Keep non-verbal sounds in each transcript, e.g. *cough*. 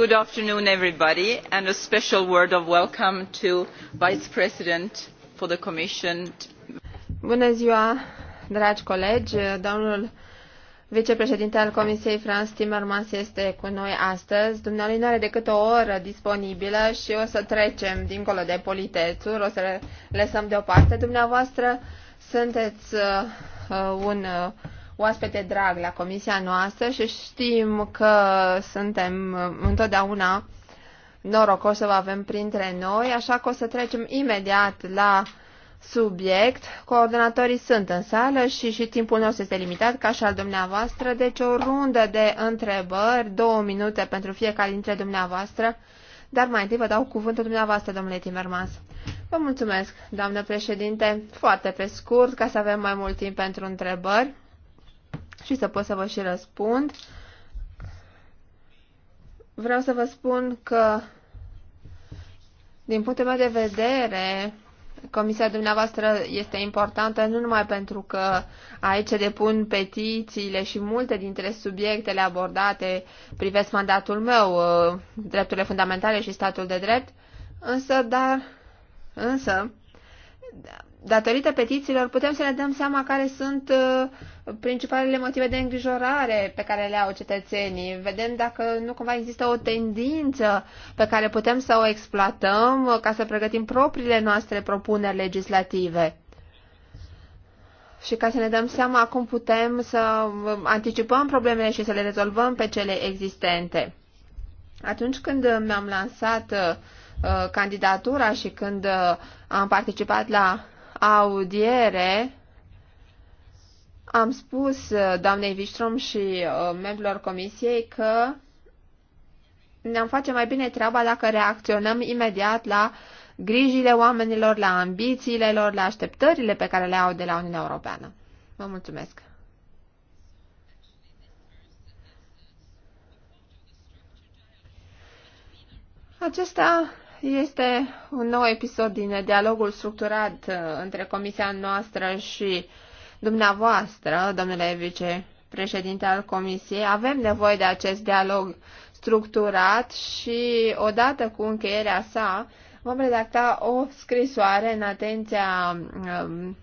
good afternoon everybody and a special word of welcome to vice president for the commission Bună ziua, dragi colegi. Domnul vicepreședinte al Comisiei Franz Timmermans este cu noi astăzi. Dumnealui nu are decât o oră disponibilă și o să trecem dincolo de politețuri, o să le lăsăm deoparte. Dumneavoastră sunteți uh, un uh, oaspete drag la comisia noastră și știm că suntem uh, întotdeauna norocos să vă avem printre noi, așa că o să trecem imediat la subiect. Coordonatorii sunt în sală și, și timpul nostru este limitat, ca și al dumneavoastră, deci o rundă de întrebări, două minute pentru fiecare dintre dumneavoastră, dar mai întâi vă dau cuvântul dumneavoastră, domnule Timmermans. Vă mulțumesc, doamnă președinte, foarte pe scurt, ca să avem mai mult timp pentru întrebări și să pot să vă și răspund. Vreau să vă spun că, din punctul meu de vedere, comisia dumneavoastră este importantă nu numai pentru că aici depun petițiile și multe dintre subiectele abordate privesc mandatul meu, uh, drepturile fundamentale și statul de drept, însă, dar, însă, datorită petițiilor putem să ne dăm seama care sunt uh, principalele motive de îngrijorare pe care le au cetățenii. Vedem dacă nu cumva există o tendință pe care putem să o exploatăm ca să pregătim propriile noastre propuneri legislative. Și ca să ne dăm seama cum putem să anticipăm problemele și să le rezolvăm pe cele existente. Atunci când mi-am lansat uh, candidatura și când uh, am participat la audiere, am spus uh, doamnei Vistrom și uh, membrilor comisiei că ne-am face mai bine treaba dacă reacționăm imediat la grijile oamenilor, la ambițiile lor, la așteptările pe care le au de la Uniunea Europeană. Vă mulțumesc! Acesta este un nou episod din dialogul structurat uh, între comisia noastră și uh, dumneavoastră, domnule vicepreședinte al Comisiei, avem nevoie de acest dialog structurat și odată cu încheierea sa vom redacta o scrisoare în atenția um,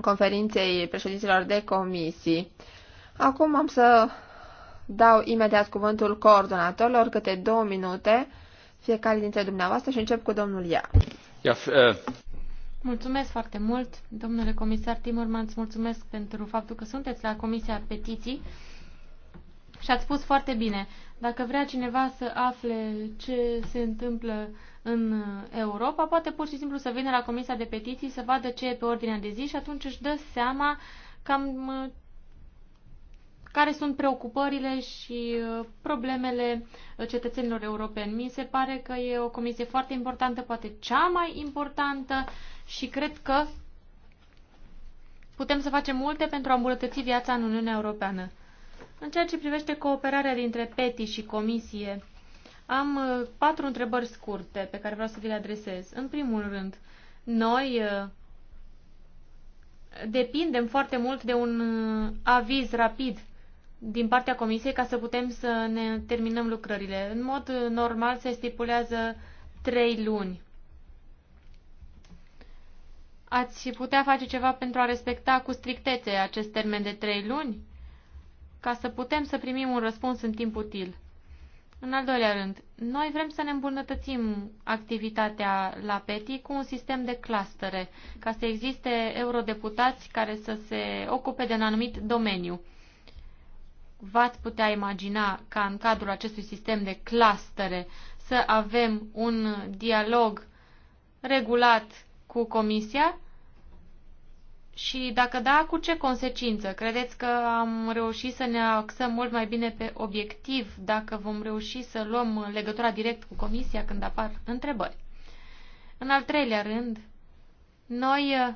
conferinței președinților de comisii. Acum am să dau imediat cuvântul coordonatorilor câte două minute fiecare dintre dumneavoastră și încep cu domnul Ia. Ja, uh... Mulțumesc foarte mult, domnule comisar Timurman, îți mulțumesc pentru faptul că sunteți la Comisia Petiții și ați spus foarte bine. Dacă vrea cineva să afle ce se întâmplă în Europa, poate pur și simplu să vină la Comisia de Petiții să vadă ce e pe ordinea de zi și atunci își dă seama cam uh, care sunt preocupările și uh, problemele uh, cetățenilor europeni. Mi se pare că e o comisie foarte importantă, poate cea mai importantă și cred că putem să facem multe pentru a îmbunătăți viața în Uniunea Europeană. În ceea ce privește cooperarea dintre PETI și Comisie, am uh, patru întrebări scurte pe care vreau să vi le adresez. În primul rând, noi uh, depindem foarte mult de un uh, aviz rapid din partea Comisiei ca să putem să ne terminăm lucrările. În mod normal se stipulează trei luni. Ați putea face ceva pentru a respecta cu strictețe acest termen de trei luni? Ca să putem să primim un răspuns în timp util. În al doilea rând, noi vrem să ne îmbunătățim activitatea la PETI cu un sistem de clustere, ca să existe eurodeputați care să se ocupe de un anumit domeniu. V-ați putea imagina ca în cadrul acestui sistem de clustere să avem un dialog regulat cu Comisia? Și dacă da, cu ce consecință? Credeți că am reușit să ne axăm mult mai bine pe obiectiv dacă vom reuși să luăm legătura direct cu Comisia când apar întrebări? În al treilea rând, noi uh,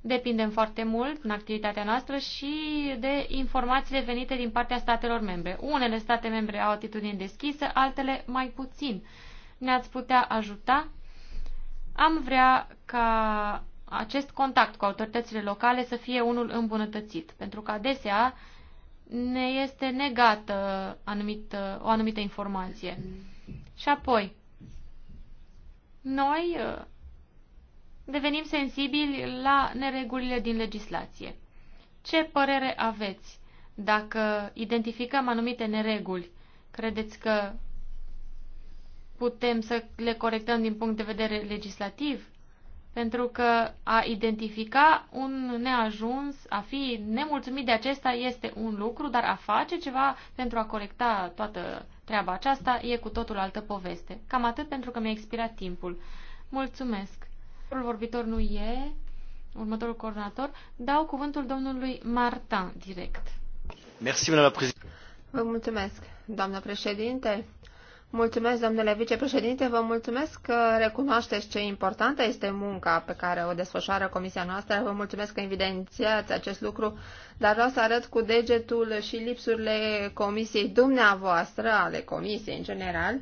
depindem foarte mult în activitatea noastră și de informațiile venite din partea statelor membre. Unele state membre au atitudine deschisă, altele mai puțin. Ne-ați putea ajuta am vrea ca acest contact cu autoritățile locale să fie unul îmbunătățit, pentru că adesea ne este negată anumită, o anumită informație. Și apoi, noi uh, devenim sensibili la neregulile din legislație. Ce părere aveți dacă identificăm anumite nereguli? Credeți că putem să le corectăm din punct de vedere legislativ, pentru că a identifica un neajuns, a fi nemulțumit de acesta este un lucru, dar a face ceva pentru a corecta toată treaba aceasta e cu totul altă poveste. Cam atât pentru că mi-a expirat timpul. Mulțumesc. Următorul vorbitor nu e, următorul coordonator. Dau cuvântul domnului Martin direct. Merci, Vă mulțumesc, doamna președinte. Mulțumesc, domnule vicepreședinte, vă mulțumesc că recunoașteți ce importantă este munca pe care o desfășoară comisia noastră. Vă mulțumesc că evidențiați acest lucru, dar vreau să arăt cu degetul și lipsurile comisiei dumneavoastră, ale comisiei în general.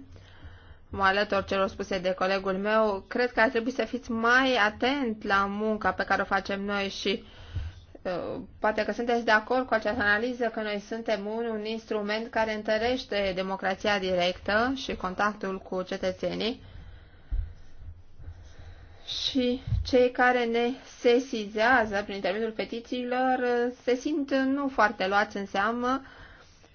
Mă alător celor spuse de colegul meu. Cred că ar trebui să fiți mai atent la munca pe care o facem noi și Uh, poate că sunteți de acord cu această analiză că noi suntem un, un instrument care întărește democrația directă și contactul cu cetățenii și cei care ne sesizează prin intermediul petițiilor uh, se simt nu foarte luați în seamă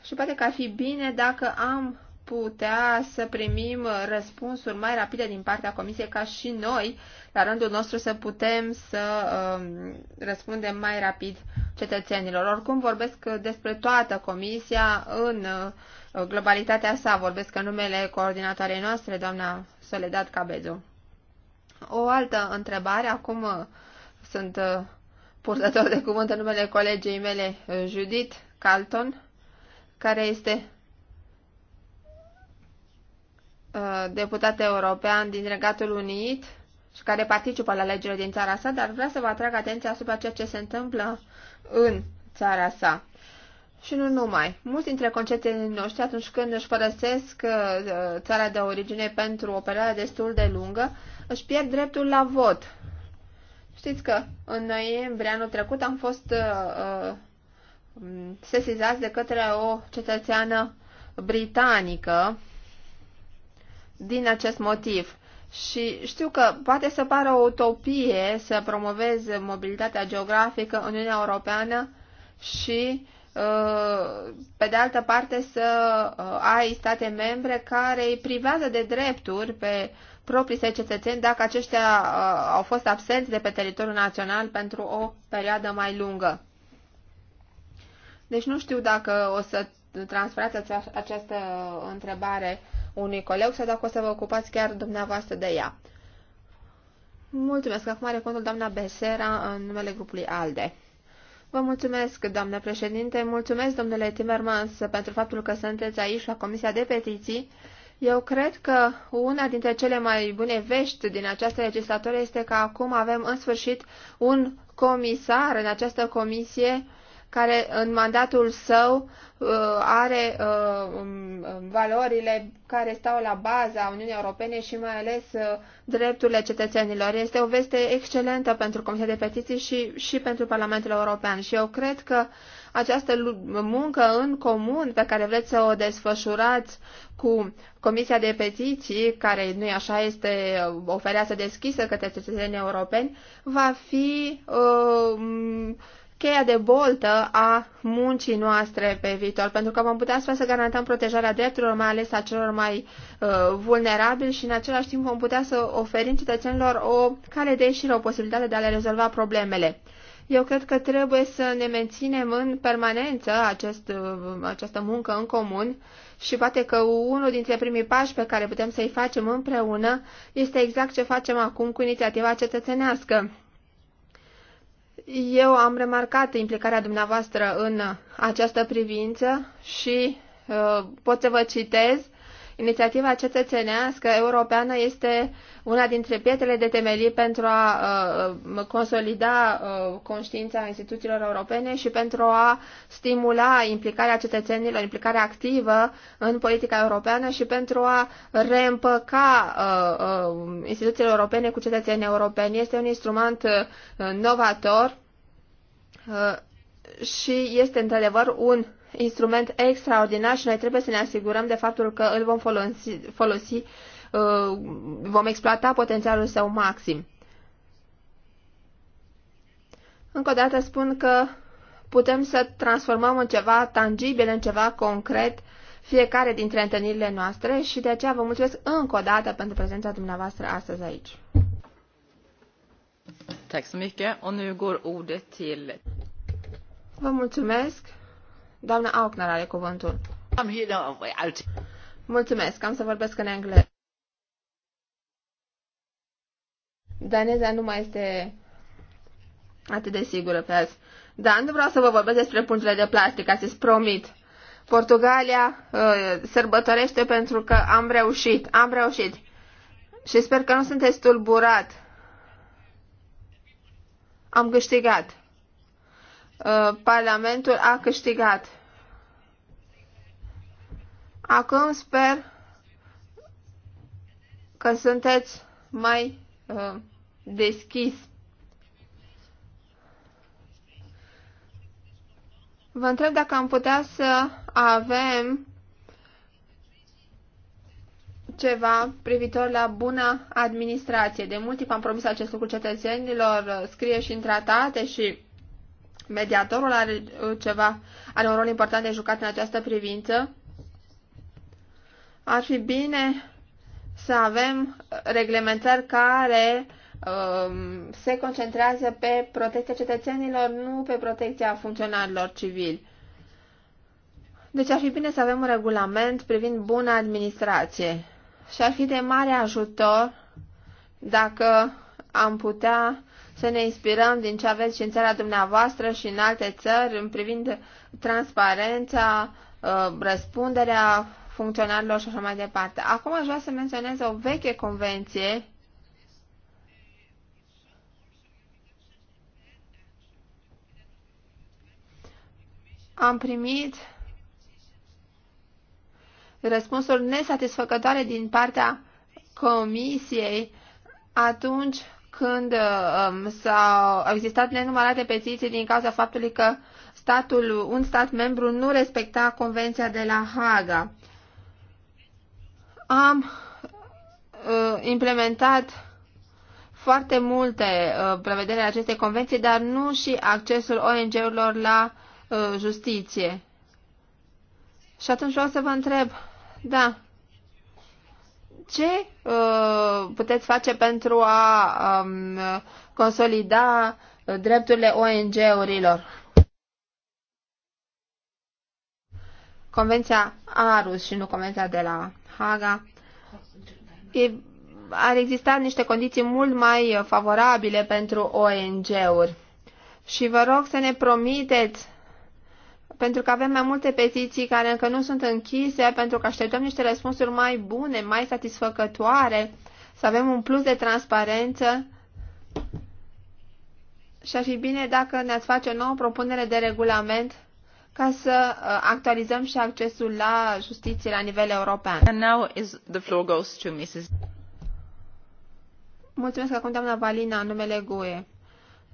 și poate că ar fi bine dacă am putea să primim răspunsuri mai rapide din partea Comisiei ca și noi, la rândul nostru, să putem să uh, răspundem mai rapid cetățenilor. Oricum vorbesc despre toată Comisia în uh, globalitatea sa, vorbesc în numele coordinatoarei noastre, doamna Soledad Cabezu. O altă întrebare, acum uh, sunt uh, purtător de cuvânt în numele colegei mele uh, Judith Calton, care este Uh, deputat european din Regatul Unit și care participă la legile din țara sa, dar vrea să vă atrag atenția asupra ceea ce se întâmplă în țara sa. Și nu numai. Mulți dintre concepții noștri, atunci când își părăsesc uh, țara de origine pentru o perioadă destul de lungă, își pierd dreptul la vot. Știți că în noiembrie anul trecut am fost uh, uh sesizați de către o cetățeană britanică din acest motiv. Și știu că poate să pară o utopie să promoveze mobilitatea geografică în Uniunea Europeană și, uh, pe de altă parte, să uh, ai state membre care îi privează de drepturi pe proprii săi cetățeni dacă aceștia uh, au fost absenți de pe teritoriul național pentru o perioadă mai lungă. Deci nu știu dacă o să transferați această întrebare unui coleg sau dacă o să vă ocupați chiar dumneavoastră de ea. Mulțumesc. Acum are contul doamna Besera în numele grupului ALDE. Vă mulțumesc, doamnă președinte. Mulțumesc, domnule Timmermans, pentru faptul că sunteți aici la Comisia de Petiții. Eu cred că una dintre cele mai bune vești din această legislatură este că acum avem în sfârșit un comisar în această comisie uh, care în mandatul său uh, are uh, um, um, valorile care stau la baza Uniunii Europene și mai ales uh, drepturile cetățenilor. Este o veste excelentă pentru Comisia de Petiții și, și pentru Parlamentul European și eu cred că această muncă în comun pe care vreți să o desfășurați cu Comisia de Petiții, care nu e așa, este o fereastră deschisă către cetățenii europeni, va fi uh, cheia de boltă a muncii noastre pe viitor, pentru că vom putea astfel să garantăm protejarea drepturilor, mai ales a celor mai uh, vulnerabili și în același timp vom putea să oferim cetățenilor o cale de ieșire, o posibilitate de a le rezolva problemele. Eu cred că trebuie să ne menținem în permanență acest, uh, această muncă în comun și poate că unul dintre primii pași pe care putem să-i facem împreună este exact ce facem acum cu inițiativa cetățenească eu am remarcat implicarea dumneavoastră în această privință și uh, pot să vă citez. Inițiativa cetățenească europeană este una dintre pietrele de temelie pentru a uh, uh, consolida uh, conștiința instituțiilor europene și pentru a stimula implicarea cetățenilor, implicarea activă în politica europeană și pentru a reîmpăca instituțiile europene cu cetățenii europeni. Este un instrument novator și este într-adevăr un instrument extraordinar și noi trebuie să ne asigurăm de faptul că îl vom folosi, folosi Uh, vom exploata potențialul său maxim. Încă o dată spun că putem să transformăm în ceva tangibil, în ceva concret, fiecare dintre întâlnirile noastre și de aceea vă mulțumesc încă o dată pentru prezența dumneavoastră astăzi aici. Vă mulțumesc. Doamna Aucnar are cuvântul. Mulțumesc, am să vorbesc în engleză. daneza nu mai este atât de sigură pe azi. Dar nu vreau să vă vorbesc despre punctele de plastic, ați promit. Portugalia uh, sărbătorește pentru că am reușit, am reușit. Și sper că nu sunteți tulburat. Am câștigat. Uh, Parlamentul a câștigat. Acum sper că sunteți mai uh, deschis. Vă întreb dacă am putea să avem ceva privitor la bună administrație. De mult timp am promis acest lucru cetățenilor, scrie și în tratate și mediatorul are uh, ceva, are un rol important de jucat în această privință. Ar fi bine să avem reglementări care Um, se concentrează pe protecția cetățenilor, nu pe protecția funcționarilor civili. Deci ar fi bine să avem un regulament privind bună administrație și ar fi de mare ajutor dacă am putea să ne inspirăm din ce aveți și în țara dumneavoastră și în alte țări în privind transparența, uh, răspunderea funcționarilor și așa mai departe. Acum aș vrea să menționez o veche convenție am primit răspunsuri nesatisfăcătoare din partea comisiei atunci când um, s-au, existat nenumărate petiții din cauza faptului că statul, un stat membru nu respecta Convenția de la Haga. Am uh, implementat foarte multe uh, prevederi acestei convenții, dar nu și accesul ONG-urilor la uh, Uh, justiție. Și atunci vreau să vă întreb, da, ce uh, puteți face pentru a um, consolida uh, drepturile ONG-urilor? Convenția Arus și nu Convenția de la Haga, e, ar exista niște condiții mult mai favorabile pentru ONG-uri. Și vă rog să ne promiteți pentru că avem mai multe petiții care încă nu sunt închise, pentru că așteptăm niște răspunsuri mai bune, mai satisfăcătoare, să avem un plus de transparență. Și ar fi bine dacă ne-ați face o nouă propunere de regulament ca să uh, actualizăm și accesul la justiție la nivel european. And now is the floor goes to Mrs. Mulțumesc acum doamna Valina în numele GUE.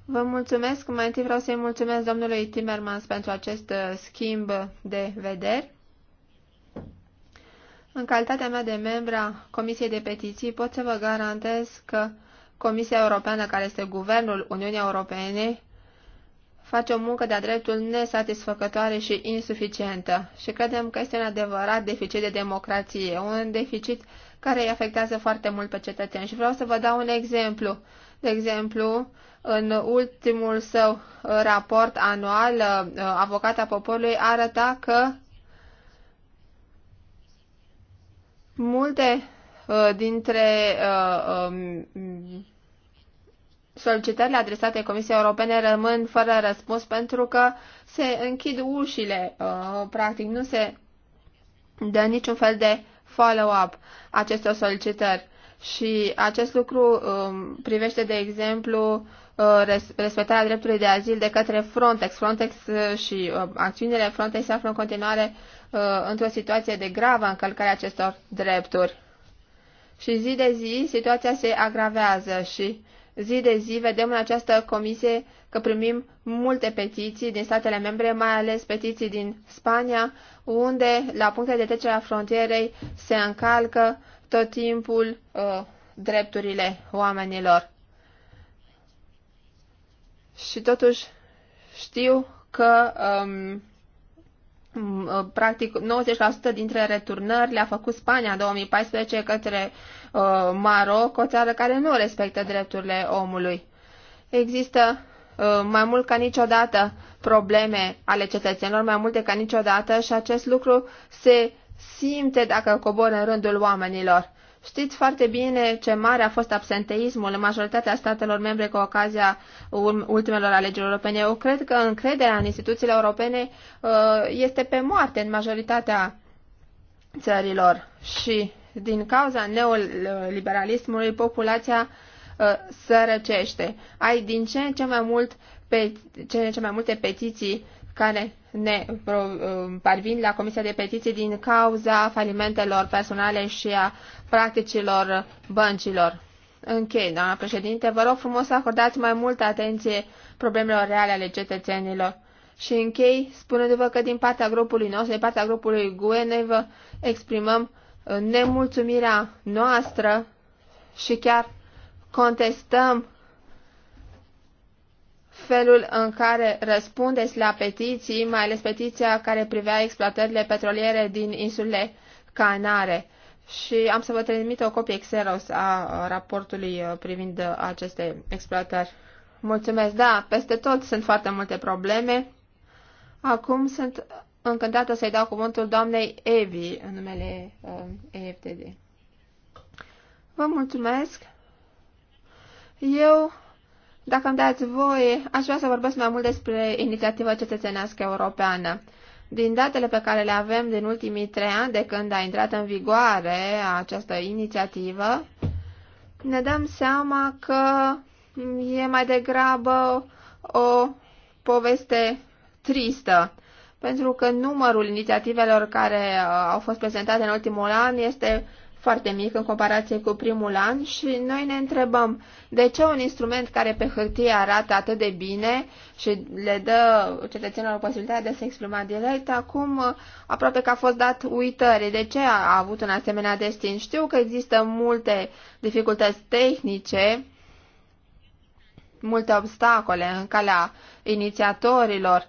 Vă mulțumesc. Mai întâi vreau să-i mulțumesc domnului Timmermans pentru acest uh, schimb de vederi. În calitatea mea de membra Comisiei de Petiții pot să vă garantez că Comisia Europeană, care este guvernul Uniunii Europene, face o muncă de-a dreptul nesatisfăcătoare și insuficientă și credem că este un adevărat deficit de democrație, un deficit care îi afectează foarte mult pe cetățeni. Și vreau să vă dau un exemplu. De exemplu, în ultimul său uh, raport anual, uh, avocata poporului arăta că multe uh, dintre um, solicitările adresate Comisiei Europene rămân fără răspuns pentru că se închid ușile, practic nu se dă niciun fel de follow-up acestor solicitări. Și acest lucru um, privește, de exemplu, Uh, respectarea dreptului de azil de către Frontex. Frontex uh, și uh, acțiunile Frontex se află în continuare într-o situație de gravă încălcare a acestor drepturi. Și zi de zi situația se agravează și zi de zi vedem în această comisie că primim multe petiții din statele membre, mai ales petiții din Spania, unde la punctele de trecere a frontierei se încalcă tot timpul uh, drepturile oamenilor și totuși știu că um, practic 90% dintre returnări le-a făcut Spania în 2014 către uh, Maroc, o țară care nu respectă drepturile omului. Există uh, mai mult ca niciodată probleme ale cetățenilor, mai multe ca niciodată și acest lucru se simte dacă cobor în rândul oamenilor. Știți foarte bine ce mare a fost absenteismul în majoritatea statelor membre cu ocazia ultimelor alegeri europene. Eu cred că încrederea în instituțiile europene uh, este pe moarte în majoritatea țărilor și din cauza neoliberalismului populația uh, sărăcește. Ai din ce în ce mai, mult pe, ce în ce mai multe petiții care ne uh, parvin la Comisia de Petiții din cauza falimentelor personale și a practicilor băncilor. Închei, doamna președinte, vă rog frumos să acordați mai multă atenție problemelor reale ale cetățenilor. Și închei spunându-vă că din partea grupului nostru, din partea grupului GUE, noi vă exprimăm uh, nemulțumirea noastră și chiar contestăm felul în care răspundeți la petiții, mai ales petiția care privea exploatările petroliere din insulele Canare și am să vă trimit o copie Xeros a raportului uh, privind uh, aceste exploatări. Mulțumesc, da, peste tot sunt foarte multe probleme. Acum sunt încântată să-i dau cuvântul doamnei Evi în numele uh, EFTD. Vă mulțumesc. Eu, dacă îmi dați voie, aș vrea să vorbesc mai mult despre inițiativa cetățenească europeană. Din datele pe care le avem din ultimii trei ani de când a intrat în vigoare această inițiativă, ne dăm seama că e mai degrabă o poveste tristă, pentru că numărul inițiativelor care uh, au fost prezentate în ultimul an este foarte mic în comparație cu primul an și noi ne întrebăm de ce un instrument care pe hârtie arată atât de bine și le dă cetățenilor posibilitatea de a se exprima direct, acum uh, aproape că a fost dat uitării. De ce a avut un asemenea destin? Știu că există multe dificultăți tehnice, multe obstacole în calea inițiatorilor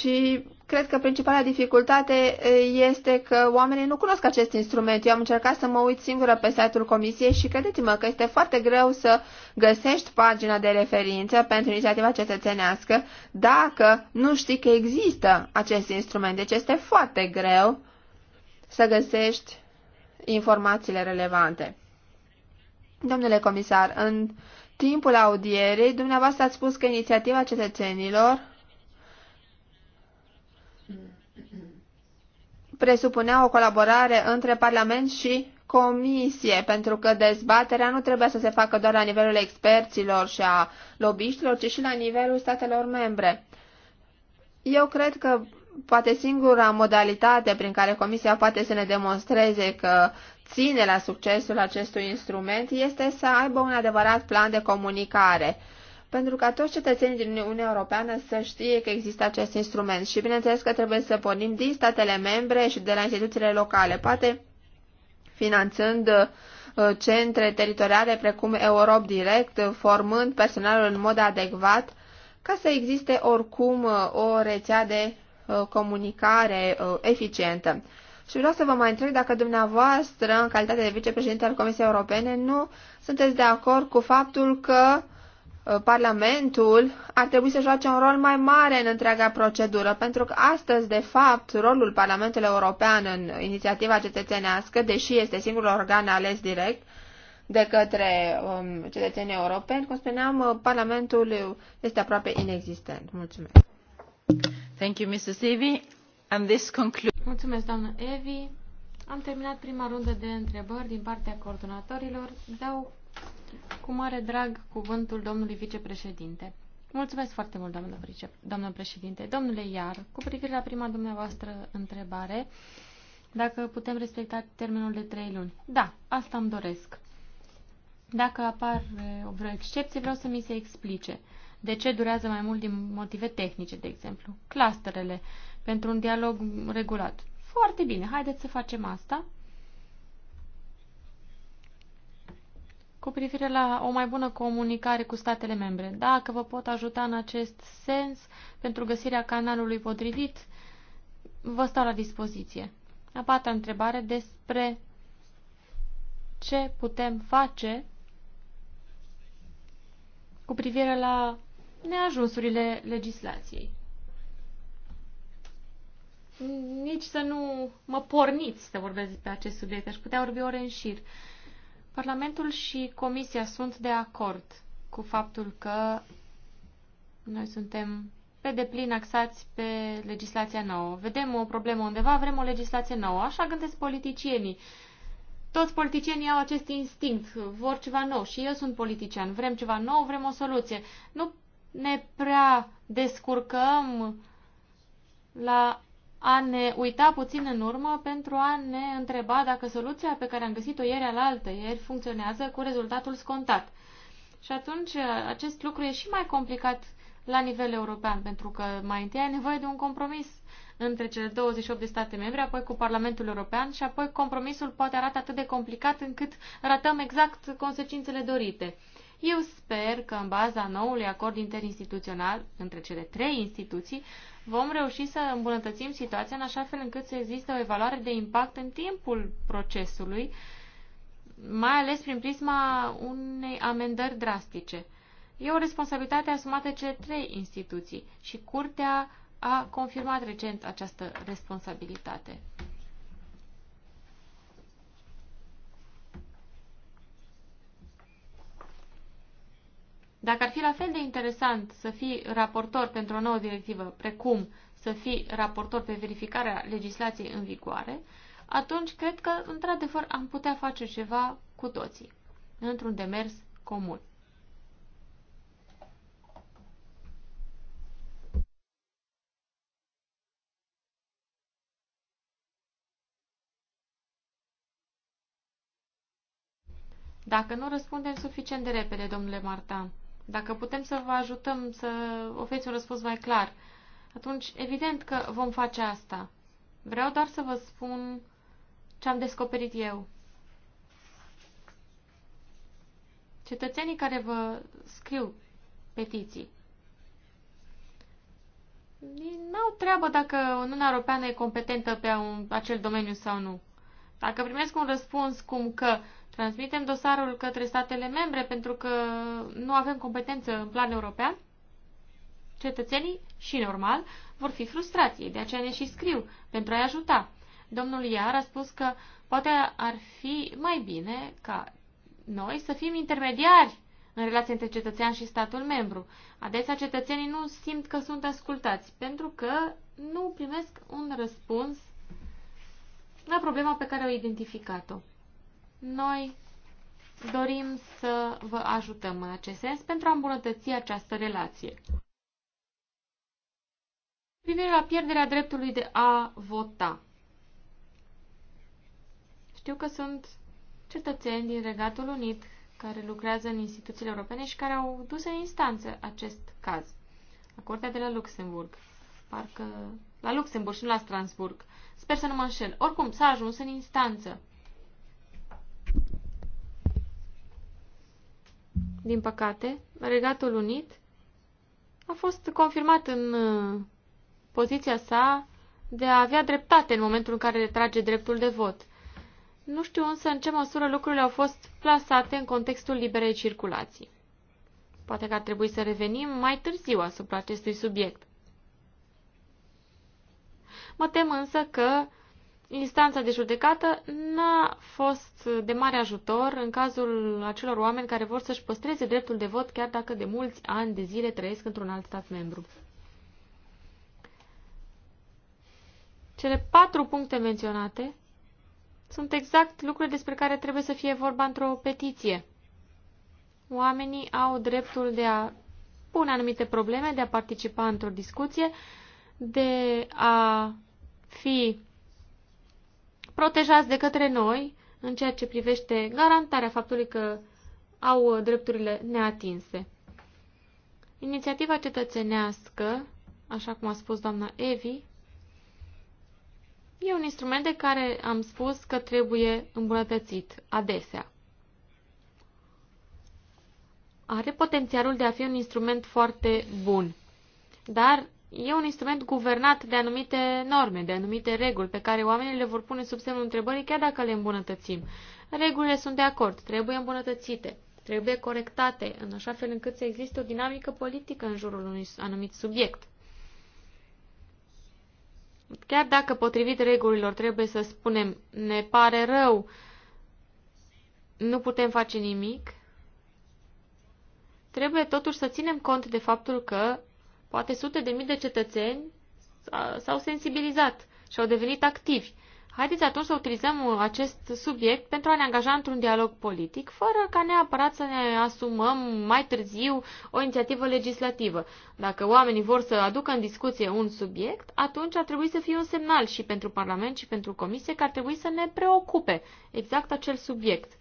și cred că principala dificultate eh, este că oamenii nu cunosc acest instrument. Eu am încercat să mă uit singură pe site-ul comisiei și credeți-mă că este foarte greu să găsești pagina de referință pentru inițiativa cetățenească dacă nu știi că există acest instrument. Deci este foarte greu să găsești informațiile relevante. Domnule comisar, în timpul audierii, dumneavoastră ați spus că inițiativa cetățenilor presupunea o colaborare între Parlament și Comisie, pentru că dezbaterea nu trebuie să se facă doar la nivelul experților și a lobiștilor, ci și la nivelul statelor membre. Eu cred că poate singura modalitate prin care Comisia poate să ne demonstreze că ține la succesul acestui instrument este să aibă un adevărat plan de comunicare pentru ca toți cetățenii din Uniunea Europeană să știe că există acest instrument. Și bineînțeles că trebuie să pornim din statele membre și de la instituțiile locale, poate finanțând uh, centre teritoriale precum Europe Direct, formând personalul în mod adecvat, ca să existe oricum uh, o rețea de uh, comunicare eficientă. Și vreau să vă mai întreb dacă dumneavoastră, în calitate de vicepreședinte al Comisiei Europene, nu sunteți de acord cu faptul că Uh, Parlamentul ar trebui să joace un rol mai mare în întreaga procedură, pentru că astăzi, de fapt, rolul Parlamentului European în inițiativa cetățenească, deși este singurul organ ales direct de către um, cetățenii europeni, cum spuneam, uh, Parlamentul este aproape inexistent. Mulțumesc. Thank you, Mrs. Evi. And this concludes. Mulțumesc, doamnă Evi. Am terminat prima rundă de întrebări din partea coordonatorilor. Dau cu mare drag cuvântul domnului vicepreședinte. Mulțumesc foarte mult, doamnă, vice, doamnă președinte. Domnule Iar, cu privire la prima dumneavoastră întrebare, dacă putem respecta termenul de trei luni. Da, asta îmi doresc. Dacă apar vreo excepție, vreau să mi se explice. De ce durează mai mult din motive tehnice, de exemplu? Clusterele, pentru un dialog regulat. Foarte bine, haideți să facem asta. cu privire la o mai bună comunicare cu statele membre. Dacă vă pot ajuta în acest sens pentru găsirea canalului potrivit, vă stau la dispoziție. A patra întrebare despre ce putem face cu privire la neajunsurile legislației. Nici să nu mă porniți să vorbesc pe acest subiect, aș putea vorbi ore în șir. Uh, Parlamentul și Comisia sunt de acord cu faptul că noi suntem pe deplin axați pe legislația nouă. Vedem o problemă undeva, vrem o legislație nouă. Așa gândesc politicienii. Toți politicienii au acest instinct, vor ceva nou și eu sunt politician, vrem ceva nou, vrem o soluție. Nu ne prea descurcăm la a ne uita puțin în urmă pentru a ne întreba dacă soluția pe care am găsit-o ieri alaltă ieri funcționează cu rezultatul scontat. Și atunci acest lucru e și mai complicat la nivel european, pentru că mai întâi ai nevoie de un compromis între cele 28 de state membre, apoi cu Parlamentul European și apoi compromisul poate arată atât de complicat încât ratăm exact consecințele dorite. Eu sper că în baza noului acord interinstituțional între cele trei instituții vom reuși să îmbunătățim situația în așa fel încât să existe o evaluare de impact în timpul procesului, mai ales prin prisma unei amendări drastice. E o responsabilitate asumată cele trei instituții și Curtea a confirmat recent această responsabilitate. Dacă ar fi la fel de interesant să fii raportor pentru o nouă directivă, precum să fii raportor pe verificarea legislației în vigoare, atunci cred că, într-adevăr, am putea face ceva cu toții, într-un demers comun. Dacă nu răspundem suficient de repede, domnule Martin, dacă putem să vă ajutăm să oferiți un răspuns mai clar, atunci evident că vom face asta. Vreau doar să vă spun ce am descoperit eu. Cetățenii care vă scriu petiții n-au treabă dacă Uniunea Europeană e competentă pe un, acel domeniu sau nu. Dacă primesc un răspuns cum că Transmitem dosarul către statele membre pentru că nu avem competență în plan european? Cetățenii, și normal, vor fi frustrați, de aceea ne și scriu, pentru a-i ajuta. Domnul Iar a spus că poate ar fi mai bine ca noi să fim intermediari în relație între cetățean și statul membru. Adesea cetățenii nu simt că sunt ascultați, pentru că nu primesc un răspuns la problema pe care au identificat-o. Noi dorim să vă ajutăm în acest sens pentru a îmbunătăți această relație. Privire la pierderea dreptului de a vota. Știu că sunt cetățeni din Regatul Unit care lucrează în instituțiile europene și care au dus în instanță acest caz. La Curtea de la Luxemburg. Parcă la Luxemburg și nu la Strasburg. Sper să nu mă înșel. Oricum, s-a ajuns în instanță. din păcate, Regatul Unit a fost confirmat în uh, poziția sa de a avea dreptate în momentul în care retrage dreptul de vot. Nu știu însă în ce măsură lucrurile au fost plasate în contextul liberei circulații. Poate că ar trebui să revenim mai târziu asupra acestui subiect. Mă tem însă că instanța de judecată n-a fost de mare ajutor în cazul acelor oameni care vor să-și păstreze dreptul de vot chiar dacă de mulți ani de zile trăiesc într-un alt stat membru. Cele patru puncte menționate sunt exact lucruri despre care trebuie să fie vorba într-o petiție. Oamenii au dreptul de a pune anumite probleme, de a participa într-o discuție, de a fi protejați de către noi în ceea ce privește garantarea faptului că au drepturile neatinse. Inițiativa cetățenească, așa cum a spus doamna Evi, e un instrument de care am spus că trebuie îmbunătățit adesea. Are potențialul de a fi un instrument foarte bun, dar e un instrument guvernat de anumite norme, de anumite reguli pe care oamenii le vor pune sub semnul întrebării chiar dacă le îmbunătățim. Regulile sunt de acord, trebuie îmbunătățite, trebuie corectate, în așa fel încât să existe o dinamică politică în jurul unui anumit subiect. Chiar dacă potrivit regulilor trebuie să spunem ne pare rău, nu putem face nimic, trebuie totuși să ținem cont de faptul că Poate sute de mii de cetățeni s-au sensibilizat și au devenit activi. Haideți atunci să utilizăm uh, acest subiect pentru a ne angaja într-un dialog politic, fără ca neapărat să ne asumăm mai târziu o inițiativă legislativă. Dacă oamenii vor să aducă în discuție un subiect, atunci ar trebui să fie un semnal și pentru Parlament și pentru Comisie că ar trebui să ne preocupe exact acel subiect.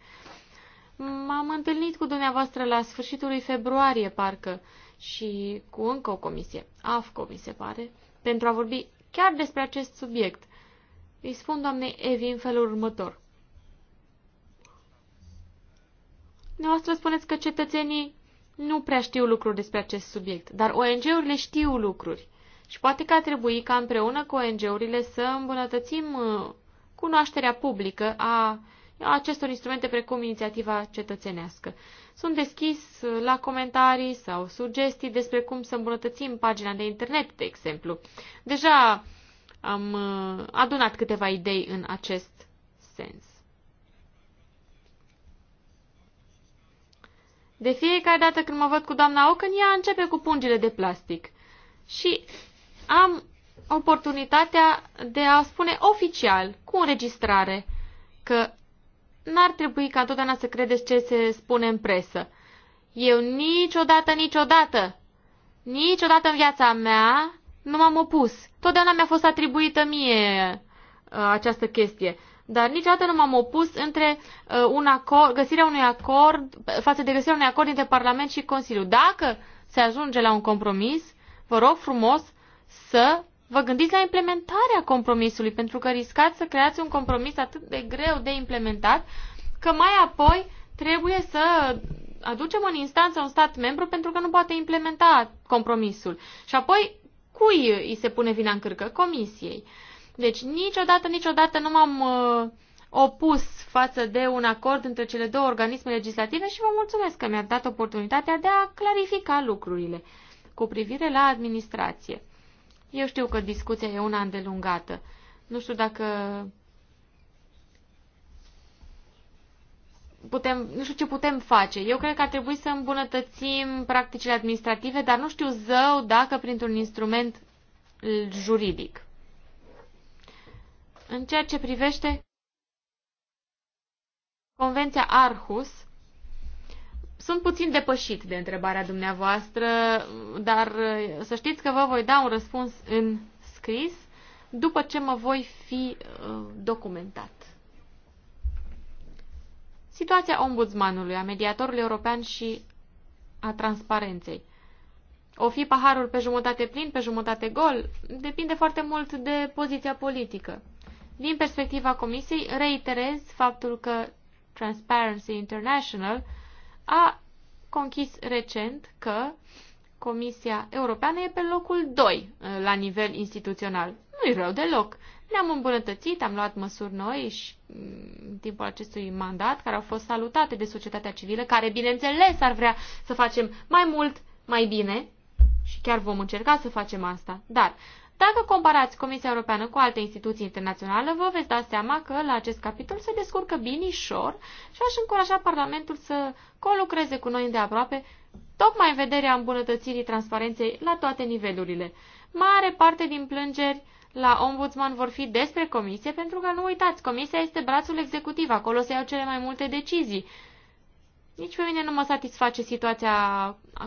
M-am întâlnit cu dumneavoastră la sfârșitul lui februarie, parcă, și cu încă o comisie, AFCO, mi se pare, pentru a vorbi chiar despre acest subiect. Îi spun doamnei Evi în felul următor. Dumneavoastră spuneți că cetățenii nu prea știu lucruri despre acest subiect, dar ONG-urile știu lucruri. Și poate că ar trebui ca împreună cu ONG-urile să îmbunătățim uh, cunoașterea publică a acestor instrumente precum inițiativa cetățenească. Sunt deschis la comentarii sau sugestii despre cum să îmbunătățim pagina de internet, de exemplu. Deja am uh, adunat câteva idei în acest sens. De fiecare dată când mă văd cu doamna Ocan, ea începe cu pungile de plastic. Și am oportunitatea de a spune oficial, cu înregistrare, că n-ar trebui ca întotdeauna să credeți ce se spune în presă. Eu niciodată, niciodată, niciodată în viața mea nu m-am opus. Totdeauna mi-a fost atribuită mie uh, această chestie. Dar niciodată nu m-am opus între uh, un acord, găsirea unui acord, față de găsirea unui acord între Parlament și Consiliu. Dacă se ajunge la un compromis, vă rog frumos să vă gândiți la implementarea compromisului, pentru că riscați să creați un compromis atât de greu de implementat, că mai apoi trebuie să aducem în instanță un stat membru pentru că nu poate implementa compromisul. Și apoi, cui îi se pune vina în cârcă? Comisiei. Deci, niciodată, niciodată nu m-am uh, opus față de un acord între cele două organisme legislative și vă mulțumesc că mi a dat oportunitatea de a clarifica lucrurile cu privire la administrație. Eu știu că discuția e una îndelungată. Nu știu dacă putem, nu știu ce putem face. Eu cred că ar trebui să îmbunătățim practicile administrative, dar nu știu zău dacă printr-un instrument juridic. În ceea ce privește Convenția Arhus, sunt puțin depășit de întrebarea dumneavoastră, dar uh, să știți că vă voi da un răspuns în scris după ce mă voi fi uh, documentat. Situația ombudsmanului, a mediatorului european și a transparenței. O fi paharul pe jumătate plin, pe jumătate gol, depinde foarte mult de poziția politică. Din perspectiva Comisiei, reiterez faptul că Transparency International – a conchis recent că Comisia Europeană e pe locul 2 eh, la nivel instituțional. Nu-i rău deloc. Ne-am îmbunătățit, am luat măsuri noi și mm, în timpul acestui mandat, care au fost salutate de societatea civilă, care, bineînțeles, ar vrea să facem mai mult, mai bine și chiar vom încerca să facem asta. Dar dacă comparați Comisia Europeană cu alte instituții internaționale, vă veți da seama că la acest capitol se descurcă binișor și aș încuraja Parlamentul să colucreze cu noi îndeaproape, tocmai în vederea îmbunătățirii transparenței la toate nivelurile. Mare parte din plângeri la ombudsman vor fi despre comisie, pentru că nu uitați, comisia este brațul executiv, acolo se iau cele mai multe decizii. Nici pe mine nu mă satisface situația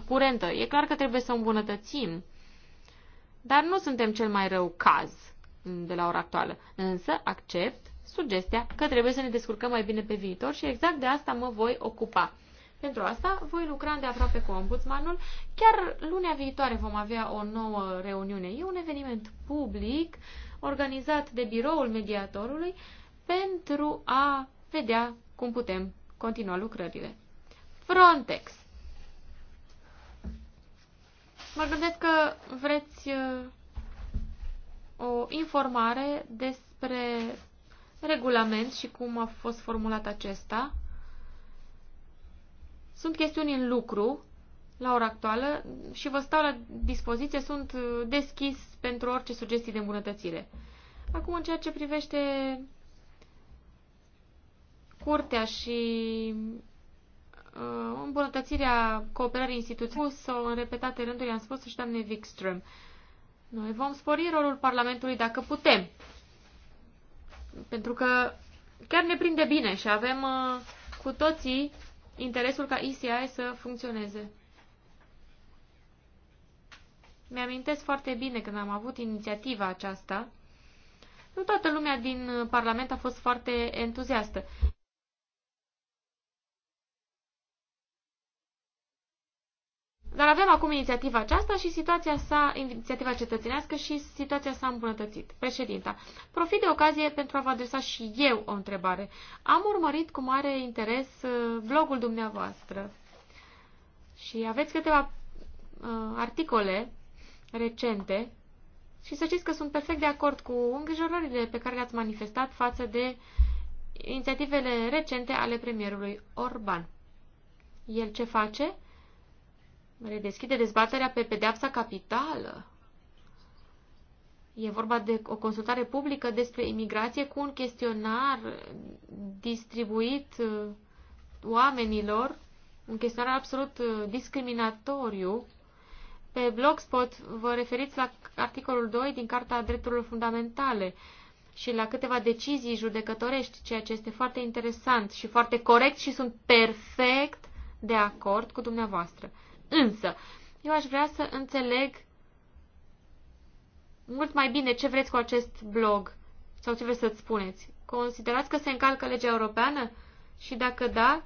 curentă. E clar că trebuie să îmbunătățim dar nu suntem cel mai rău caz de la ora actuală. Însă accept sugestia că trebuie să ne descurcăm mai bine pe viitor și exact de asta mă voi ocupa. Pentru asta voi lucra de aproape cu ombudsmanul. Chiar lunea viitoare vom avea o nouă reuniune. E un eveniment public organizat de biroul mediatorului pentru a vedea cum putem continua lucrările. Frontex. Mă gândesc că vreți uh, o informare despre regulament și cum a fost formulat acesta. Sunt chestiuni în lucru la ora actuală și vă stau la dispoziție, sunt uh, deschis pentru orice sugestii de îmbunătățire. Acum, în ceea ce privește curtea și Uh, îmbunătățirea cooperării instituționale sau în repetate rânduri am spus și doamne Wikström. Noi vom spori rolul Parlamentului dacă putem. Pentru că chiar ne prinde bine și avem uh, cu toții interesul ca ECI să funcționeze. Mi-amintesc foarte bine când am avut inițiativa aceasta. Nu toată lumea din Parlament a fost foarte entuziastă. Dar avem acum inițiativa aceasta și situația sa, inițiativa cetățenească și situația s-a îmbunătățit. Președinta, profit de ocazie pentru a vă adresa și eu o întrebare. Am urmărit cu mare interes uh, blogul dumneavoastră și aveți câteva uh, articole recente și să știți că sunt perfect de acord cu îngrijorările pe care le-ați manifestat față de inițiativele recente ale premierului Orban. El ce face? redeschide dezbaterea pe pedeapsa capitală. E vorba de o consultare publică despre imigrație cu un chestionar distribuit uh, oamenilor, un chestionar absolut uh, discriminatoriu. Pe Blogspot vă referiți la articolul 2 din Carta Drepturilor Fundamentale și la câteva decizii judecătorești, ceea ce este foarte interesant și foarte corect și sunt perfect de acord cu dumneavoastră. Însă, eu aș vrea să înțeleg mult mai bine ce vreți cu acest blog sau ce vreți să-ți spuneți. Considerați că se încalcă legea europeană? Și dacă da,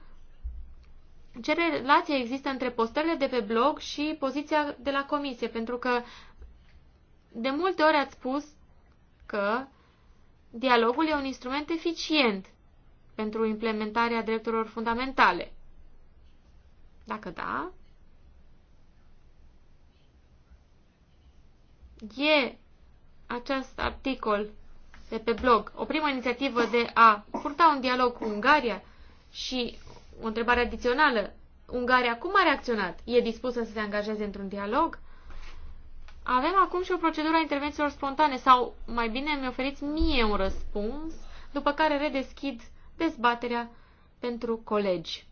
ce relație există între postările de pe blog și poziția de la comisie? Pentru că de multe ori ați spus că dialogul e un instrument eficient pentru implementarea drepturilor fundamentale. Dacă da, e acest articol de pe blog, o primă inițiativă de a purta un dialog cu Ungaria și o întrebare adițională, Ungaria cum a reacționat? E dispusă să se angajeze într-un dialog? Avem acum și o procedură a intervențiilor spontane sau, mai bine, mi oferiți mie un răspuns, după care redeschid dezbaterea pentru colegi.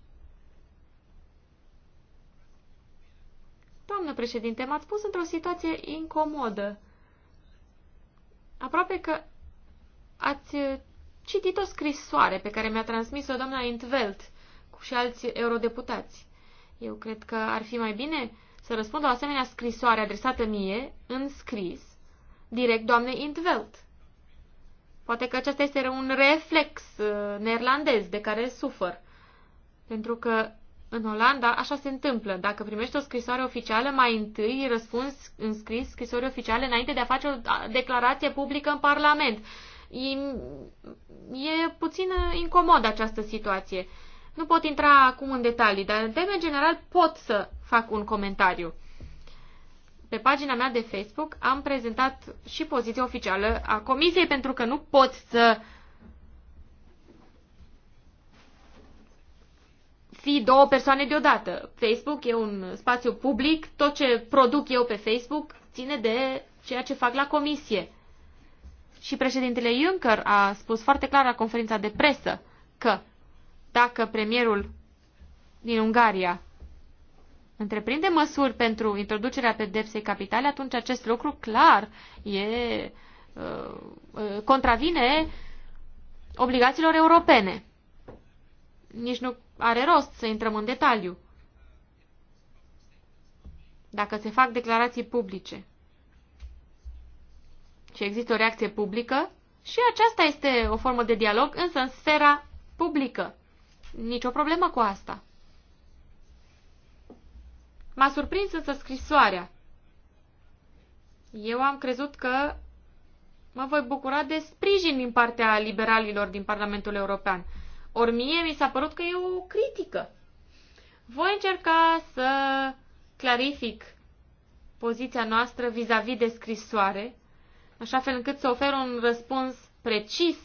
Doamnă președinte, m-ați pus într-o situație incomodă. Aproape că ați uh, citit o scrisoare pe care mi-a transmis-o doamna Intveld și alți eurodeputați. Eu cred că ar fi mai bine să răspund o asemenea scrisoare adresată mie, în scris, direct doamnei Intveld. Poate că acesta este un reflex uh, neerlandez de care sufăr. Pentru că în Olanda așa se întâmplă. Dacă primești o scrisoare oficială, mai întâi răspunzi în scris scrisoare oficiale înainte de a face o declarație publică în Parlament. E, e puțin uh, incomod această situație. Nu pot intra acum în detalii, dar în termen general pot să fac un comentariu. Pe pagina mea de Facebook am prezentat și poziția oficială a Comisiei pentru că nu pot să uh, fi două persoane deodată. Facebook e un spațiu public, tot ce produc eu pe Facebook ține de ceea ce fac la comisie. Și președintele Juncker a spus foarte clar la conferința de presă că dacă premierul din Ungaria întreprinde măsuri pentru introducerea pedepsei capitale, atunci acest lucru clar e, uh, uh, contravine obligațiilor europene. Nici nu are rost să intrăm în detaliu dacă se fac declarații publice și există o reacție publică, și aceasta este o formă de dialog, însă în sfera publică. Nicio problemă cu asta. M-a surprins însă scrisoarea. Eu am crezut că mă voi bucura de sprijin din partea liberalilor din Parlamentul European. Ori mie mi s-a părut că e o critică. Voi încerca să clarific poziția noastră vis-a-vis -vis de scrisoare, așa fel încât să ofer un răspuns precis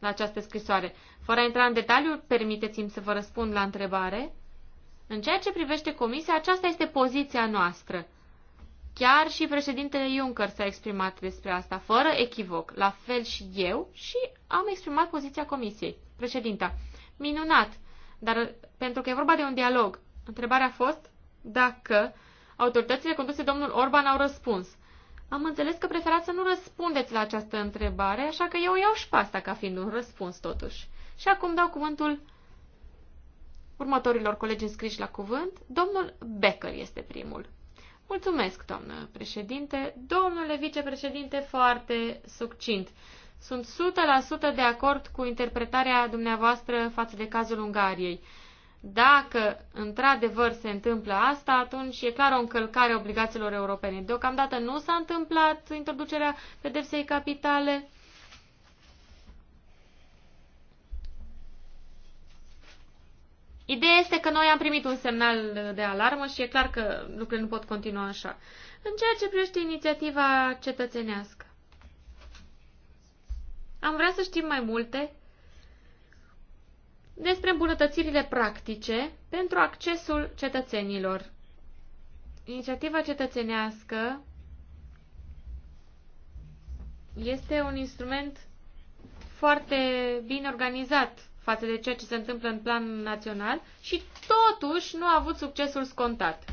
la această scrisoare. Fără a intra în detaliu, permiteți-mi să vă răspund la întrebare. În ceea ce privește comisia, aceasta este poziția noastră. Chiar și președintele Juncker s-a exprimat despre asta, fără echivoc, la fel și eu, și am exprimat poziția comisiei. Președinta, minunat, dar pentru că e vorba de un dialog, întrebarea a fost dacă autoritățile conduse domnul Orban au răspuns. Am înțeles că preferați să nu răspundeți la această întrebare, așa că eu iau pasta ca fiind un răspuns totuși. Și acum dau cuvântul următorilor colegi înscriși la cuvânt. Domnul Becker este primul. Mulțumesc, doamnă președinte. Domnule vicepreședinte, foarte succint. Sunt 100% de acord cu interpretarea dumneavoastră față de cazul Ungariei. Dacă într-adevăr se întâmplă asta, atunci e clar o încălcare a obligațiilor europene. Deocamdată nu s-a întâmplat introducerea pedepsei capitale. Ideea este că noi am primit un semnal de alarmă și e clar că lucrurile nu pot continua așa. În ceea ce privește inițiativa cetățenească, am vrea să știm mai multe despre îmbunătățirile practice pentru accesul cetățenilor. Inițiativa cetățenească este un instrument foarte bine organizat față de ceea ce se întâmplă în plan național și totuși nu a avut succesul scontat.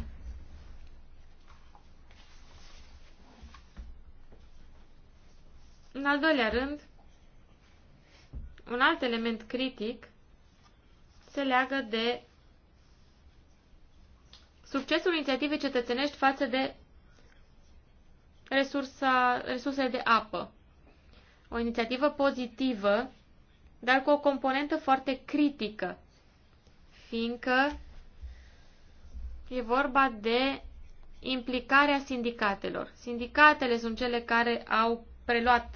În al doilea rând, un alt element critic se leagă de succesul inițiativei cetățenești față de resursa, resursele de apă. O inițiativă pozitivă, dar cu o componentă foarte critică, fiindcă e vorba de implicarea sindicatelor. Sindicatele sunt cele care au preluat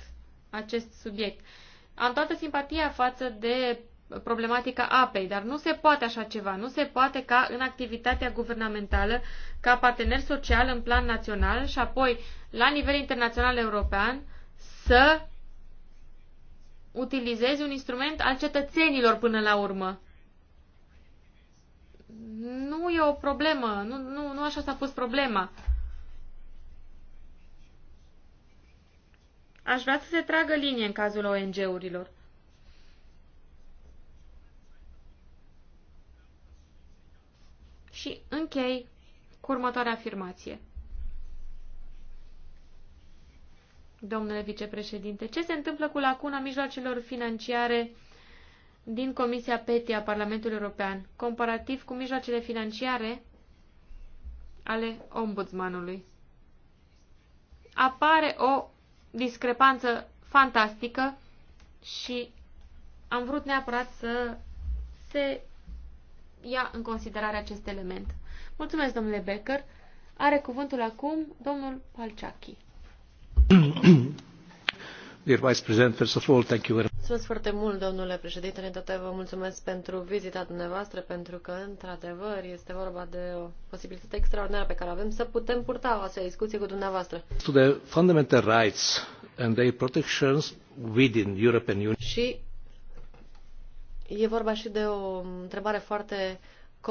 acest subiect. Am toată simpatia față de problematica apei, dar nu se poate așa ceva. Nu se poate ca în activitatea guvernamentală, ca partener social în plan național și apoi la nivel internațional european să utilizezi un instrument al cetățenilor până la urmă. Nu e o problemă, nu, nu, nu așa s-a pus problema. Aș vrea să se tragă linie în cazul ONG-urilor. Și închei cu următoarea afirmație. Domnule vicepreședinte, ce se întâmplă cu lacuna mijloacelor financiare din Comisia PETI a Parlamentului European, comparativ cu mijloacele financiare ale ombudsmanului? Apare o discrepanță fantastică și am vrut neapărat să se ia în considerare acest element. Mulțumesc, domnule Becker. Are cuvântul acum domnul Palciachi. *clears throat* Mulțumesc foarte mult, domnule președinte. Întotdeauna vă mulțumesc pentru vizita dumneavoastră, pentru că, într-adevăr, este vorba de o posibilitate extraordinară pe care avem să putem purta o astfel discuție cu dumneavoastră. To the fundamental rights and their protections within European Union. Și e vorba și de o întrebare foarte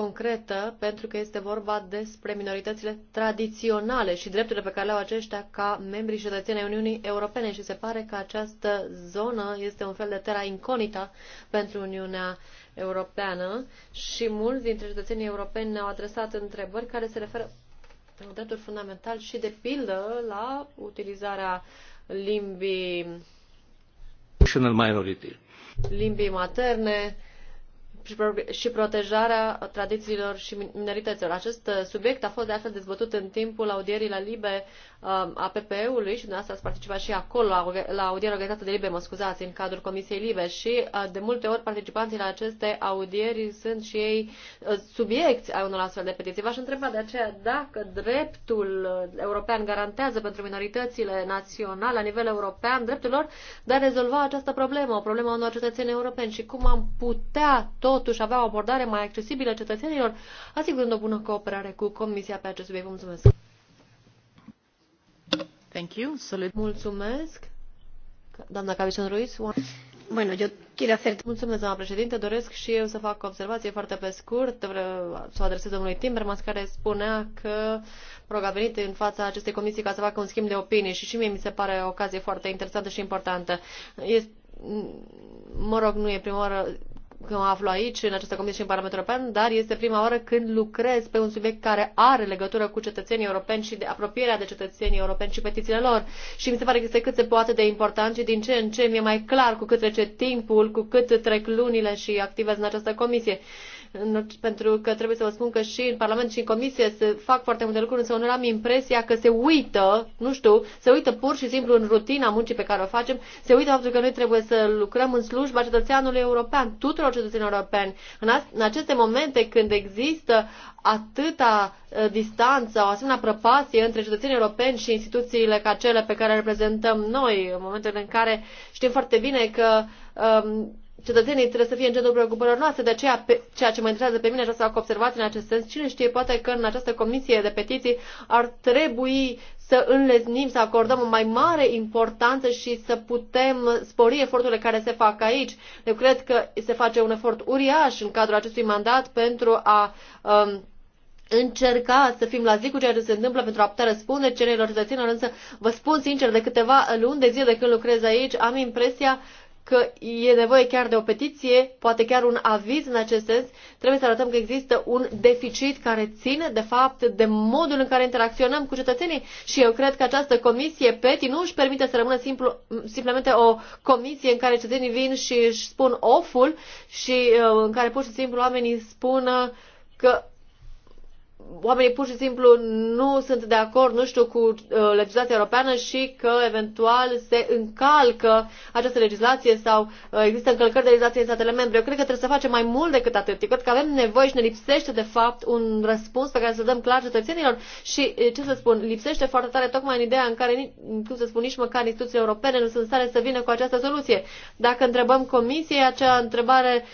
concretă pentru că este vorba despre minoritățile tradiționale și drepturile pe care le au aceștia ca membri și cetățeni ai Uniunii Europene și se pare că această zonă este un fel de terra incognita pentru Uniunea Europeană și mulți dintre cetățenii europeni ne-au adresat întrebări care se referă la drepturi fundamental și de pildă la utilizarea limbii limbii materne, și protejarea tradițiilor și minorităților. Acest subiect a fost de altfel dezbătut în timpul audierii la Libe Um, a PPE-ului și dumneavoastră ați participat și acolo la, audieri organizate organizată de Libe, mă scuzați, în cadrul Comisiei Libe și uh, de multe ori participanții la aceste audieri sunt și ei uh, subiecți ai unor astfel de petiții. V-aș întreba de aceea dacă dreptul uh, european garantează pentru minoritățile naționale la nivel european dreptul lor de a rezolva această problemă, o problemă a unor cetățeni europeni și cum am putea totuși avea o abordare mai accesibilă cetățenilor, asigurând o bună cooperare cu Comisia pe acest subiect. Mulțumesc! Mulțumesc. Doamna președinte. Doresc și eu să fac o observație foarte pe scurt. Vreau să o adresez domnului Timmermans, care spunea că rog, a venit în fața acestei comisii ca să facă un schimb de opinii și și mie mi se pare o ocazie foarte interesantă și importantă. Este, mă rog, nu e prima oară că mă aflu aici, în această comisie și în Parlamentul European, dar este prima oară când lucrez pe un subiect care are legătură cu cetățenii europeni și de apropierea de cetățenii europeni și petițiile lor. Și mi se pare că este cât se poate de important și din ce în ce mi-e mai clar cu cât trece timpul, cu cât trec lunile și activez în această comisie pentru că trebuie să vă spun că și în Parlament și în Comisie se fac foarte multe lucruri, însă nu am impresia că se uită, nu știu, se uită pur și simplu în rutina muncii pe care o facem, se uită faptul că noi trebuie să lucrăm în slujba cetățeanului european, tuturor cetățenilor europeni. În, în aceste momente când există atâta ă, distanță, o asemenea prăpastie între cetățenii europeni și instituțiile ca cele pe care le reprezentăm noi, în momentele în care știm foarte bine că um, cetățenii trebuie să fie în centrul preocupărilor noastre, de aceea pe, ceea ce mă interesează pe mine și să fac observații în acest sens, cine știe, poate că în această comisie de petiții ar trebui să înleznim, să acordăm o mai mare importanță și să putem spori eforturile care se fac aici. Eu cred că se face un efort uriaș în cadrul acestui mandat pentru a um, încerca să fim la zi cu ceea ce se întâmplă pentru a putea răspunde cererilor cetățenilor, însă vă spun sincer, de câteva luni de zile de când lucrez aici, am impresia că e nevoie chiar de o petiție, poate chiar un aviz în acest sens, trebuie să arătăm că există un deficit care ține, de fapt, de modul în care interacționăm cu cetățenii și eu cred că această comisie PETI nu își permite să rămână simplu, simplemente o comisie în care cetățenii vin și își spun oful și uh, în care pur și simplu oamenii spun că oamenii pur și simplu nu sunt de acord, nu știu, cu uh, legislația europeană și că eventual se încalcă această legislație sau uh, există încălcări de legislație în statele membre. Eu cred că trebuie să facem mai mult decât atât. Eu cred că avem nevoie și ne lipsește, de fapt, un răspuns pe care să dăm clar cetățenilor și, uh, ce să spun, lipsește foarte tare tocmai în ideea în care, cum să spun, nici măcar instituțiile europene nu sunt în stare să vină cu această soluție. Dacă întrebăm comisiei, acea întrebare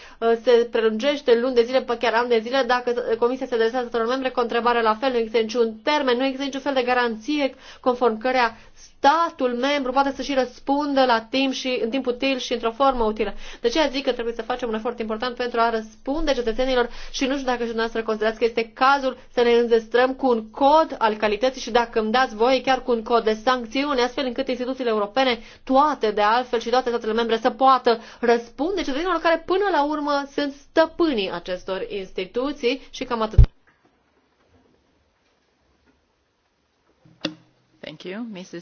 se prelungește luni de zile, pe păi chiar am de zile, dacă comisia se adresează statelor membre, o întrebare la fel, nu există niciun termen, nu există niciun fel de garanție conform cărea statul membru poate să și răspundă la timp și în timp util și într-o formă utilă. De aceea zic că trebuie să facem un efort important pentru a răspunde cetățenilor și nu știu dacă și dumneavoastră considerați că este cazul să ne înzestrăm cu un cod al calității și dacă îmi dați voie chiar cu un cod de sancțiune, astfel încât instituțiile europene, toate de altfel și toate statele membre să poată răspunde cetățenilor care până la urmă sunt stăpânii acestor instituții și cam atât. doamnă you.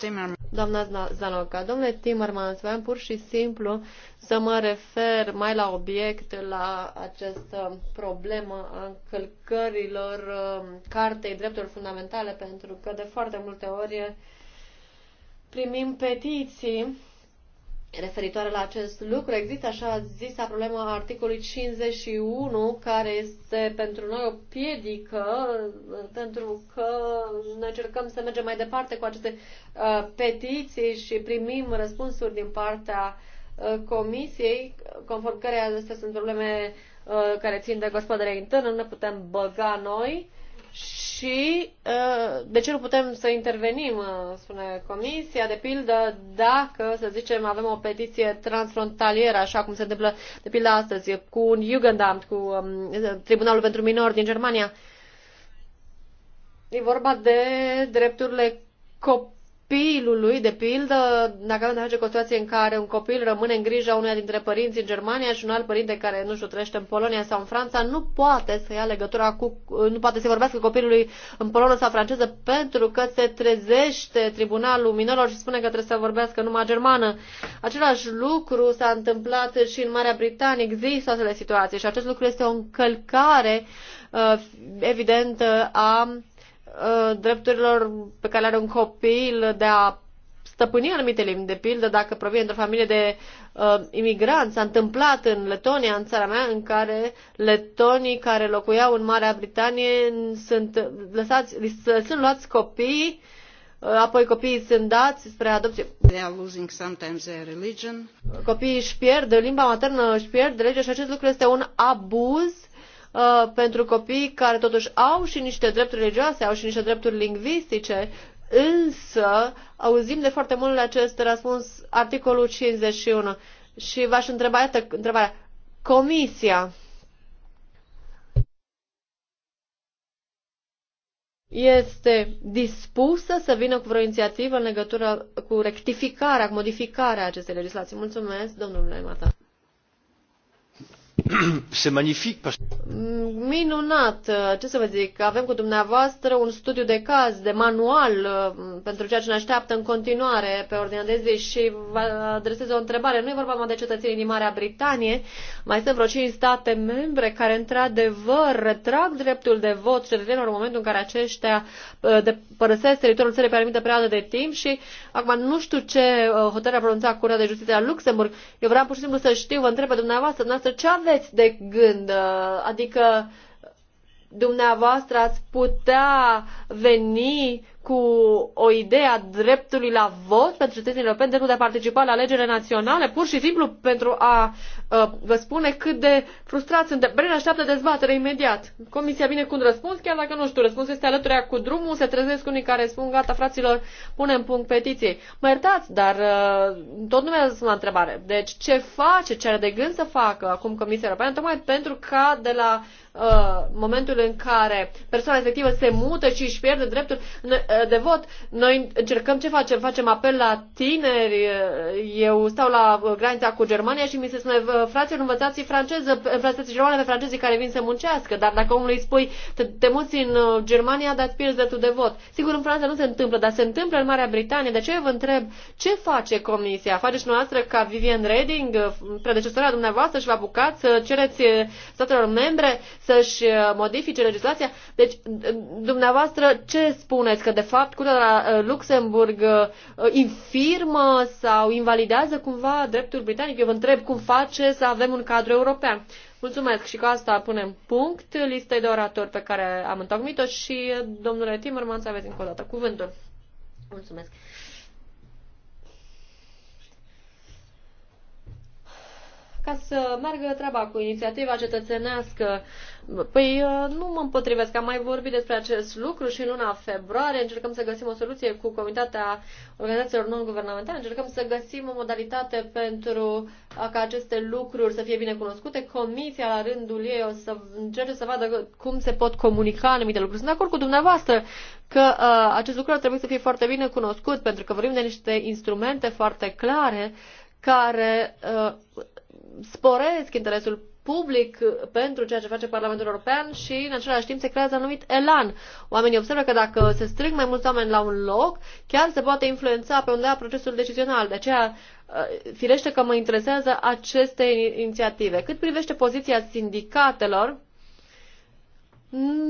Danoka. Uh, domnule Timmermans, voiam pur și simplu să mă refer mai la obiect, la această problemă a încălcărilor um, Cartei Drepturilor Fundamentale, pentru că de foarte multe ori primim petiții referitoare la acest lucru. Există așa zisa problema articolului 51, care este pentru noi o piedică, pentru că ne încercăm să mergem mai departe cu aceste uh, petiții și primim răspunsuri din partea uh, comisiei, conform căreia acestea sunt probleme uh, care țin de gospodăria internă, nu ne putem băga noi. Uh, și ă, de ce nu putem să intervenim, ă, spune Comisia, de pildă, dacă, să zicem, avem o petiție transfrontalieră, așa cum se întâmplă, de pildă, astăzi, cu un Jugendamt, cu ă, Tribunalul pentru Minori din Germania. E vorba de drepturile copiilor copilului, de pildă, dacă avem de face cu o situație în care un copil rămâne în grija uneia dintre părinți în Germania și un alt părinte care, nu știu, trăiește în Polonia sau în Franța, nu poate să ia legătura cu, nu poate să vorbească copilului în polonă sau franceză pentru că se trezește tribunalul minorilor și spune că trebuie să vorbească numai germană. Același lucru s-a întâmplat și în Marea Britanie, există astfel de situații și acest lucru este o încălcare uh, evident uh, a Uh, drepturilor pe care le are un copil de a stăpâni anumite limbi, de pildă dacă provine într-o familie de uh, imigranți. S-a întâmplat în Letonia, în țara mea, în care letonii care locuiau în Marea Britanie sunt lăsați, sunt luați copii, uh, apoi copiii sunt dați spre adopție. They are losing sometimes their religion. Copiii își pierd limba maternă, își pierd legea și acest lucru este un abuz Uh, pentru copii care totuși au și niște drepturi religioase, au și niște drepturi lingvistice, însă auzim de foarte mult la acest răspuns articolul 51. Și v-aș întreba, iată, întrebarea, comisia este dispusă să vină cu vreo inițiativă în legătură cu rectificarea, cu modificarea acestei legislații. Mulțumesc, domnule Mata. *clears throat* magnific. Mm, minunat! Uh, ce să vă zic, avem cu dumneavoastră un studiu de caz, de manual, uh, pentru ceea ce ne așteaptă în continuare pe ordinea de zi și vă adresez o întrebare. Nu e vorba mai de cetățenii din Marea Britanie, mai sunt vreo 5 state membre care într-adevăr retrag dreptul de vot cetățenilor în momentul în care aceștia uh, părăsesc teritoriul țării pe anumită perioadă de timp și acum nu știu ce hotărâre a pronunțat Curtea de Justiție a Luxemburg. Eu vreau pur și simplu să știu, vă întreb pe dumneavoastră, dumneavoastră ce aveți de gând? Uh, adică dumneavoastră ați putea veni cu o idee a dreptului la vot pentru cetățenii europeni, dreptul de a participa la alegerile naționale, pur și simplu pentru a uh, vă spune cât de frustrați sunt, Bren așteaptă dezbatere imediat. Comisia vine cu un răspuns, chiar dacă nu știu, răspunsul este alături cu drumul, se trezesc unii care spun, gata, fraților, punem punct petiției. Mă iertați, dar uh, tot nu mi-a răspuns la întrebare. Deci ce face, ce are de gând să facă acum Comisia Europeană, tocmai pentru ca de la uh, momentul în care persoana respectivă se mută și își pierde dreptul, Eh, de vot. Noi încercăm ce facem? Facem apel la tineri. Eh, eu stau la eh, granița cu Germania și mi se spune, fraților, învățați franceză, învățați germană pe francezii care vin să muncească. Dar dacă omului spui, te, te muți în uh, Germania, dați pierzi dreptul de vot. Sigur, în Franța nu se întâmplă, dar se întâmplă în Marea Britanie. De ce eu vă întreb, ce face Comisia? Faceți noastră ca Vivian Reding, uh, predecesora dumneavoastră, și vă apucați să cereți uh, statelor membre să-și modifice legislația? Deci, dumneavoastră, ce spuneți? Că de de fapt, Curtea de la Luxemburg uh, uh, infirmă sau invalidează cumva dreptul britanic? Eu vă întreb cum face să avem un cadru european. Mulțumesc și cu asta punem punct listei de oratori pe care am întocmit-o și domnule să aveți încă o dată cuvântul. Mulțumesc. Ca să meargă treaba cu inițiativa cetățenească Păi uh, nu mă împotrivesc, am mai vorbit despre acest lucru și în luna februarie încercăm să găsim o soluție cu Comitatea Organizațiilor Non-Guvernamentale, încercăm să găsim o modalitate pentru uh, ca aceste lucruri să fie bine cunoscute. Comisia, la rândul ei, o să încerce să vadă cum se pot comunica anumite lucruri. Sunt de acord cu dumneavoastră că uh, acest lucru ar trebui să fie foarte bine cunoscut, pentru că vorbim de niște instrumente foarte clare care uh, sporesc interesul public pentru ceea ce face Parlamentul European și în același timp se creează anumit elan. Oamenii observă că dacă se strâng mai mulți oameni la un loc, chiar se poate influența pe undeva procesul decizional. De aceea, uh, firește că mă interesează aceste inițiative. Cât privește poziția sindicatelor,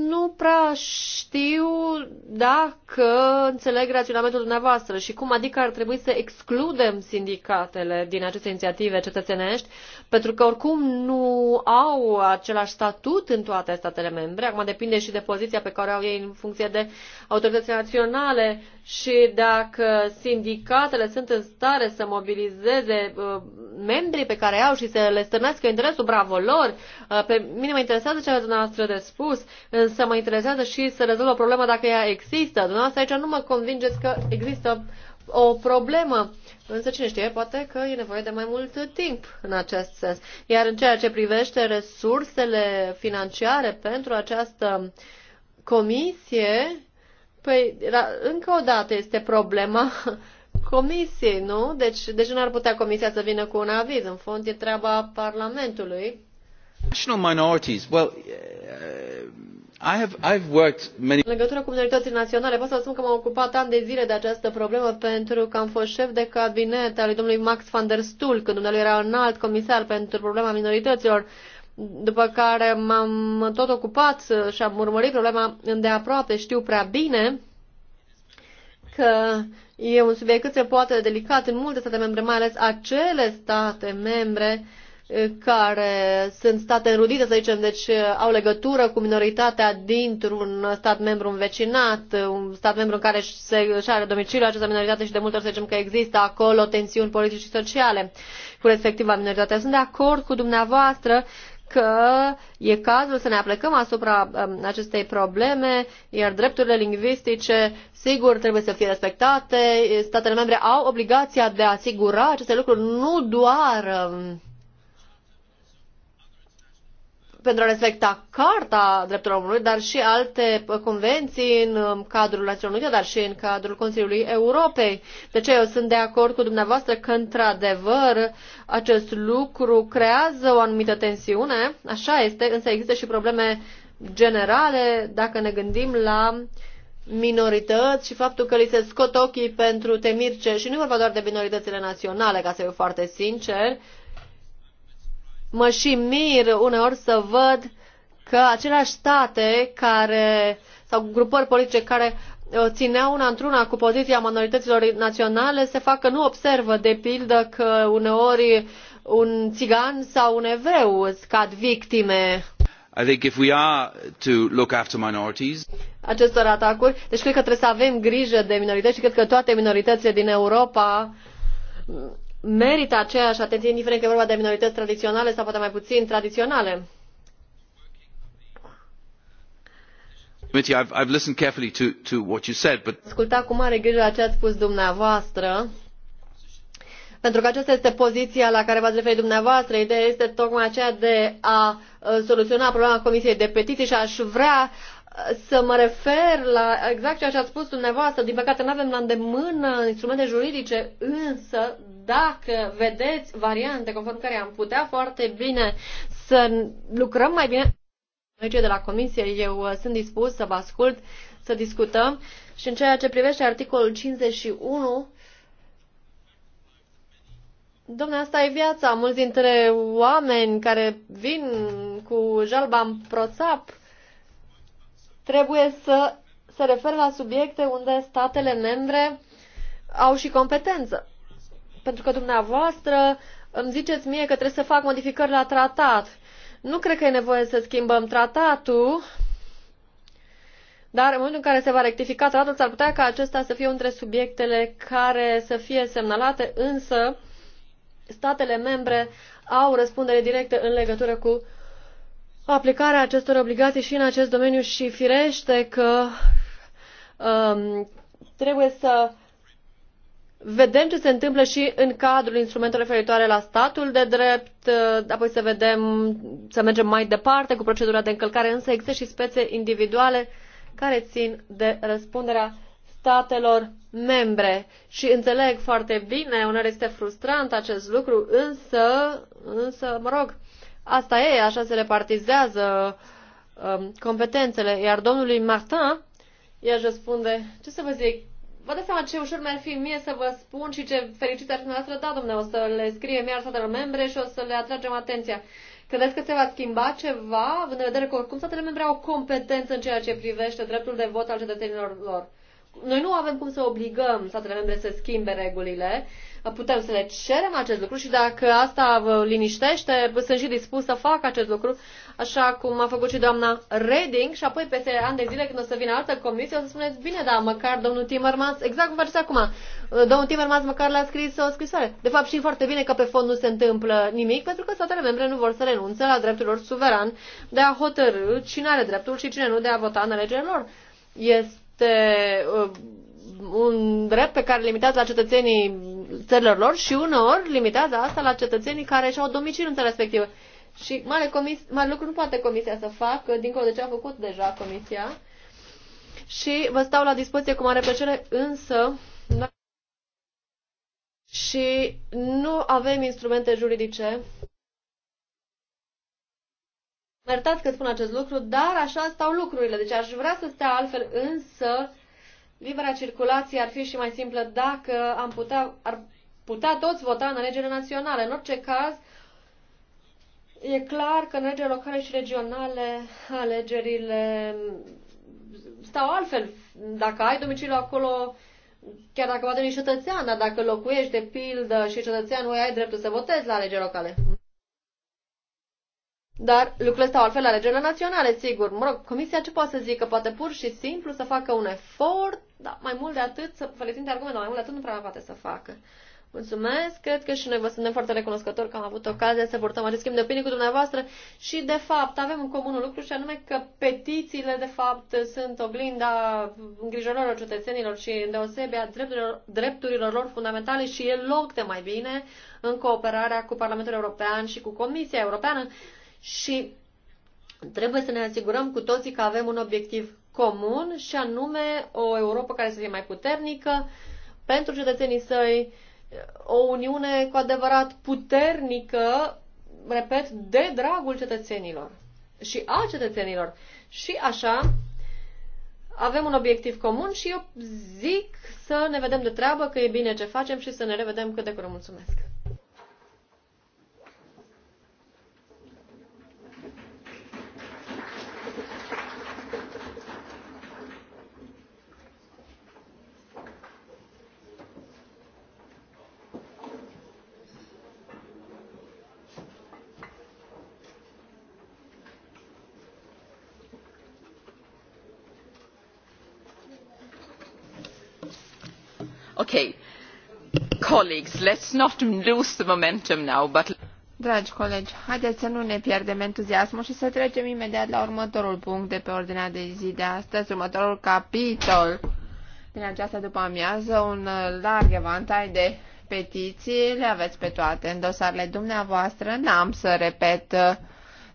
nu prea știu dacă înțeleg raționamentul dumneavoastră și cum adică ar trebui să excludem sindicatele din aceste inițiative cetățenești, pentru că oricum nu au același statut în toate statele membre. Acum depinde și de poziția pe care o au ei în funcție de autoritățile naționale și dacă sindicatele sunt în stare să mobilizeze uh, membrii pe care au și să le stârnească interesul bravo lor. Uh, pe mine mă interesează ce aveți dumneavoastră de spus însă mă interesează și să rezolv o problemă dacă ea există. Dumneavoastră aici nu mă convingeți că există o problemă. Însă cine știe, poate că e nevoie de mai mult timp în acest sens. Iar în ceea ce privește resursele financiare pentru această comisie, păi, da, încă o dată este problema *laughs* comisiei, nu? Deci, deci nu ar putea comisia să vină cu un aviz. În fond, e treaba Parlamentului National minorities, well, uh, I have, worked many... În legătură cu minoritățile naționale, pot să spun că m-am ocupat ani de zile de această problemă pentru că am fost șef de cabinet al lui domnului Max van der Stoel, când el era înalt comisar pentru problema minorităților, după care m-am tot ocupat și am urmărit problema îndeaproape, știu prea bine că e un subiect cât se poate de delicat în multe state membre, mai ales acele state membre care sunt state înrudite, să zicem, deci uh, au legătură cu minoritatea dintr-un stat membru învecinat, un stat membru în care își are domiciliul această minoritate și de multe ori să zicem că există acolo tensiuni politice și sociale cu respectiva minoritate. Sunt de acord cu dumneavoastră că e cazul să ne aplecăm asupra um, acestei probleme, iar drepturile lingvistice, sigur, trebuie să fie respectate. Statele membre au obligația de a asigura aceste lucruri, nu doar um, pentru a respecta Carta Drepturilor Omului, dar și alte convenții în um, cadrul Națiunilor Unite, dar și în cadrul Consiliului Europei. De ce eu sunt de acord cu dumneavoastră că, într-adevăr, acest lucru creează o anumită tensiune, așa este, însă există și probleme generale dacă ne gândim la minorități și faptul că li se scot ochii pentru temirce și nu vorba doar de minoritățile naționale, ca să fiu foarte sincer, mă și mir uneori să văd că aceleași state care, sau grupări politice care uh, țineau una într-una cu poziția minorităților naționale se facă nu observă, de pildă, că uneori un țigan sau un evreu scad victime I think if we are to look after minorities... acestor atacuri. Deci cred că trebuie să avem grijă de minorități și cred că toate minoritățile din Europa merită aceeași atenție, indiferent că e vorba de minorități tradiționale sau poate mai puțin tradiționale. Asculta cu mare grijă ce ați spus dumneavoastră, pentru că aceasta este poziția la care v-ați referit dumneavoastră. Ideea este tocmai aceea de a uh, soluționa problema Comisiei de Petiții și aș vrea să mă refer la exact ceea ce ați spus dumneavoastră. Din păcate, nu avem la îndemână instrumente juridice, însă dacă vedeți variante conform care am putea foarte bine să lucrăm mai bine, noi cei de la Comisie, eu uh, sunt dispus să vă ascult, să discutăm. Și în ceea ce privește articolul 51, Domnule, asta e viața. Mulți dintre oameni care vin cu jalba în proțap trebuie să se refere la subiecte unde statele membre au și competență. Pentru că dumneavoastră îmi ziceți mie că trebuie să fac modificări la tratat. Nu cred că e nevoie să schimbăm tratatul, dar în momentul în care se va rectifica tratatul, s-ar putea ca acesta să fie între subiectele care să fie semnalate, însă statele membre au răspundere directă în legătură cu aplicarea acestor obligații și în acest domeniu și firește că um, trebuie să vedem ce se întâmplă și în cadrul instrumentelor referitoare la statul de drept, uh, apoi să vedem, să mergem mai departe cu procedura de încălcare, însă există și spețe individuale care țin de răspunderea statelor membre. Și înțeleg foarte bine, uneori este frustrant acest lucru, însă, însă, mă rog, Asta e, așa se repartizează um, competențele. Iar domnului Martin, el își răspunde, ce să vă zic, vă dați seama ce ușor mi-ar fi mie să vă spun și ce fericit ar fi noastră, da, domnule, o să le scrie mie statelor membre și o să le atragem atenția. Credeți că se va schimba ceva, având în vedere că oricum statele membre au competență în ceea ce privește dreptul de vot al cetățenilor lor? Noi nu avem cum să obligăm statele membre să schimbe regulile, putem să le cerem acest lucru și dacă asta vă liniștește, sunt și dispus să fac acest lucru, așa cum a făcut și doamna Reding și apoi peste ani de zile când o să vină altă comisie o să spuneți, bine, da, măcar domnul Timmermans, exact cum faceți acum, domnul Timmermans măcar le-a scris o scrisoare. De fapt și foarte bine că pe fond nu se întâmplă nimic pentru că statele membre nu vor să renunțe la dreptul lor suveran de a hotărâ cine are dreptul și cine nu de a vota în alegerile lor. Este uh, un drept pe care limitați la cetățenii țărilor lor și uneori limitează asta la cetățenii care și-au domiciliu în țara respectivă. Și mare, comis, mare lucru nu poate comisia să facă, dincolo de ce a făcut deja comisia. Și vă stau la dispoziție cu mare plăcere, însă și nu avem instrumente juridice. Mă iertați că spun acest lucru, dar așa stau lucrurile. Deci aș vrea să stea altfel, însă Libera circulație ar fi și mai simplă dacă am putea, ar putea toți vota în alegerile naționale. În orice caz, e clar că în alegerile locale și regionale alegerile stau altfel. Dacă ai domiciliu acolo, chiar dacă poate nici cetățean, dar dacă locuiești de pildă și nu ai dreptul să votezi la alegeri locale. Dar lucrurile stau altfel la legile naționale, sigur. Mă rog, comisia ce poate să zică? Poate pur și simplu să facă un efort, dar mai mult de atât, să vă le țin de argument, mai mult de atât nu prea poate să facă. Mulțumesc, cred că și noi vă suntem foarte recunoscători că am avut ocazia să portăm acest schimb de opinii cu dumneavoastră și, de fapt, avem în comun un lucru și anume că petițiile, de fapt, sunt oglinda îngrijorilor cetățenilor și, îndeosebi, a drepturilor, drepturilor lor fundamentale și e loc de mai bine în cooperarea cu Parlamentul European și cu Comisia Europeană și trebuie să ne asigurăm cu toții că avem un obiectiv comun și anume o Europa care să fie mai puternică pentru cetățenii săi, o Uniune cu adevărat puternică, repet, de dragul cetățenilor și a cetățenilor. Și așa avem un obiectiv comun și eu zic să ne vedem de treabă, că e bine ce facem și să ne revedem cât de curând. Mulțumesc! Dragi colegi, haideți să nu ne pierdem entuziasmul și să trecem imediat la următorul punct de pe ordinea de zi de astăzi, următorul capitol din această după-amiază, un larg evantai de petiții, le aveți pe toate în dosarele dumneavoastră, n-am să repet uh,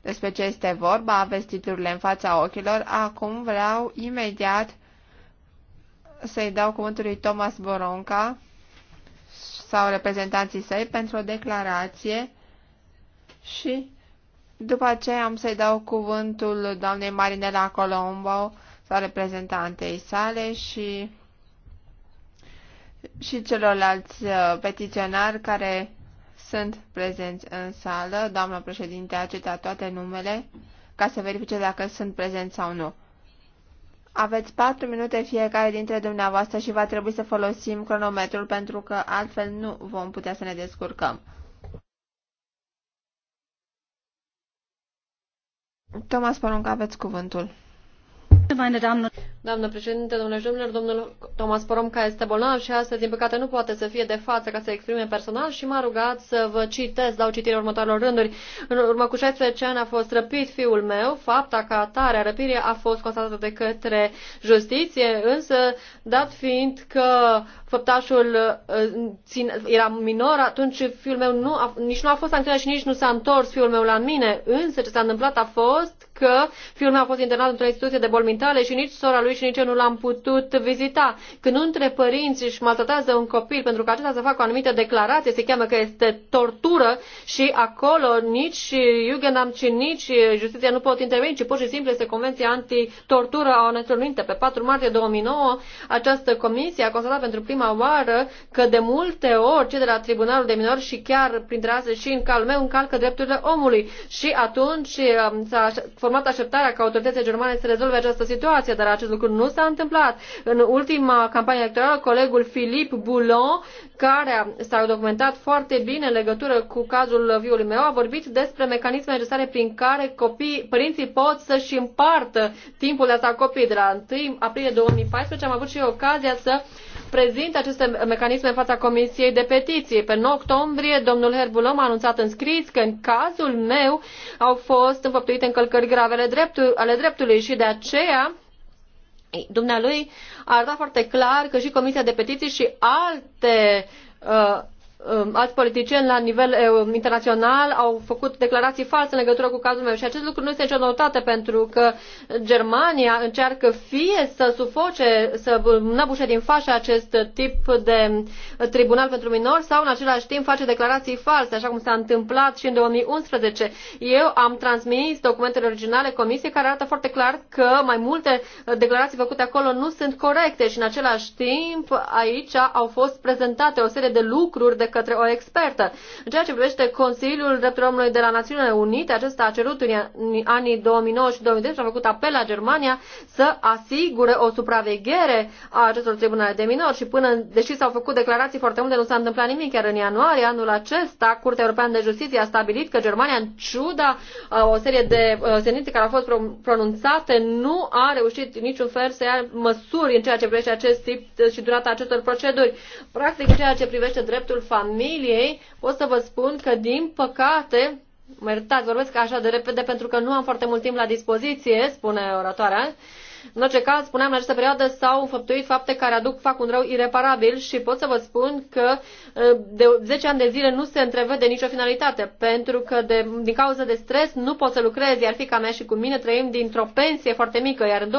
despre ce este vorba, aveți titlurile în fața ochilor, acum vreau imediat să-i dau cuvântul lui Thomas Boronca, sau reprezentanții săi pentru o declarație și după aceea am să-i dau cuvântul doamnei Marinela Colombo sau reprezentantei sale și, și celorlalți uh, petiționari care sunt prezenți în sală. Doamna președinte a citat toate numele ca să verifice dacă sunt prezenți sau nu. Aveți patru minute fiecare dintre dumneavoastră și va trebui să folosim cronometrul pentru că altfel nu vom putea să ne descurcăm. Thomas Porunca, aveți cuvântul. Doamnă președinte, domnule Jumler, domnul Thomas Poromca este bolnav și astăzi, din păcate, nu poate să fie de față ca să exprime personal și m-a rugat să vă citesc, dau citire următoarelor rânduri. În urmă cu 16 ani a fost răpit fiul meu, fapta ca atare a răpirii a fost constatată de către justiție, însă, dat fiind că făptașul uh, ține, era minor, atunci fiul meu nu a, nici nu a fost sancționat și nici nu s-a întors fiul meu la mine, însă ce s-a întâmplat a fost că fiul meu a fost internat într-o instituție de boli mentale și nici sora lui lui și nici eu nu l-am putut vizita. Când între părinți își maltratează un copil pentru că acesta să facă o anumită declarație, se cheamă că este tortură și acolo nici Jugendamt și nici justiția nu pot interveni, ci pur și simplu este Convenția Antitortură a Națiunilor Unite. Pe 4 martie 2009, această comisie a constatat pentru prima oară că de multe ori cei de la Tribunalul de Minori și chiar printre astea și în calul meu încalcă drepturile omului. Și atunci um, s-a format așteptarea ca autoritățile germane să rezolve această situație, dar acest lucru lucru nu s-a întâmplat. În ultima campanie electorală, colegul Filip Boulon, care s-a documentat foarte bine în legătură cu cazul viului meu, a vorbit despre mecanismele necesare prin care copii, părinții pot să-și împartă timpul de a copii. De la 1 aprilie 2014 am avut și ocazia să prezint aceste mecanisme în fața Comisiei de Petiții. Pe 9 octombrie, domnul Herbulom a anunțat în scris că în cazul meu au fost înfăptuite încălcări grave ale, ale dreptului și de aceea Dumnealui a arătat foarte clar că și Comisia de Petiții și alte uh, Um, alți politicieni la nivel uh, internațional au făcut declarații false în legătură cu cazul meu și acest lucru nu este nicio noutate pentru că Germania încearcă fie să sufoce, să năbușe din fașă acest tip de tribunal pentru minori sau în același timp face declarații false, așa cum s-a întâmplat și în 2011. Eu am transmis documentele originale comisiei care arată foarte clar că mai multe declarații făcute acolo nu sunt corecte și în același timp aici au fost prezentate o serie de lucruri de către o expertă. În ceea ce privește Consiliul Drepturilor Omului de la Națiunile Unite, acesta a cerut în anii 2009 și 2010 a făcut apel la Germania să asigure o supraveghere a acestor tribunale de minori și până, deși s-au făcut declarații foarte multe, nu s-a întâmplat nimic. Iar în ianuarie anul acesta, Curtea Europeană de Justiție a stabilit că Germania, în ciuda uh, o serie de uh, sentințe care au fost pronunțate, nu a reușit niciun fel să ia măsuri în ceea ce privește acest tip și durata acestor proceduri. Practic, în ceea ce privește dreptul familiei, pot să vă spun că, din păcate, mă iertați, vorbesc așa de repede pentru că nu am foarte mult timp la dispoziție, spune oratoarea, în orice caz, spuneam, în această perioadă s-au înfăptuit fapte care aduc, fac un rău ireparabil și pot să vă spun că ă, de 10 ani de zile nu se întrevede nicio finalitate, pentru că de, din cauza de stres nu pot să lucrez, iar fica mea și cu mine trăim dintr-o pensie foarte mică, iar în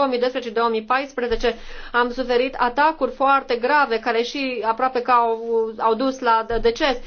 2012-2014 am suferit atacuri foarte grave, care și aproape că au, au dus la deces.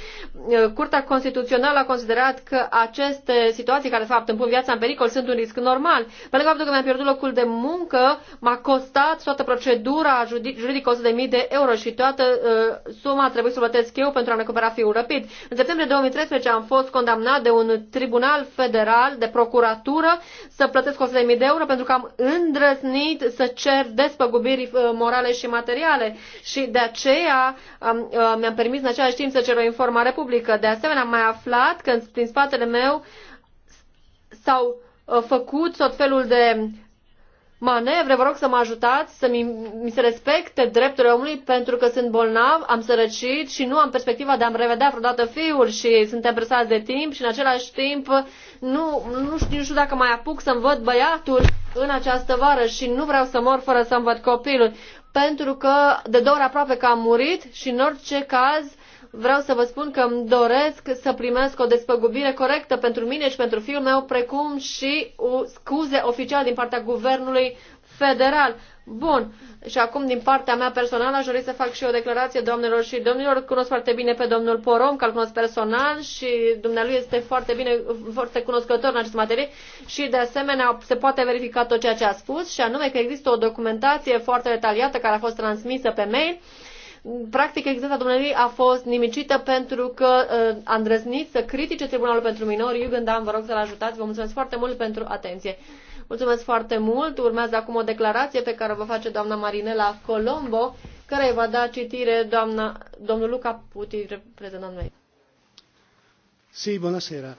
Ă, Curtea Constituțională a considerat că aceste situații care, de fapt, împun viața în pericol, sunt un risc normal. Pe lângă faptul că mi-am pierdut locul de muncă, m-a costat toată procedura juridică 100.000 de euro și toată uh, suma a trebuit să o plătesc eu pentru a-mi recupera fiul răpit. În septembrie 2013 am fost condamnat de un tribunal federal de procuratură să plătesc 100.000 de euro pentru că am îndrăznit să cer despăgubiri uh, morale și materiale și de aceea um, uh, mi-am permis în același timp să cer o informare publică. De asemenea, am mai aflat că prin spatele meu s-au uh, făcut tot felul de manevre, vă rog să mă ajutați să mi, mi se respecte drepturile omului pentru că sunt bolnav, am sărăcit și nu am perspectiva de a-mi revedea vreodată fiul și suntem presați de timp și în același timp nu, nu, știu, nu știu dacă mai apuc să-mi văd băiatul în această vară și nu vreau să mor fără să-mi văd copilul pentru că de două ori aproape că am murit și în orice caz vreau să vă spun că îmi doresc să primesc o despăgubire corectă pentru mine și pentru fiul meu, precum și o scuze oficiale din partea guvernului federal. Bun. Și acum, din partea mea personală, aș dori să fac și o declarație, doamnelor și domnilor. Cunosc foarte bine pe domnul Porom, că îl cunosc personal și dumnealui este foarte bine, foarte cunoscător în această materie și, de asemenea, se poate verifica tot ceea ce a spus și anume că există o documentație foarte detaliată care a fost transmisă pe mail practic existența domnului a fost nimicită pentru că uh, a îndrăznit să critique Tribunalul pentru Minori. gândeam, vă rog să-l ajutați. Vă mulțumesc foarte mult pentru atenție. Mulțumesc foarte mult. Urmează acum o declarație pe care o va face doamna Marinela Colombo, care va da citire doamna, domnul Luca Puti, reprezentant meu. Si, bună seara.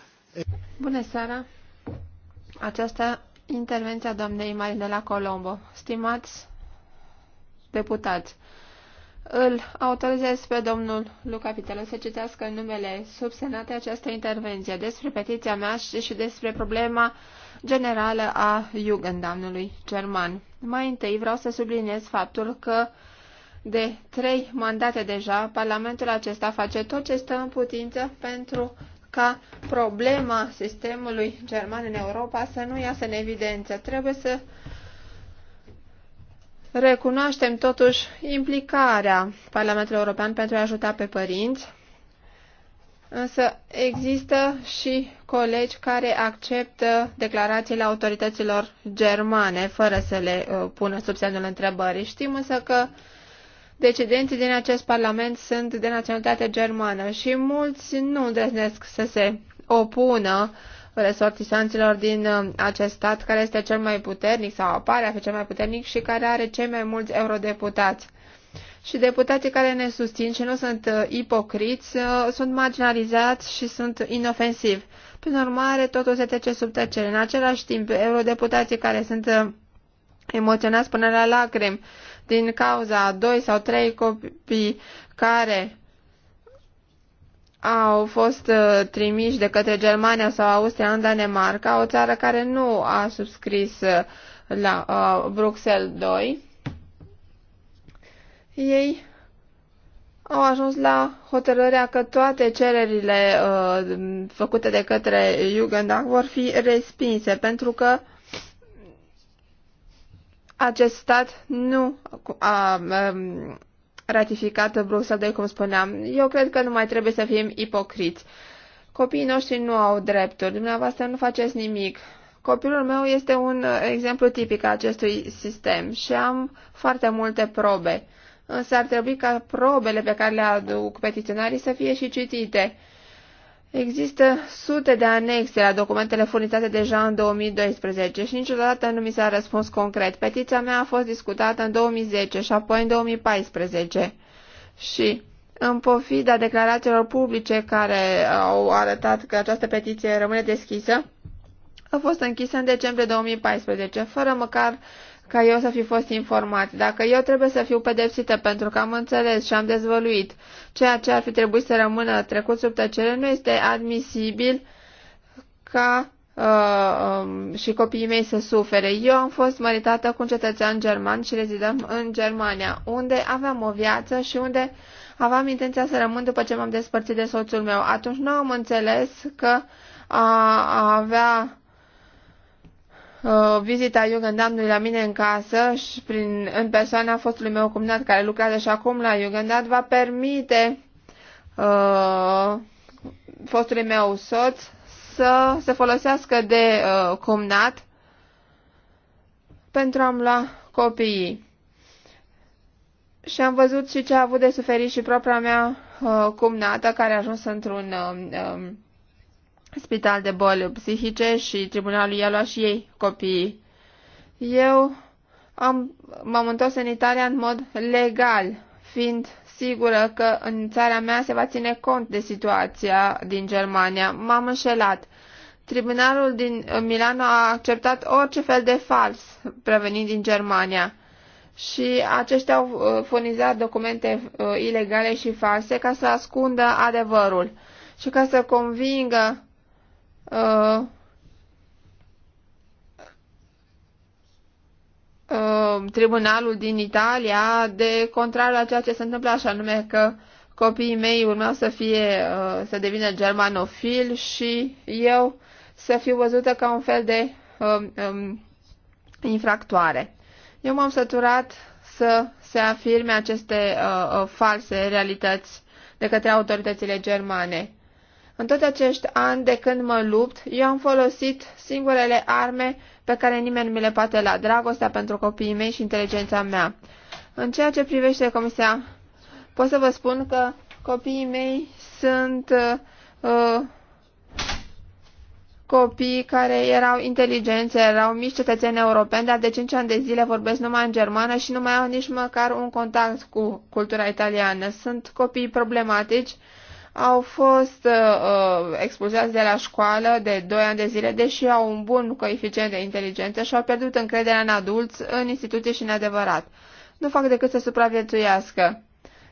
Bună seara. Aceasta intervenția doamnei Marinela Colombo. Stimați deputați, îl autorizez pe domnul Luca Pitelu să citească în numele subsenate această intervenție despre petiția mea și, și despre problema generală a Jugendamnului german. Mai întâi vreau să subliniez faptul că de trei mandate deja, Parlamentul acesta face tot ce stă în putință pentru ca problema sistemului german în Europa să nu iasă în evidență. Trebuie să Recunoaștem totuși implicarea Parlamentului European pentru a ajuta pe părinți, însă există și colegi care acceptă declarațiile autorităților germane fără să le uh, pună sub semnul întrebării. Știm însă că decidenții din acest parlament sunt de naționalitate germană și mulți nu îndrăznesc să se opună uh, resortisanților din uh, acest stat care este cel mai puternic sau apare a fi cel mai puternic și care are cei mai mulți eurodeputați. Și deputații care ne susțin și nu sunt uh, ipocriți uh, sunt marginalizați și sunt inofensivi. Prin urmare, totul se trece sub tăcere. În același timp, eurodeputații care sunt emoționați până la lacrimi din cauza a doi sau trei copii care au fost uh, trimiși de către Germania sau Austria în Danemarca, o țară care nu a subscris uh, la uh, Bruxelles 2. Ei au ajuns la hotărârea că toate cererile uh, făcute de către Jugendamt vor fi respinse, pentru că acest stat nu a, a, um, ratificată Bruxelles 2, cum spuneam. Eu cred că nu mai trebuie să fim ipocriți. Copiii noștri nu au drepturi, dumneavoastră nu faceți nimic. Copilul meu este un exemplu tipic a acestui sistem și am foarte multe probe. Însă ar trebui ca probele pe care le aduc petiționarii să fie și citite Există sute de anexe la documentele furnizate deja în 2012 și niciodată nu mi s-a răspuns concret. Petiția mea a fost discutată în 2010 și apoi în 2014 și în pofida declarațiilor publice care au arătat că această petiție rămâne deschisă, a fost închisă în decembrie 2014, fără măcar ca eu să fi fost informat. Dacă eu trebuie să fiu pedepsită pentru că am înțeles și am dezvăluit ceea ce ar fi trebuit să rămână trecut sub tăcere, nu este admisibil ca uh, um, și copiii mei să sufere. Eu am fost măritată cu un cetățean german și rezidăm în Germania, unde aveam o viață și unde aveam intenția să rămân după ce m-am despărțit de soțul meu. Atunci nu am înțeles că a, a avea Uh, vizita Jugendamtului la mine în casă și prin, în persoana fostului meu cumnat care lucrează și acum la Jugendamt va permite uh, fostului meu soț să se folosească de uh, cumnat pentru a-mi lua copiii. Și am văzut și ce a avut de suferit și propria mea uh, cumnată care a ajuns într-un uh, uh, spital de boli psihice și tribunalul i-a luat și ei copiii. Eu am, m-am întors în Italia în mod legal, fiind sigură că în țara mea se va ține cont de situația din Germania. M-am înșelat. Tribunalul din Milano a acceptat orice fel de fals prevenind din Germania și aceștia au uh, furnizat documente uh, ilegale și false ca să ascundă adevărul și ca să convingă Uh, uh, tribunalul din Italia de contrar la ceea ce se întâmplă așa, anume că copiii mei urmeau să fie, uh, să devină germanofili și eu să fiu văzută ca un fel de um, um, infractoare. Eu m-am săturat să se afirme aceste uh, false realități de către autoritățile germane. În toți acești ani de când mă lupt, eu am folosit singurele arme pe care nimeni nu mi le poate la dragostea pentru copiii mei și inteligența mea. În ceea ce privește comisia, pot să vă spun că copiii mei sunt uh, copii care erau inteligenți, erau mici cetățeni europeni, dar de 5 ani de zile vorbesc numai în germană și nu mai au nici măcar un contact cu cultura italiană. Sunt copii problematici au fost uh, uh, expulzați de la școală de 2 ani de zile, deși au un bun coeficient de inteligență și au pierdut încrederea în adulți, în instituții și în adevărat. Nu fac decât să supraviețuiască.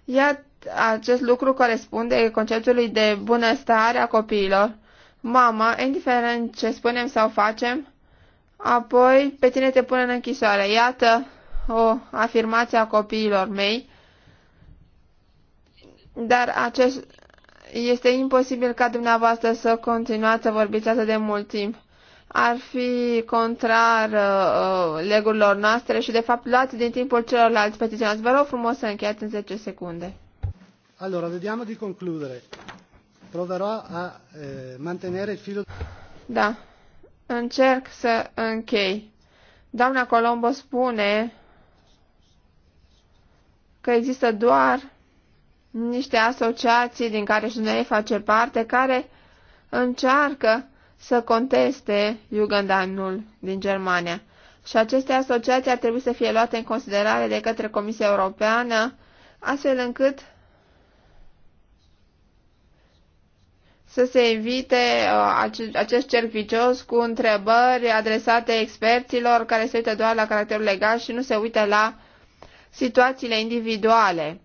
Iată, acest lucru corespunde conceptului de bunăstare a copiilor. Mama, indiferent ce spunem sau facem, apoi pe tine te pune în închisoare. Iată o afirmație a copiilor mei. Dar acest este imposibil ca dumneavoastră să continuați să vorbiți atât de mult timp. Ar fi contrar uh, legurilor noastre și, de fapt, luați din timpul celorlalți petiționați. Vă rog frumos să încheiați în 10 secunde. Allora, vediamo di concludere. Proverò a eh, mantenere il filo... Da, încerc să închei. Doamna Colombo spune că există doar niște asociații din care și noi face parte, care încearcă să conteste Jugendanul din Germania. Și aceste asociații ar trebui să fie luate în considerare de către Comisia Europeană, astfel încât să se evite uh, acest cerc vicios cu întrebări adresate experților care se uită doar la caracterul legal și nu se uită la situațiile individuale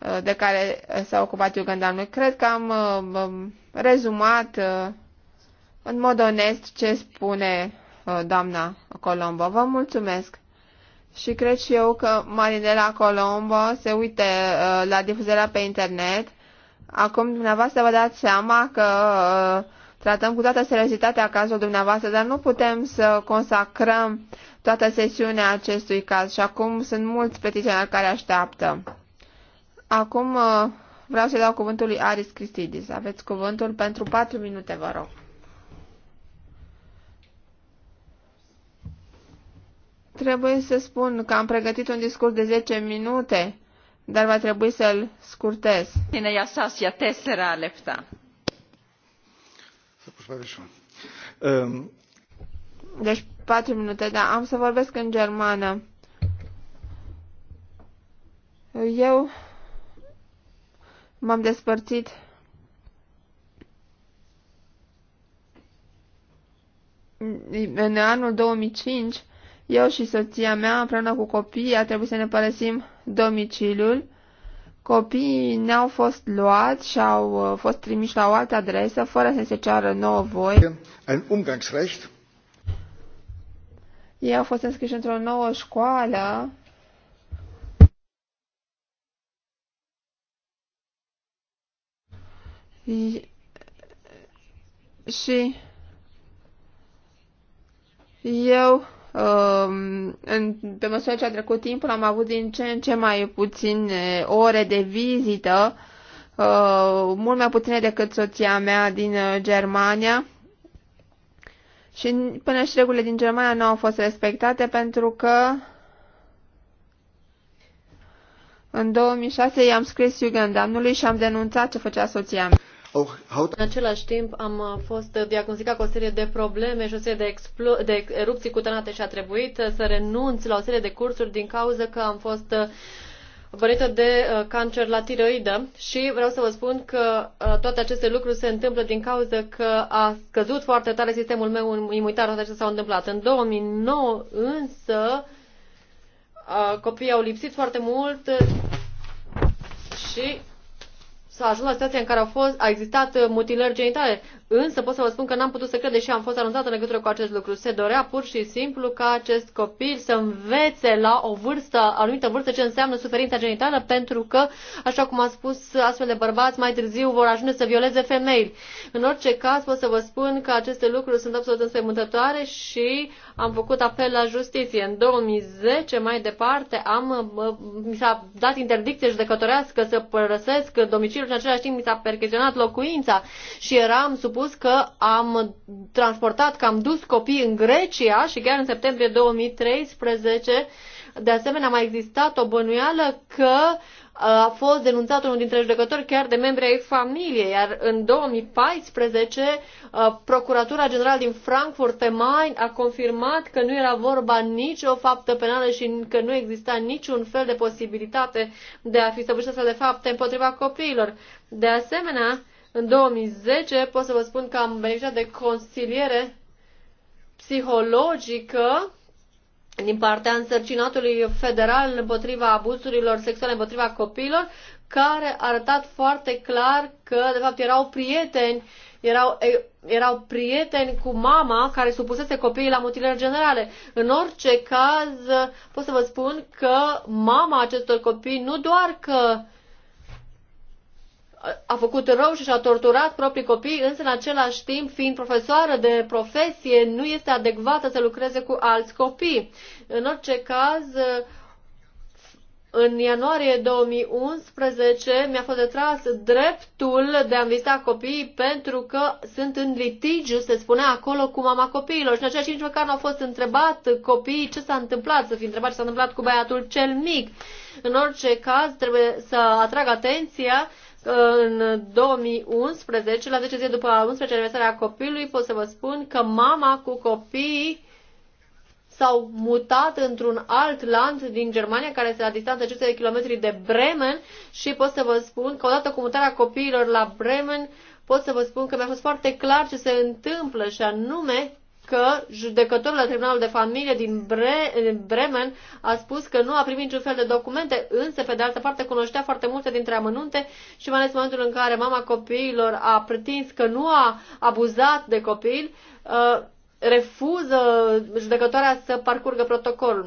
Uh, de care uh, s-a ocupat Iugen Cred că am uh, rezumat în mod onest ce spune doamna Colombo. Vă mulțumesc! Și cred și eu că Marinela Colombo se uite la difuzarea pe internet. Acum dumneavoastră vă dați seama că tratăm cu toată seriozitatea cazul dumneavoastră, dar nu putem să consacrăm toată sesiunea acestui caz și acum sunt mulți petiționari care așteaptă. Acum uh, vreau să dau cuvântul lui Aris Cristidis. Aveți cuvântul pentru 4 minute, vă rog. Trebuie să spun că am pregătit un discurs de 10 minute, dar va trebui să-l scurtez. Tine ia sasia tesera lepta. Ehm, deci 4 minute, da, am să vorbesc în germană. Eu M-am despărțit în anul 2005, eu și soția mea, împreună cu copiii, a trebuit să ne părăsim domiciliul. Copiii ne-au fost luați și au uh, fost trimiși la o altă adresă, fără să se ceară nouă voi. Un umgangsrecht. Ei au fost înscriși într-o nouă școală și eu, um, pe măsură ce a trecut timpul, am avut din ce în ce mai puține ore de vizită, uh, mult mai puține decât soția mea din uh, Germania. Și până și regulile din Germania nu au fost respectate pentru că în 2006 i-am scris Jugendamnului și am denunțat ce făcea soția mea. Oh, în același timp am uh, fost diagnosticat cu o serie de probleme și o serie de, explo- de erupții cutanate și a trebuit uh, să renunț la o serie de cursuri din cauza că am fost bărită uh, de cancer la tiroidă și vreau să vă spun că toate aceste lucruri se întâmplă din cauza că a scăzut foarte tare sistemul meu imunitar, toate acestea s-au întâmplat. În 2009 însă copiii au lipsit foarte mult și s-a ajuns la situația în care au fost, a existat mutilări genitale. Însă pot să vă spun că n-am putut să cred, deși am fost anunțată în legătură cu acest lucru. Se dorea pur și simplu ca acest copil să învețe la o vârstă, anumită vârstă, ce înseamnă suferința genitală, pentru că, așa cum am spus, astfel de bărbați mai târziu vor ajunge să violeze femei. În orice caz, pot să vă spun că aceste lucruri sunt absolut înspăimântătoare și am făcut apel la justiție. În 2010, mai departe, am, mi s-a dat interdicție judecătorească să părăsesc domiciliul și în același timp mi s-a percheționat locuința și eram sub spus că am transportat, că am dus copii în Grecia și chiar în septembrie 2013, de asemenea, a mai existat o bănuială că uh, a fost denunțat unul dintre judecători chiar de membri ai familiei, iar în 2014 uh, Procuratura Generală din Frankfurt pe Main a confirmat că nu era vorba nici o faptă penală și că nu exista niciun fel de posibilitate de a fi stăpâșit astfel de fapte împotriva copiilor. De asemenea, în 2010 pot să vă spun că am beneficiat de consiliere psihologică din partea însărcinatului federal împotriva abuzurilor sexuale împotriva copiilor, care a arătat foarte clar că, de fapt, erau prieteni, erau, erau prieteni cu mama care supusese copiii la mutilări generale. În orice caz, pot să vă spun că mama acestor copii nu doar că uh, a făcut rău și și-a torturat proprii copii, însă în același timp, fiind profesoară de profesie, nu este adecvată să lucreze cu alți copii. În orice caz, în ianuarie 2011 mi-a fost retras dreptul de a vizita copiii pentru că sunt în litigiu, se spunea acolo, cu mama copiilor. Și în același nici măcar nu au fost întrebat copiii ce s-a întâmplat, să fi întrebat ce s-a întâmplat cu băiatul cel mic. În orice caz, trebuie să atrag atenția în 2011, la 10 zile după 11 aniversarea copilului, pot să vă spun că mama cu copiii s-au mutat într-un alt land din Germania, care este la distanță 500 de kilometri de Bremen și pot să vă spun că odată cu mutarea copiilor la Bremen, pot să vă spun că mi-a fost foarte clar ce se întâmplă și anume că judecătorul la Tribunalul de Familie din Bre- Bremen a spus că nu a primit niciun fel de documente, însă, pe de altă parte, cunoștea foarte multe dintre amănunte și mai ales în momentul în care mama copiilor a pretins că nu a abuzat de copil, uh, refuză judecătoarea să parcurgă protocolul.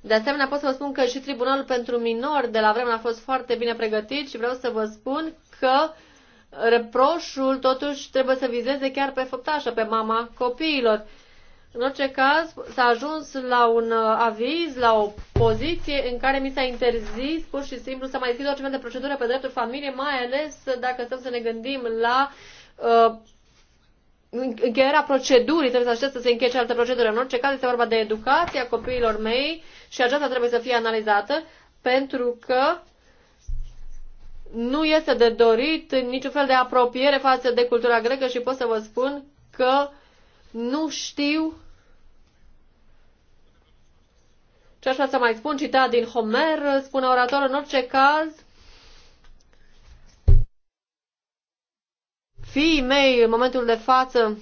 De asemenea, pot să vă spun că și Tribunalul pentru Minori de la vremea a fost foarte bine pregătit și vreau să vă spun că uh, reproșul totuși trebuie să vizeze chiar pe făptașă, pe mama copiilor. În orice caz, s-a ajuns la un uh, aviz, la o poziție în care mi s-a interzis pur și simplu să mai deschid orice fel de procedură pe dreptul familiei, mai ales dacă stăm să ne gândim la uh, încheierea procedurii, trebuie să aștept să se încheie cealaltă procedură. În orice caz, este vorba de educația copiilor mei și aceasta trebuie să fie analizată, pentru că nu este de dorit niciun fel de apropiere față de cultura grecă și pot să vă spun că nu știu ce aș vrea să mai spun, citat din Homer, spune orator, în orice caz, fiii mei, în momentul de față,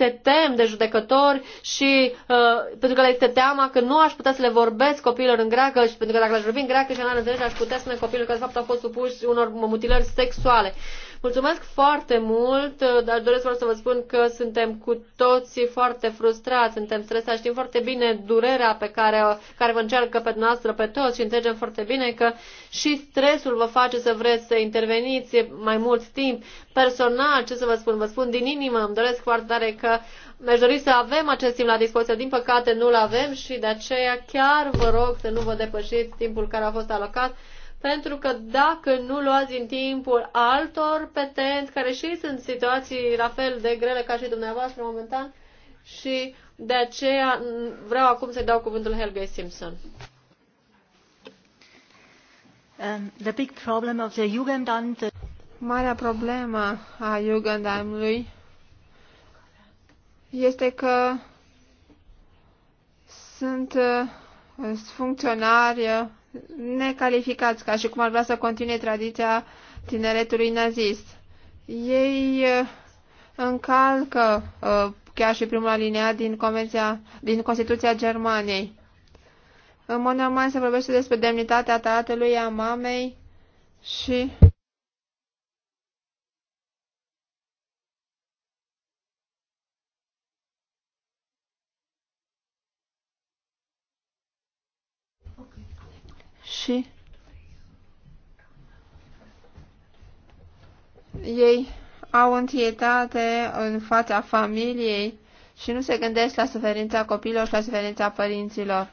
se tem de judecători și uh, pentru că le este teama că nu aș putea să le vorbesc copiilor în greacă și pentru că dacă le-aș vorbi în greacă și în engleză, aș putea spune copiilor că de fapt au fost supuși unor mutilări sexuale. Uh, Mulțumesc foarte mult, dar doresc să vă spun că suntem cu toții foarte frustrați, suntem stresați, știm foarte bine durerea pe care, care vă încearcă pe noastră, pe toți și înțelegem foarte bine că și stresul vă face să vreți să interveniți mai mult timp. Personal, ce să vă spun, vă spun din inimă, îmi doresc foarte tare că mi-aș dori să avem acest timp la dispoziție, din păcate nu-l avem și de aceea chiar vă rog să nu vă depășiți timpul care a fost alocat pentru că dacă nu luați în timpul altor petenți, care și sunt situații la fel de grele ca și dumneavoastră momentan, și de aceea vreau acum să dau cuvântul Helge Simpson. Um, the big problem of the Jugendamt... Marea problemă a Jugendamtului este că sunt uh, funcționari uh, necalificați, ca și cum ar vrea să continue tradiția tineretului nazist. Ei uh, încalcă uh, chiar și prima linia din, Convenția, din Constituția Germaniei. În mod normal se vorbește despre demnitatea tatălui, a mamei și și ei au întietate în fața familiei și nu se gândesc la suferința copiilor și la suferința părinților.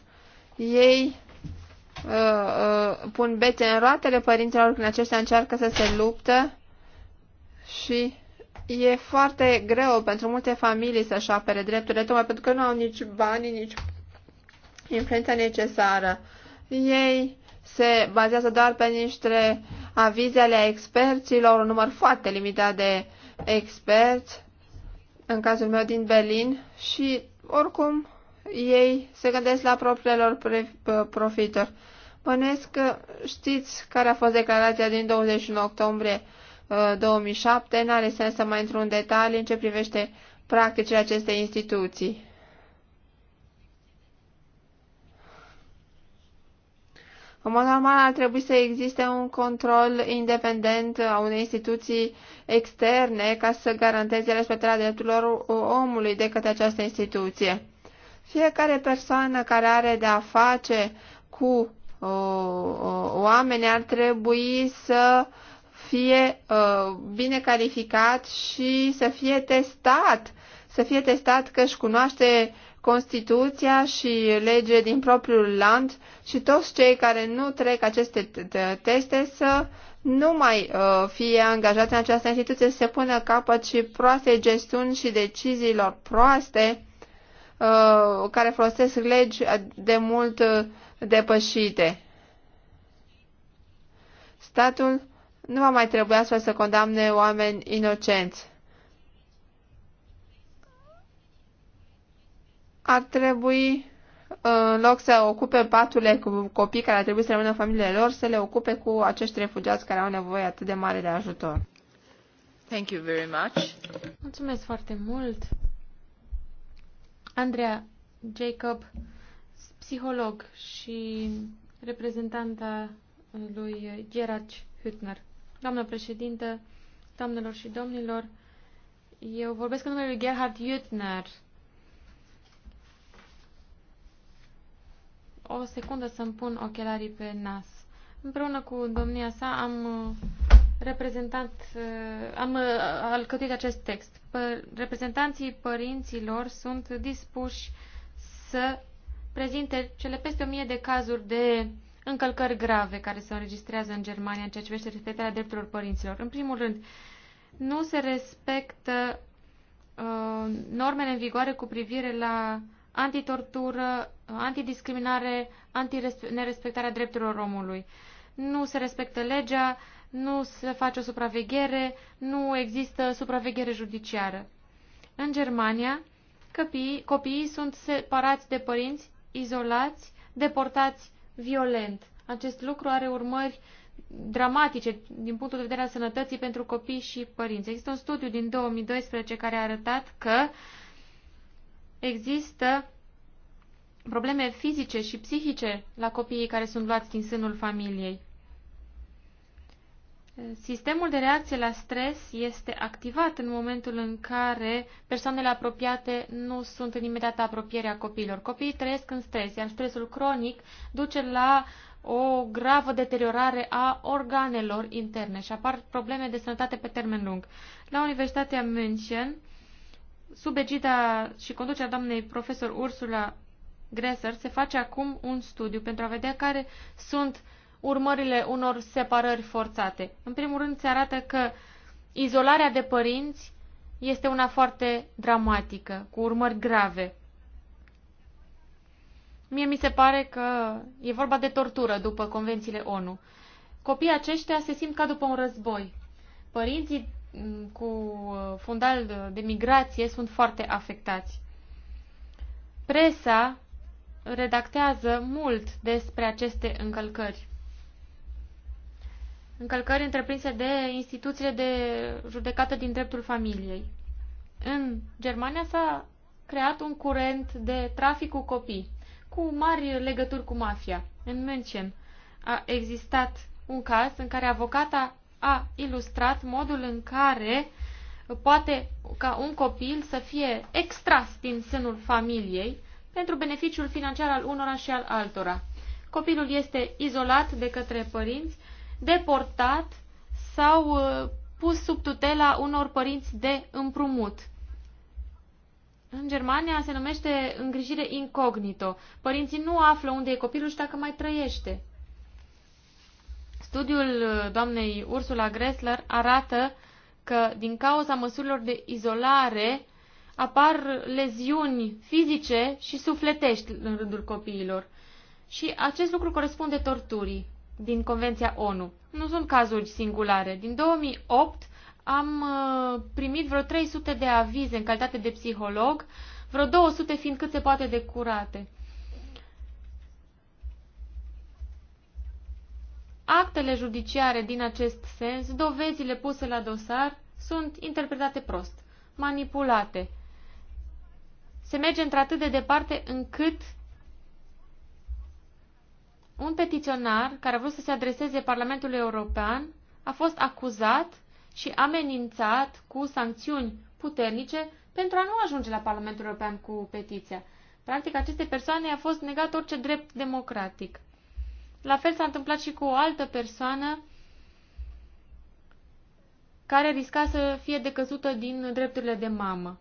Ei uh, uh, pun bețe în roatele părinților când aceștia încearcă să se luptă și e foarte greu pentru multe familii să-și apere drepturile, tocmai pentru că nu au nici bani nici influența necesară. Ei se bazează doar pe niște avize ale experților, un număr foarte limitat de experți, în cazul meu din Berlin, și oricum ei se gândesc la propriile lor uh, profituri. Bănuiesc că știți care a fost declarația din 21 octombrie 2007, uh, n-are sens să mai intru în detalii în ce privește practicile acestei instituții. În mod normal ar trebui să existe un control independent a unei instituții externe ca să garanteze respectarea drepturilor omului de către această instituție. Fiecare persoană care are de a face cu o, uh, o, uh, oameni ar trebui să fie uh, bine calificat și să fie testat, să fie testat că își cunoaște Constituția și lege din propriul land și toți cei care nu trec aceste teste să nu mai uh, fie angajați în această instituție, să se pună capăt și proaste gestiuni și deciziilor proaste uh, care folosesc legi de mult uh, depășite. Statul nu va mai trebui astfel să condamne oameni inocenți. ar trebui, în loc să ocupe paturile cu copii care ar trebui să rămână în familiile lor, să le ocupe cu acești refugiați care au nevoie atât de mare de ajutor. Thank you very much. Mulțumesc foarte mult. Andrea Jacob, psiholog și reprezentanta lui Gerard Hütner. Doamnă președintă, doamnelor și domnilor, eu vorbesc în numele lui Gerhard Hütner, o secundă să-mi pun ochelarii pe nas. Împreună cu domnia sa am uh, reprezentat, uh, am uh, alcătuit acest text. Reprezentanții părinților sunt dispuși să prezinte cele peste o mie de cazuri de încălcări grave care se înregistrează în Germania în ceea ce privește respectarea drepturilor părinților. În primul rând, nu se respectă uh, normele în vigoare cu privire la uh, antitortură, antidiscriminare, antinerespectarea drepturilor omului. Nu se respectă legea, nu se face o supraveghere, nu există supraveghere judiciară. În Germania, copiii, copiii sunt separați de părinți, izolați, deportați violent. Acest lucru are urmări dramatice din punctul de vedere al sănătății pentru copii și părinți. Există un studiu din 2012 care a arătat că uh, există probleme fizice și psihice la copiii care sunt luați din sânul familiei. Sistemul de reacție la stres este activat în momentul în care persoanele apropiate nu sunt în imediată apropiere a copiilor. Copiii trăiesc în stres, iar stresul cronic duce la o gravă deteriorare a organelor interne și apar probleme de sănătate pe termen lung. La Universitatea München, sub egida și conducerea doamnei profesor Ursula Gresser, se face acum un studiu pentru a vedea care sunt urmările unor separări forțate. În primul rând, se arată că izolarea de părinți este una foarte dramatică, cu urmări grave. Mie mi se pare că e vorba de tortură după convențiile ONU. Copiii aceștia se simt ca după un război. Părinții cu uh, fundal de migrație sunt foarte afectați. Presa redactează mult despre aceste încălcări. Încălcări întreprinse de instituțiile de judecată din dreptul familiei. În Germania s-a creat un curent de trafic cu copii, cu mari legături cu mafia. În München a existat un caz în care avocata a ilustrat modul în care poate ca un copil să fie extras din sânul familiei pentru beneficiul financiar al unora și al altora. Copilul este izolat de către părinți, deportat sau uh, pus sub tutela unor părinți de împrumut. În Germania se numește îngrijire incognito. Părinții nu află unde e copilul și dacă mai trăiește. Studiul uh, doamnei Ursula Gressler arată că din cauza măsurilor de izolare apar leziuni fizice și sufletești în rândul copiilor. Și acest lucru corespunde torturii din Convenția ONU. Nu sunt cazuri singulare. Din 2008 am uh, primit vreo 300 de avize în calitate de psiholog, vreo 200 fiind cât se poate de curate. actele judiciare din acest sens, dovezile puse la dosar, sunt interpretate prost, manipulate. Se merge într-atât de departe încât un petiționar care a vrut să se adreseze Parlamentului European a fost acuzat și amenințat cu sancțiuni puternice pentru a nu ajunge la Parlamentul European cu petiția. Practic, aceste persoane a fost negat orice drept democratic. La fel s-a întâmplat și cu o altă persoană care risca să fie decăzută din drepturile de mamă.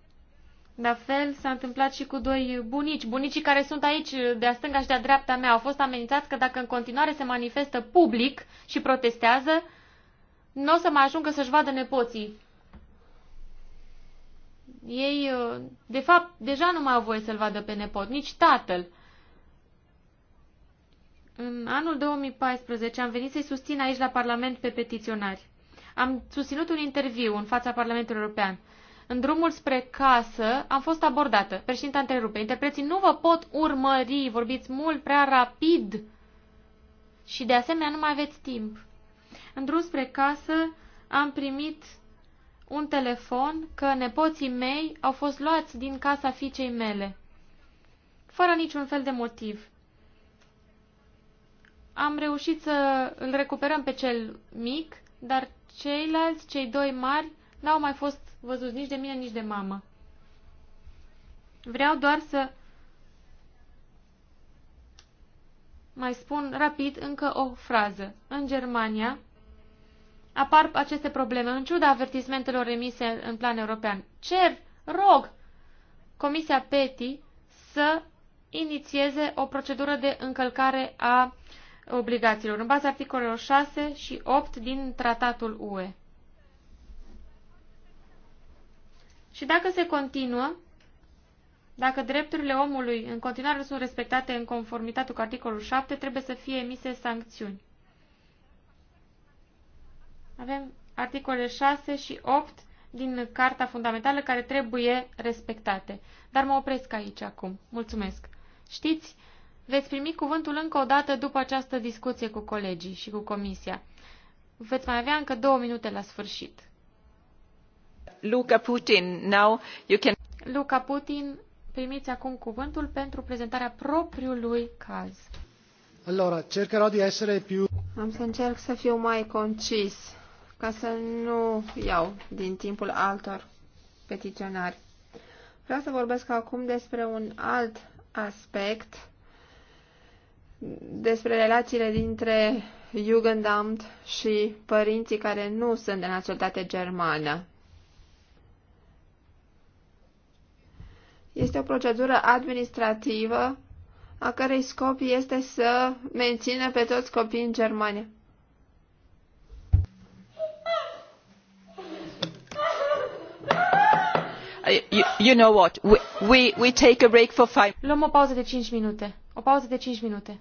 La fel s-a întâmplat și cu doi bunici. Bunicii care sunt aici, de-a stânga și de-a dreapta mea, au fost amenințați că dacă în continuare se manifestă public și protestează, nu o să mai ajungă să-și vadă nepoții. Ei, de fapt, deja nu mai au voie să-l vadă pe nepot, nici tatăl. În anul 2014 am venit să-i susțin aici la Parlament pe petiționari. Am susținut un interviu în fața Parlamentului European. În drumul spre casă am fost abordată. Președinta întrerupe. Interpreții nu vă pot urmări, vorbiți mult prea rapid și de asemenea nu mai aveți timp. În drum spre casă am primit un telefon că nepoții mei au fost luați din casa fiicei mele, fără niciun fel de motiv am reușit să îl recuperăm pe cel mic, dar ceilalți, cei doi mari, n-au mai fost văzuți nici de mine, nici de mamă. Vreau doar să mai spun rapid încă o frază. În Germania apar aceste probleme, în ciuda avertismentelor emise în plan european. Cer, rog, Comisia PETI să inițieze o procedură de încălcare a obligațiilor, în baza articolelor 6 și 8 din Tratatul UE. Și dacă se continuă, dacă drepturile omului în continuare sunt respectate în conformitate cu articolul 7, trebuie să fie emise sancțiuni. Avem articolele 6 și 8 din Carta Fundamentală care trebuie respectate. Dar mă opresc aici acum. Mulțumesc. Știți, Veți primi cuvântul încă o dată după această discuție cu colegii și cu comisia. Veți mai avea încă două minute la sfârșit. Luca Putin, now you can... Luca Putin, primiți acum cuvântul pentru prezentarea propriului caz. Allora, cercherò di essere più... Am să încerc să fiu mai concis, ca să nu iau din timpul altor petiționari. Vreau să vorbesc acum despre un alt aspect despre relațiile dintre Jugendamt și părinții care nu sunt de naționalitate germană. Este o procedură administrativă a cărei scop este să mențină pe toți copiii în Germania. You, you know what? We, we, we take a break for five. Luăm o pauză de 5 minute. O pauză de 5 minute.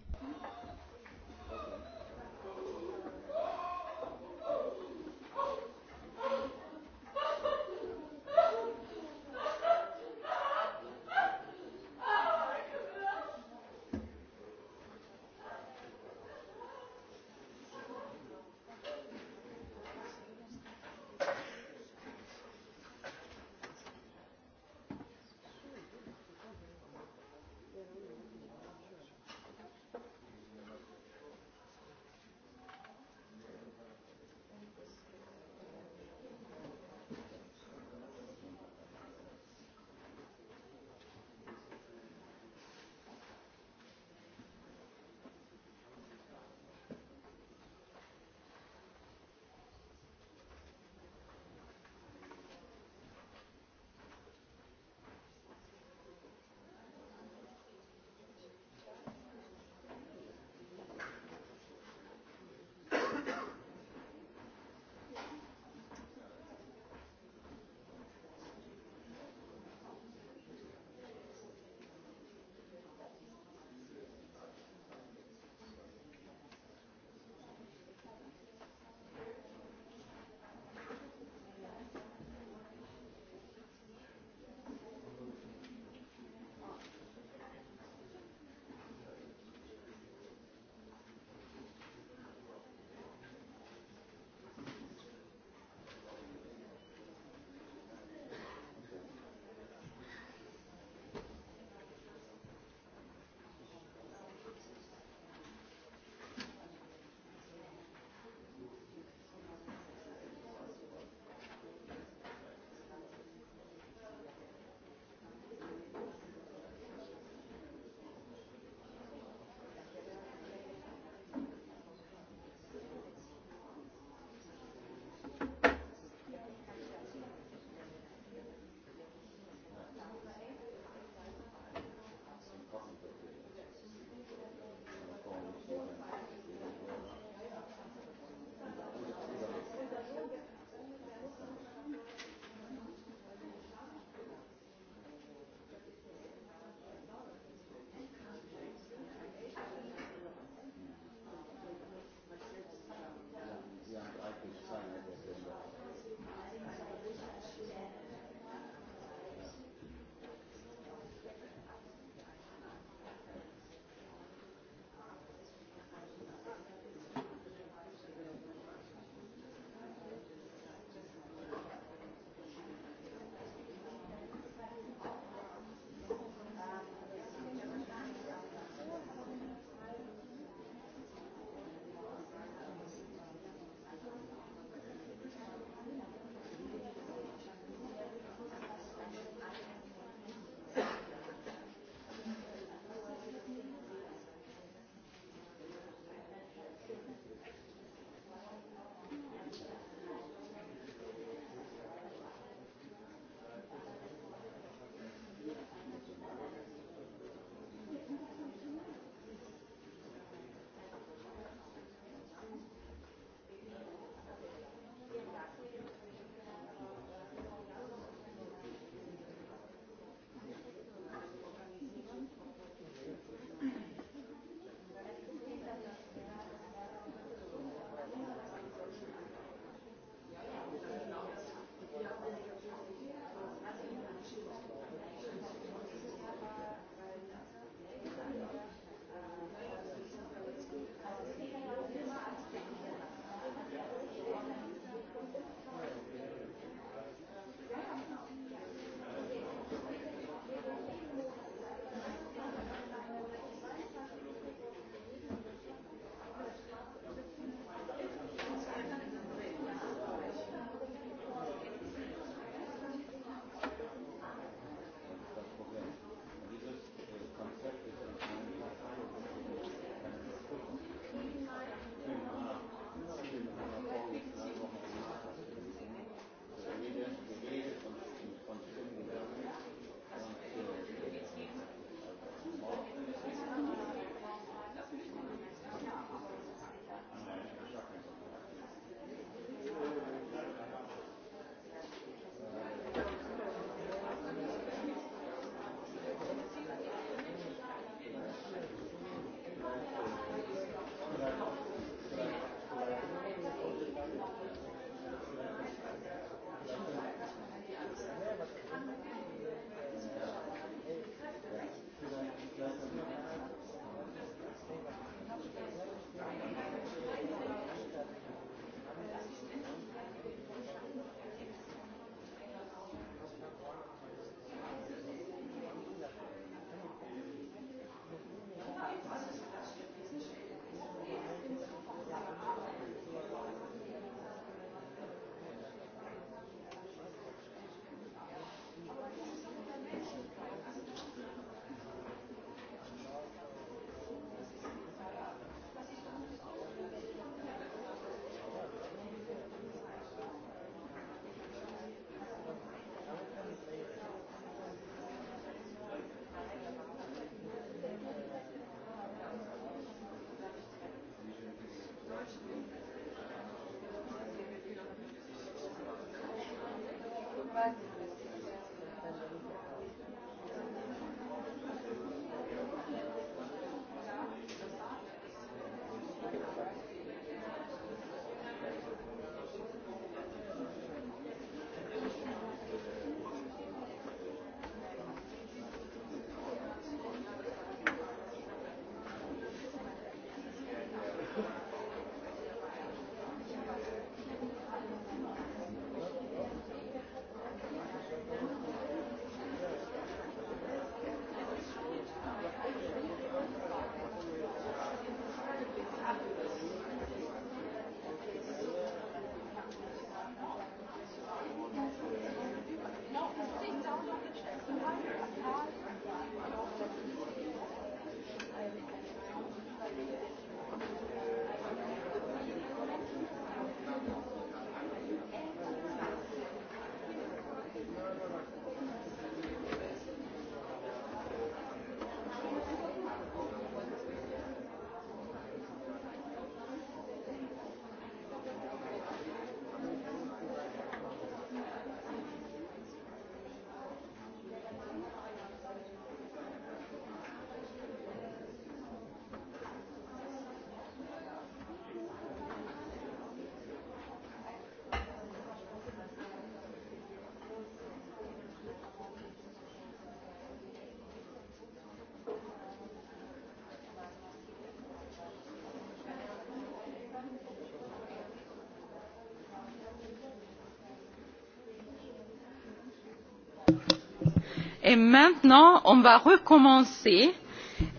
et maintenant on va recommencer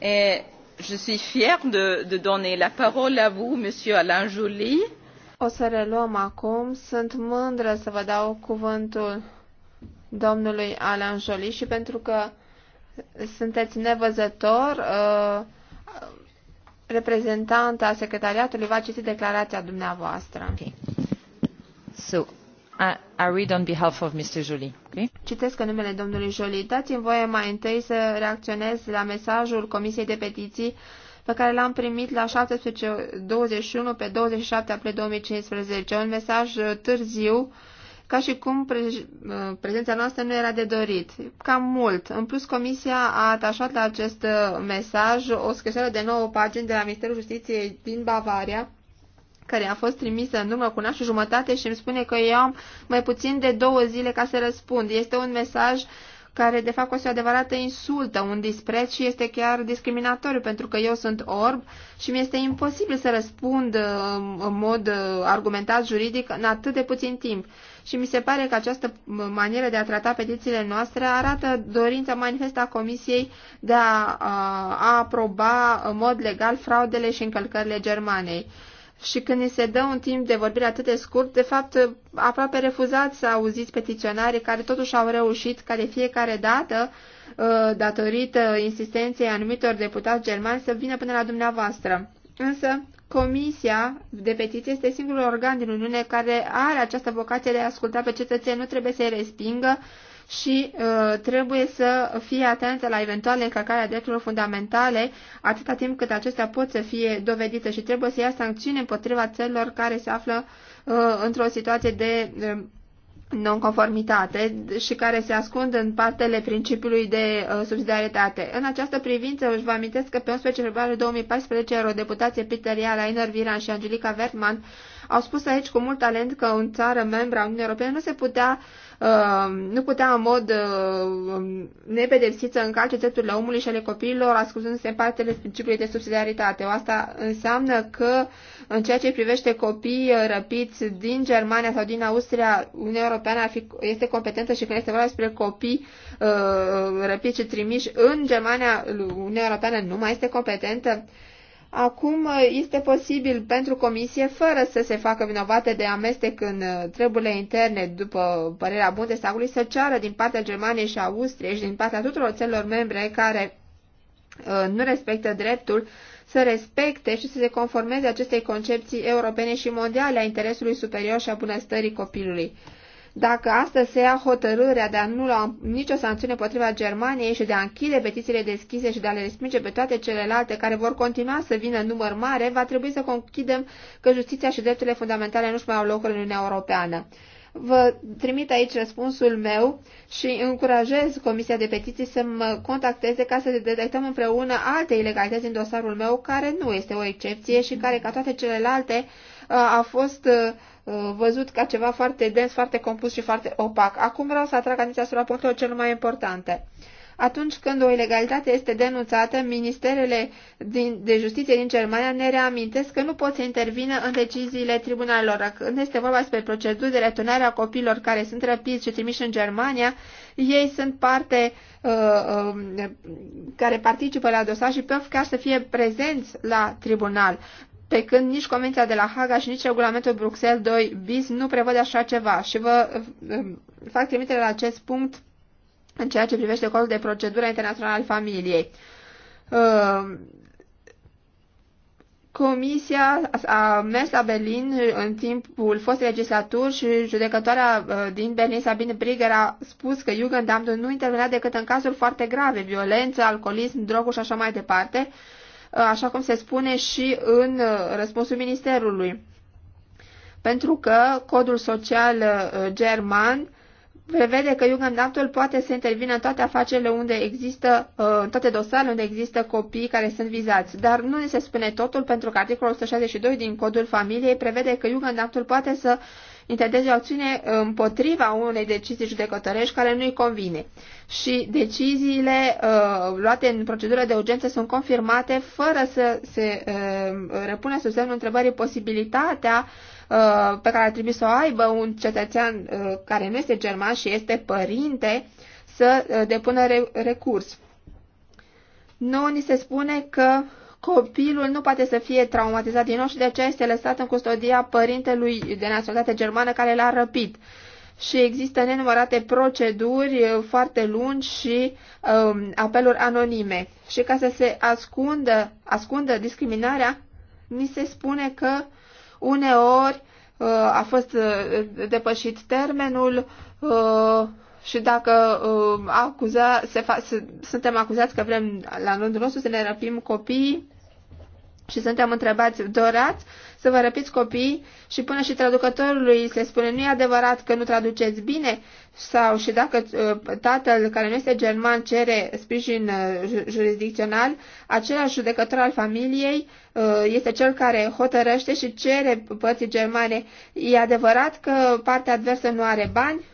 et je suis fière de, donner la parole à vous monsieur Alain Joly. O să reluăm acum. Sunt mândră să vă dau cuvântul domnului Alain Joly și pentru că sunteți nevăzător, uh, reprezentanta secretariatului va citi declarația dumneavoastră. Okay. I read on behalf of Mr. Citesc în numele domnului Joly. Dați-mi voie mai întâi să reacționez la mesajul Comisiei de Petiții pe care l-am primit la 17.21 pe 27 aprilie 2015, un mesaj uh, târziu, ca și cum uh, prezența noastră nu era de dorit. Cam mult. În plus, Comisia a atașat la acest uh, mesaj o scrisoare de 9 pagini de la Ministerul Justiției din Bavaria, care a fost trimisă în urmă cu un și jumătate și îmi spune că eu am mai puțin de două zile ca să răspund. Este un mesaj care de fapt este o adevărată insultă, un dispreț și este chiar discriminatoriu, pentru că eu sunt orb și mi este imposibil să răspund um, în mod uh, argumentat juridic în atât de puțin timp. Și mi se pare că această manieră de a trata petițiile noastre arată dorința manifestă a Comisiei de a, a, uh, a aproba în mod legal fraudele și încălcările Germanei și când ni se dă un timp de vorbire atât de scurt, de fapt aproape refuzați să auziți petiționare care totuși au reușit, care fiecare dată, uh, datorită insistenței anumitor deputați germani, să vină până la dumneavoastră. Însă, Comisia de petiție este singurul organ din Uniune care are această vocație de a asculta pe cetățeni, nu trebuie să-i respingă, și uh, trebuie să fie atentă la eventuale încălcare a drepturilor fundamentale atâta timp cât acestea pot să fie dovedite și trebuie să ia sancțiuni împotriva țărilor care se află uh, într-o situație de uh, nonconformitate și care se ascund în partele principiului de uh, subsidiaritate. În această privință își vă amintesc că pe 11 februarie 2014 eurodeputații Peter Iala, Rainer Viran și Angelica Vertman au spus aici cu mult talent că în țară membra a Uniunii Europene nu se putea uh, Uh, nu putea în mod uh, nepedepsit să încalce drepturile omului și ale copiilor, ascultându-se în partele principiului de subsidiaritate. O asta înseamnă că în ceea ce privește copii uh, răpiți din Germania sau din Austria, Uniunea Europeană ar fi, este competentă și când este vorba despre copii răpiți și trimiși în Germania, Uniunea Europeană nu mai este competentă acum uh, este posibil pentru comisie, fără să se facă vinovate de amestec în uh, treburile interne, după părerea Bundestagului, să ceară din partea Germaniei și Austriei și din partea tuturor țărilor membre care uh, nu respectă dreptul să respecte și să se conformeze acestei concepții europene și mondiale a interesului superior și a bunăstării copilului. Dacă astăzi se ia hotărârea de a nu lua nicio sancțiune potriva Germaniei și de a închide petițiile deschise și de a le respinge pe toate celelalte care vor continua să vină în număr mare, va trebui să conchidem că justiția și drepturile fundamentale nu-și mai au loc în Uniunea Europeană. Vă trimit aici răspunsul meu și încurajez Comisia de Petiții să mă contacteze ca să detectăm împreună alte ilegalități în dosarul meu, care nu este o excepție și care, ca toate celelalte, a fost uh, Uh, văzut ca ceva foarte dens, foarte compus și foarte opac. Acum vreau să atrag atenția asupra punctelor cel mai importante. Atunci când o ilegalitate este denunțată, ministerele din, de justiție din Germania ne reamintesc că nu pot să intervină în deciziile tribunalelor. Când este vorba despre proceduri de returnare a copiilor care sunt răpiți și trimiși în Germania, ei sunt parte uh, uh, care participă la dosar și pot chiar să fie prezenți la tribunal pe când nici Convenția de la Haga și nici regulamentul Bruxelles 2 bis nu prevăd așa ceva și vă fac trimitere la acest punct în ceea ce privește codul de procedură internațională al familiei. Uh, Comisia a mers la Berlin în timpul fostei legislaturi și judecătoarea uh, din Berlin, Sabine Brigger, a spus că Jugendamtul nu intervenea decât în cazuri foarte grave, violență, alcoolism, droguri și așa mai departe, așa cum se spune și în uh, răspunsul Ministerului. Pentru că codul social uh, german prevede că Jugendamtul poate să intervină în toate afacerile unde există, uh, în toate dosarele unde există copii care sunt vizați. Dar nu ne se spune totul pentru că articolul 162 din codul familiei prevede că Jugendamtul poate să intenteze o acțiune împotriva unei decizii judecătorești care nu-i convine. Și deciziile uh, luate în procedură de urgență sunt confirmate fără să se uh, repune sub semnul întrebării posibilitatea uh, pe care ar trebui să o aibă un cetățean uh, care nu este german și este părinte să uh, depună re- recurs. Nu ni se spune că uh, copilul nu poate să fie traumatizat din nou și de aceea este lăsat în custodia părintelui de naționalitate germană care l-a răpit. Și există nenumărate proceduri uh, foarte lungi și um, apeluri anonime. Și ca să se ascundă, ascundă discriminarea, ni se spune că uneori uh, a fost uh, depășit termenul, uh, și dacă uh, acuza, se fa- se, suntem acuzați că vrem la rândul nostru să ne răpim copiii și suntem întrebați, dorați să vă răpiți copiii și până și traducătorului se spune, nu e adevărat că nu traduceți bine? Sau și dacă uh, tatăl care nu este german cere sprijin uh, jurisdicțional, același judecător al familiei uh, este cel care hotărăște și cere părții germane, e adevărat că partea adversă nu are bani?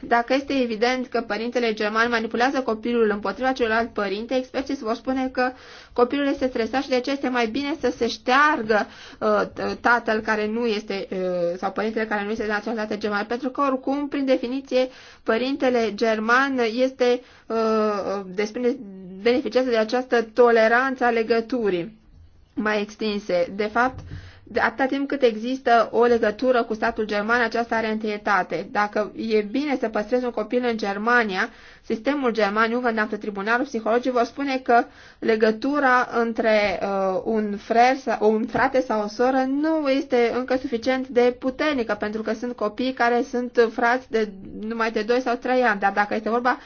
Dacă este evident că părintele german manipulează copilul împotriva celorlalți părinte, experții îți vor spune că copilul este stresat și de ce este mai bine să se șteargă uh, tatăl care nu este, uh, sau părintele care nu este de naționalitate germană, pentru că oricum, prin definiție, părintele german este, uh, desprinde, beneficiază de această toleranță a legăturii mai extinse. De fapt, uh, atâta timp cât există o legătură cu statul german, aceasta are întâietate. Dacă e bine să păstrezi un copil în Germania, sistemul german, Jugendamt, tribunalul psihologic vor spune că legătura între uh, un, frer, un frate sau o soră nu este încă suficient de puternică, pentru că sunt copii care sunt frați de numai de 2 sau 3 ani. Dar dacă este vorba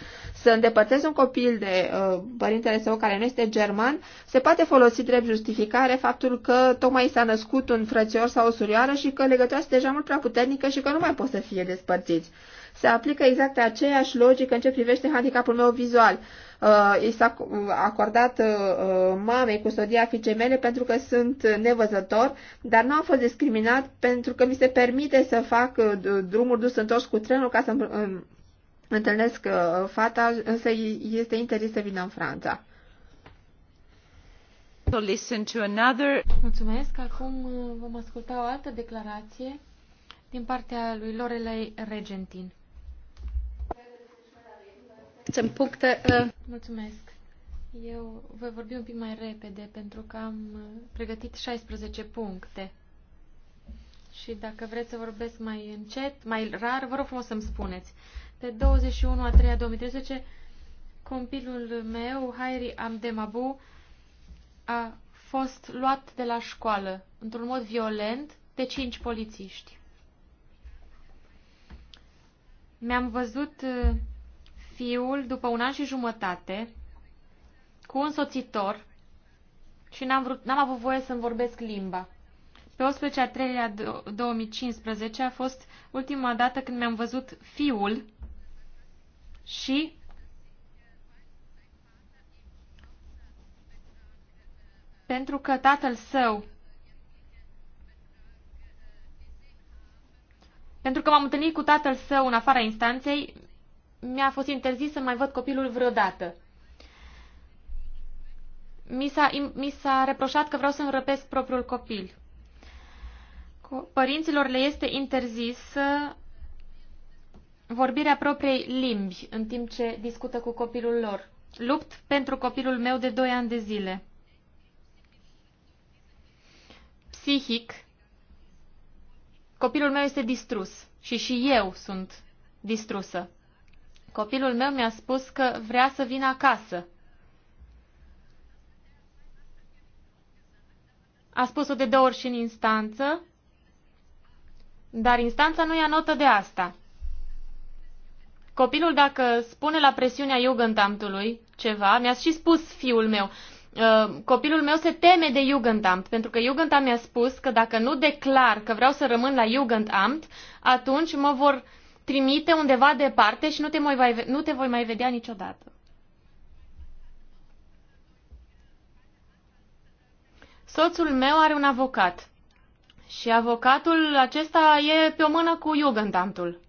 să îndepărtezi un copil de uh, părintele său care nu este german, se poate folosi drept justificare faptul că tocmai s-a născut un frățior sau o surioară și că legătura este deja mult prea puternică și că nu mai pot să fie despărțiți. Se aplică exact aceeași logică în ce privește handicapul meu vizual. Uh, i s-a acordat uh, uh mamei sodia fiicei mele pentru că sunt nevăzător, dar nu am fost discriminat pentru că mi se permite să fac uh, drumul dus întors cu trenul ca să întâlnesc uh, fata, însă este interes să vină în Franța. Mulțumesc. Acum uh, vom asculta o altă declarație din partea lui Lorelei Regentin. Uh, Mulțumesc. Eu voi vorbi un pic mai repede pentru că am pregătit 16 puncte. Și dacă vreți să vorbesc mai încet, mai rar, vă rog frumos să-mi spuneți pe 21 a 3 a 2013. Compilul meu, Hairi Amdemabu, a fost luat de la școală într-un mod violent de cinci polițiști. Mi-am văzut uh, fiul după un an și jumătate cu un soțitor și n-am, vrut, n-am avut voie să-mi vorbesc limba. Pe 11 a 3 -a 2015 a fost ultima dată când mi-am văzut fiul și pentru că tatăl său Pentru că m-am întâlnit cu tatăl său în afara instanței, mi-a fost interzis să mai văd copilul vreodată. Mi s-a, reproșat că vreau să înrăpesc propriul copil. Părinților le este interzis să vorbirea propriei limbi în timp ce discută cu copilul lor. Lupt pentru copilul meu de 2 ani de zile. Psihic, copilul meu este distrus și și eu sunt distrusă. Copilul meu mi-a spus că vrea să vină acasă. A spus-o de două ori și în instanță, dar instanța nu ia notă de asta. Copilul, dacă spune la presiunea Jugendamtului ceva, mi-a și spus fiul meu, uh, copilul meu se teme de Jugendamt, pentru că Jugendamt mi-a spus că dacă nu declar că vreau să rămân la Jugendamt, atunci mă vor trimite undeva departe și nu te, mai, nu te voi mai vedea niciodată. Soțul meu are un avocat și avocatul acesta e pe o mână cu Jugendamtul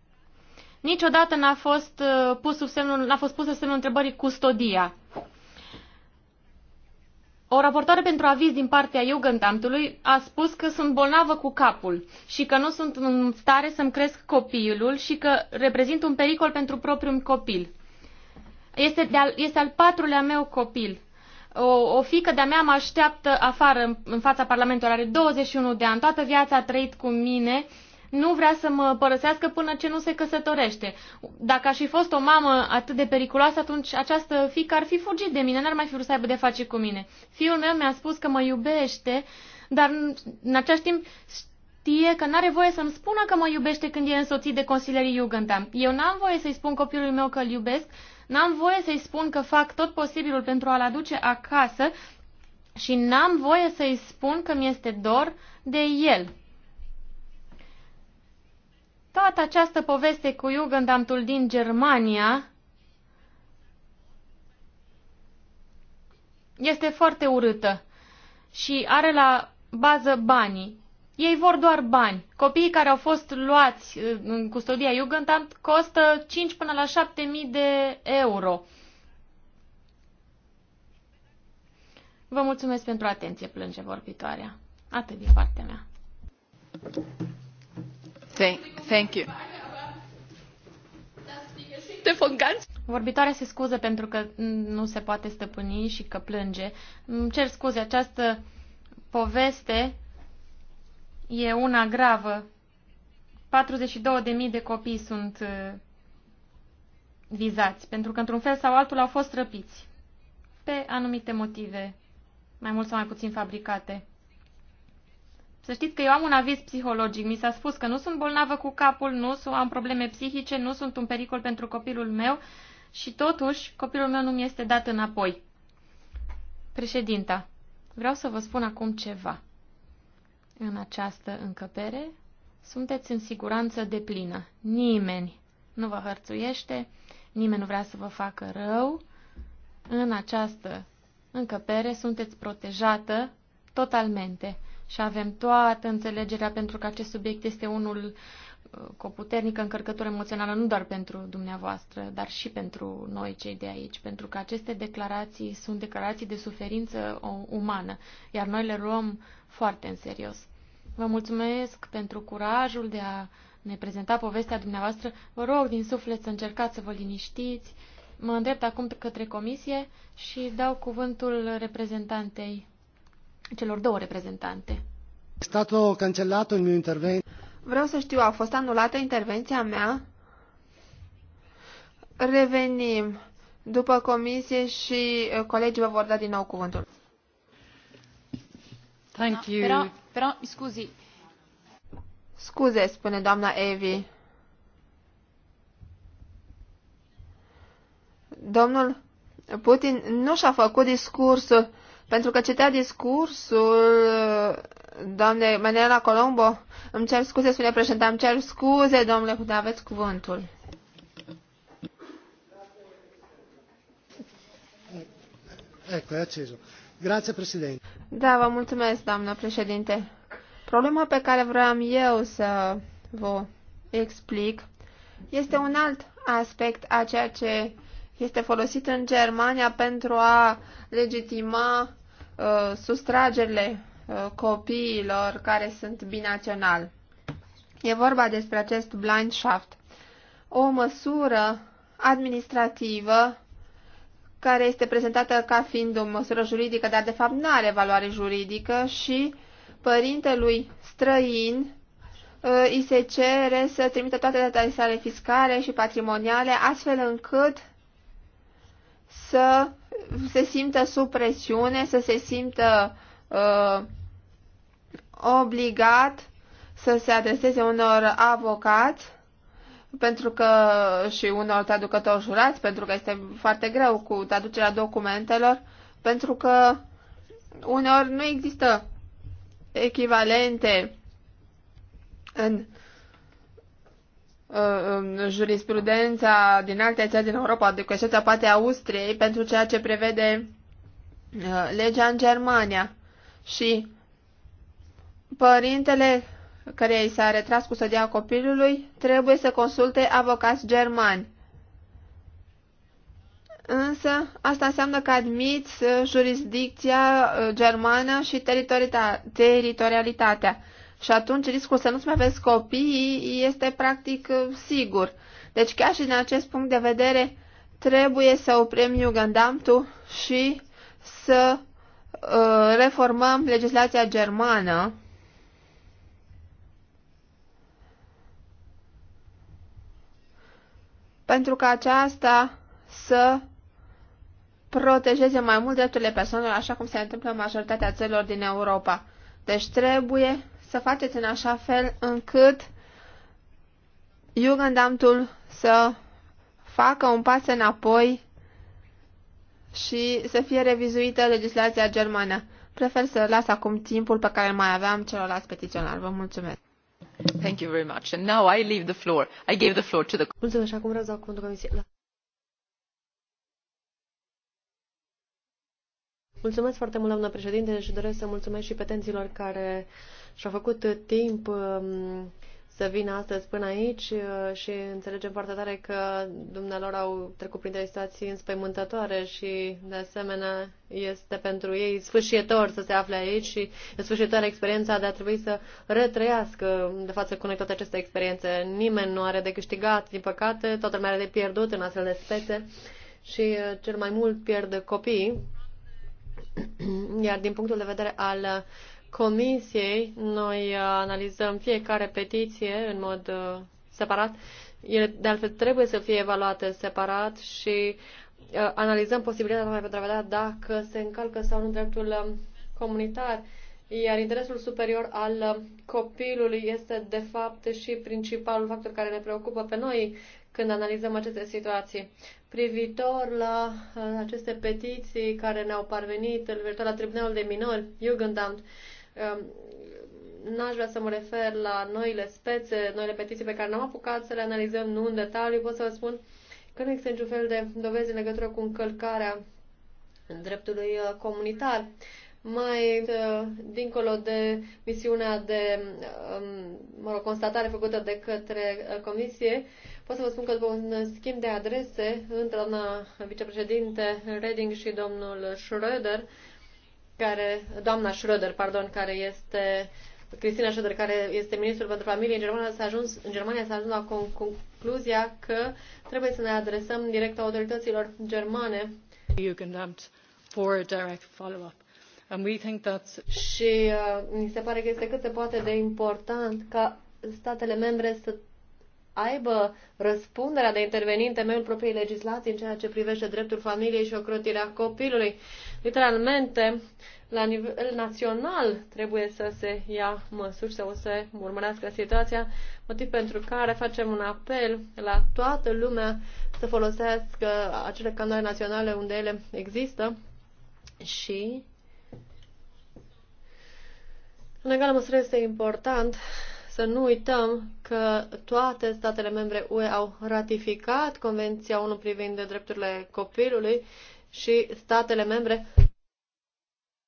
niciodată n-a fost, uh, pus sub semnul, n-a fost pusă semnul întrebării custodia. O raportoare pentru aviz din partea Jugendamtului a spus că sunt bolnavă cu capul și că nu sunt în stare să-mi cresc copilul și că reprezint un pericol pentru propriul copil. Este, de al, este al patrulea meu copil. O, o fică de-a mea mă așteaptă afară în, în fața Parlamentului, are 21 de ani, toată viața a trăit cu mine nu vrea să mă părăsească până ce nu se căsătorește. Dacă aș fi fost o mamă atât de periculoasă, atunci această fică ar fi fugit de mine, n-ar mai fi vrut să aibă de face cu mine. Fiul meu mi-a spus că mă iubește, dar în același timp știe că n-are voie să-mi spună că mă iubește când e însoțit de consilierii Jugendamt. Eu n-am voie să-i spun copilului meu că îl iubesc, n-am voie să-i spun că fac tot posibilul pentru a-l aduce acasă și n-am voie să-i spun că mi-este dor de el. Toată această poveste cu Jugendamtul din Germania este foarte urâtă și are la bază banii. Ei vor doar bani. Copiii care au fost luați uh, în custodia Jugendamt costă 5 până la 7000 de euro. Vă mulțumesc pentru atenție, plânge vorbitoarea. Atât din partea mea. Vorbitoarea se scuză pentru că nu se poate stăpâni și că plânge. Îmi cer scuze, această poveste e una gravă. 42.000 de copii sunt uh, vizați, pentru că într-un fel sau altul au fost răpiți pe anumite motive, mai mult sau mai puțin fabricate. Să știți că eu am un aviz psihologic. Mi s-a spus că nu sunt bolnavă cu capul, nu am probleme psihice, nu sunt un pericol pentru copilul meu și totuși copilul meu nu mi este dat înapoi. Președinta, vreau să vă spun acum ceva. În această încăpere sunteți în siguranță de plină. Nimeni nu vă hărțuiește, nimeni nu vrea să vă facă rău. În această încăpere sunteți protejată totalmente și avem toată înțelegerea pentru că acest subiect este unul uh, cu o puternică încărcătură emoțională, nu doar pentru dumneavoastră, dar și pentru noi cei de aici, pentru că aceste declarații sunt declarații de suferință umană, iar noi le luăm foarte în serios. Vă mulțumesc pentru curajul de a ne prezenta povestea dumneavoastră. Vă rog din suflet să încercați să vă liniștiți. Mă îndrept acum către comisie și dau cuvântul reprezentantei celor două reprezentante. Stato cancellato il Vreau să știu, a fost anulată intervenția mea? Revenim. După comisie și eh, colegii vă vor da din nou cuvântul. Thank ah, you. Però, però, scuzi. Scuze, spune doamna Evi. Domnul Putin nu și-a făcut discursul pentru că citea discursul uh, doamnei Manuela Colombo. Îmi cer scuze, spune președinte, îmi cer scuze, domnule, când aveți cuvântul. Ecco, e acceso. Grazie, Da, vă mulțumesc, doamnă președinte. Problema pe care vreau eu să vă explic este un alt aspect a ceea ce este folosit în Germania pentru a legitima uh, sustragerile uh, copiilor care sunt binațional. E vorba despre acest blind shaft, o măsură administrativă care este prezentată ca fiind o măsură juridică, dar de fapt nu are valoare juridică și părintelui străin uh, îi se cere să trimită toate datele sale fiscale și patrimoniale, astfel încât să se simtă sub presiune, să se simtă uh, obligat să se adreseze unor avocați pentru că și unor traducători jurați, pentru că este foarte greu cu traducerea documentelor, pentru că uneori nu există echivalente în Uh, um, jurisprudența din alte țări din Europa, de adică excepția poate Austriei, pentru ceea ce prevede uh, legea în Germania. Și părintele care i s-a retras sodia copilului trebuie să consulte avocați germani. Însă, asta înseamnă că admiți jurisdicția uh, germană și teritorialitatea și atunci riscul să nu-ți mai vezi copiii este practic sigur. Deci chiar și din acest punct de vedere trebuie să oprim Jugendamtul și să uh, reformăm legislația germană pentru că aceasta să protejeze mai mult drepturile persoanelor, așa cum se întâmplă în majoritatea țărilor din Europa. Deci trebuie să faceți în așa fel încât Jugendamtul să facă un pas înapoi și să fie revizuită legislația germană. Prefer să las acum timpul pe care îl mai aveam celorlalți petiționari. Vă mulțumesc. Thank you very much. And now I leave the floor. I gave the floor to the... Mulțumesc. Acum să acum comisiei. Mulțumesc foarte mult, doamnă președinte, și doresc să mulțumesc și petenților care și-a făcut uh, timp um, să vină astăzi până aici uh, și înțelegem foarte tare că dumnealor au trecut prin situații înspăimântătoare și, de asemenea, este pentru ei sfârșietor să se afle aici și sfârșitoare experiența de a trebui să retrăiască de față cu noi toate aceste experiențe. Nimeni nu are de câștigat, din păcate, toată lumea are de pierdut în astfel de spețe și uh, cel mai mult pierd copii. *clears throat* Iar din punctul de vedere al Comisiei, noi uh, analizăm fiecare petiție în mod uh, separat. Ele, de altfel, trebuie să fie evaluate separat și uh, analizăm posibilitatea mai pentru a vedea dacă se încalcă sau nu dreptul um, comunitar. Iar interesul superior al um, copilului este, de fapt, și principalul factor care ne preocupă pe noi când analizăm aceste situații. Privitor la aceste petiții care ne-au parvenit, privitor la Tribunalul de Minori, Jugendamt, Ehm, n-aș vrea să mă refer la noile spețe, noile petiții pe care n-am apucat să le analizăm, nu în detaliu. Pot să vă spun că nu există niciun fel de dovezi în legătură cu încălcarea dreptului uh, comunitar. Mai uh, dincolo de misiunea de um, mă rog, constatare făcută de către uh, comisie, pot să vă spun că după un schimb de adrese între doamna vicepreședinte Reding și domnul Schröder, care, doamna Schröder, pardon, care este Cristina Schröder, care este ministrul pentru familie în Germania, s-a ajuns, în Germania s-a ajuns la concluzia că trebuie să ne adresăm direct autorităților germane. Și uh, mi se pare că este cât se poate de important ca statele membre să aibă răspunderea de a interveni în temeiul propriei legislații în ceea ce privește dreptul familiei și ocrotirea copilului. Literalmente, la nivel național trebuie să se ia măsuri sau să se urmărească situația, motiv pentru care facem un apel la toată lumea să folosească acele canale naționale unde ele există și în egală măsură este important să nu uităm că toate statele membre UE au ratificat Convenția 1 privind drepturile copilului și statele membre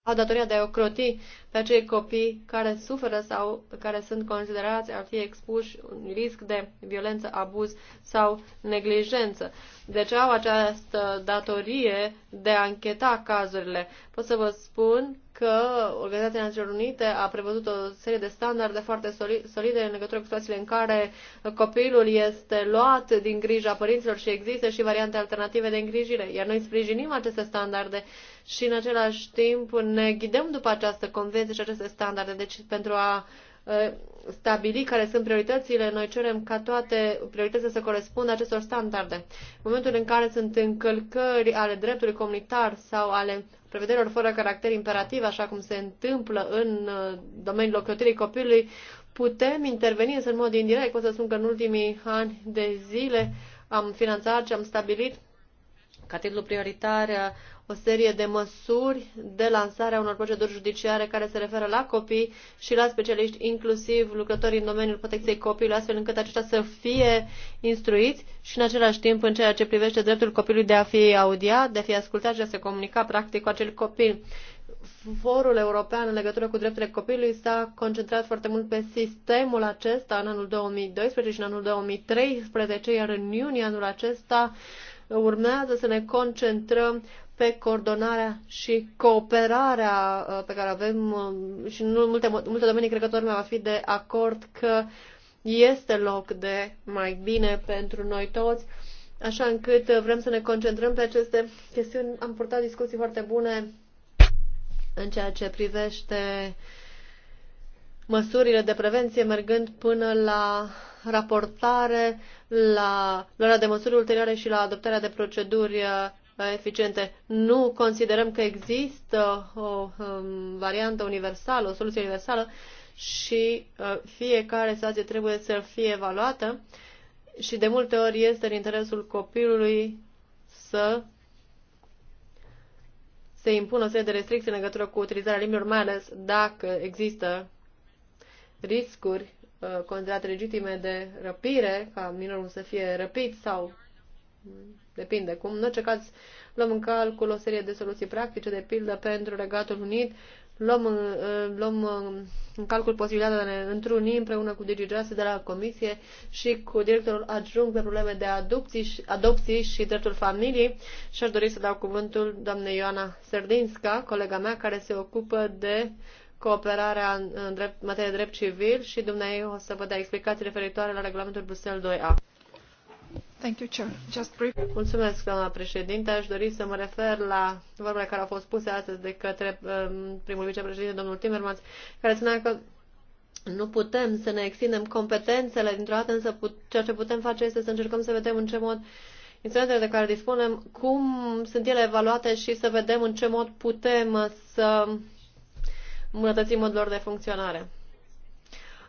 au datoria de a ocroti pe acei copii care suferă sau care sunt considerați a fi expuși un risc de violență, abuz sau neglijență. Deci au această datorie de a încheta cazurile. Pot să vă spun că Organizația Națiunilor Unite a prevăzut o serie de standarde foarte solide în legătură cu situațiile în care copilul este luat din grija părinților și există și variante alternative de îngrijire. Iar noi sprijinim aceste standarde și în același timp ne ghidăm după această convenție și aceste standarde. Deci pentru a Uh, stabili care sunt prioritățile, noi cerem ca toate prioritățile să corespundă acestor standarde. În momentul în care sunt încălcări ale dreptului comunitar sau ale prevederilor fără caracter imperativ, așa cum se întâmplă în uh, domeniul locuitorii copilului, putem interveni însă în mod indirect. Pot să spun că în ultimii ani de zile am finanțat și am stabilit ca titlu prioritar o serie de măsuri de lansare a unor proceduri judiciare care se referă la copii și la specialiști, inclusiv lucrătorii în domeniul protecției copiilor, astfel încât aceștia să fie instruiți și în același timp în ceea ce privește dreptul copilului de a fi audiat, de a fi ascultat și de a se comunica practic cu acel copil. Forul european în legătură cu drepturile copilului s-a concentrat foarte mult pe sistemul acesta în anul 2012 și în anul 2013, iar în iunie anul acesta urmează să ne concentrăm pe coordonarea și cooperarea uh, pe care avem uh, și în multe, multe domenii, cred că toată lumea va fi de acord că este loc de mai bine pentru noi toți, așa încât uh, vrem să ne concentrăm pe aceste chestiuni. Am purtat discuții foarte bune în ceea ce privește uh, măsurile de prevenție mergând până la raportare, la luarea de măsuri ulterioare și la adoptarea de proceduri uh, eficiente. Nu considerăm că există o uh, um, variantă universală, o soluție universală și uh, fiecare situație trebuie să fie evaluată și de multe ori este în interesul copilului să se impună o serie de restricții în legătură cu utilizarea limbilor, mai ales dacă există riscuri uh, considerate legitime de răpire, ca minorul să fie răpit sau mm, depinde cum. În orice caz, luăm în calcul o serie de soluții practice, de pildă pentru Regatul Unit, luăm, uh, luăm uh, în calcul posibilitatea de a ne întruni împreună cu DigiJustice de la Comisie și cu directorul adjunct pe probleme de adopții și, adopții și dreptul familiei și aș dori să dau cuvântul doamnei Ioana Serdinska, colega mea care se ocupă de uh, cooperarea în, în drept, materie de drept civil și dumneavoastră o să vă dea explicații referitoare la regulamentul Bruxelles 2A. Thank you, Chair. Just brief. Mulțumesc, doamna președinte. Aș dori să mă refer la vorbele care au fost puse astăzi de către um, primul vicepreședinte, domnul Timmermans, care spunea că nu putem să ne extindem competențele dintr-o dată, însă put, ceea ce putem face este să încercăm să vedem în ce mod instrumentele de care dispunem, cum sunt ele evaluate și să vedem în ce mod putem să modul lor de funcționare.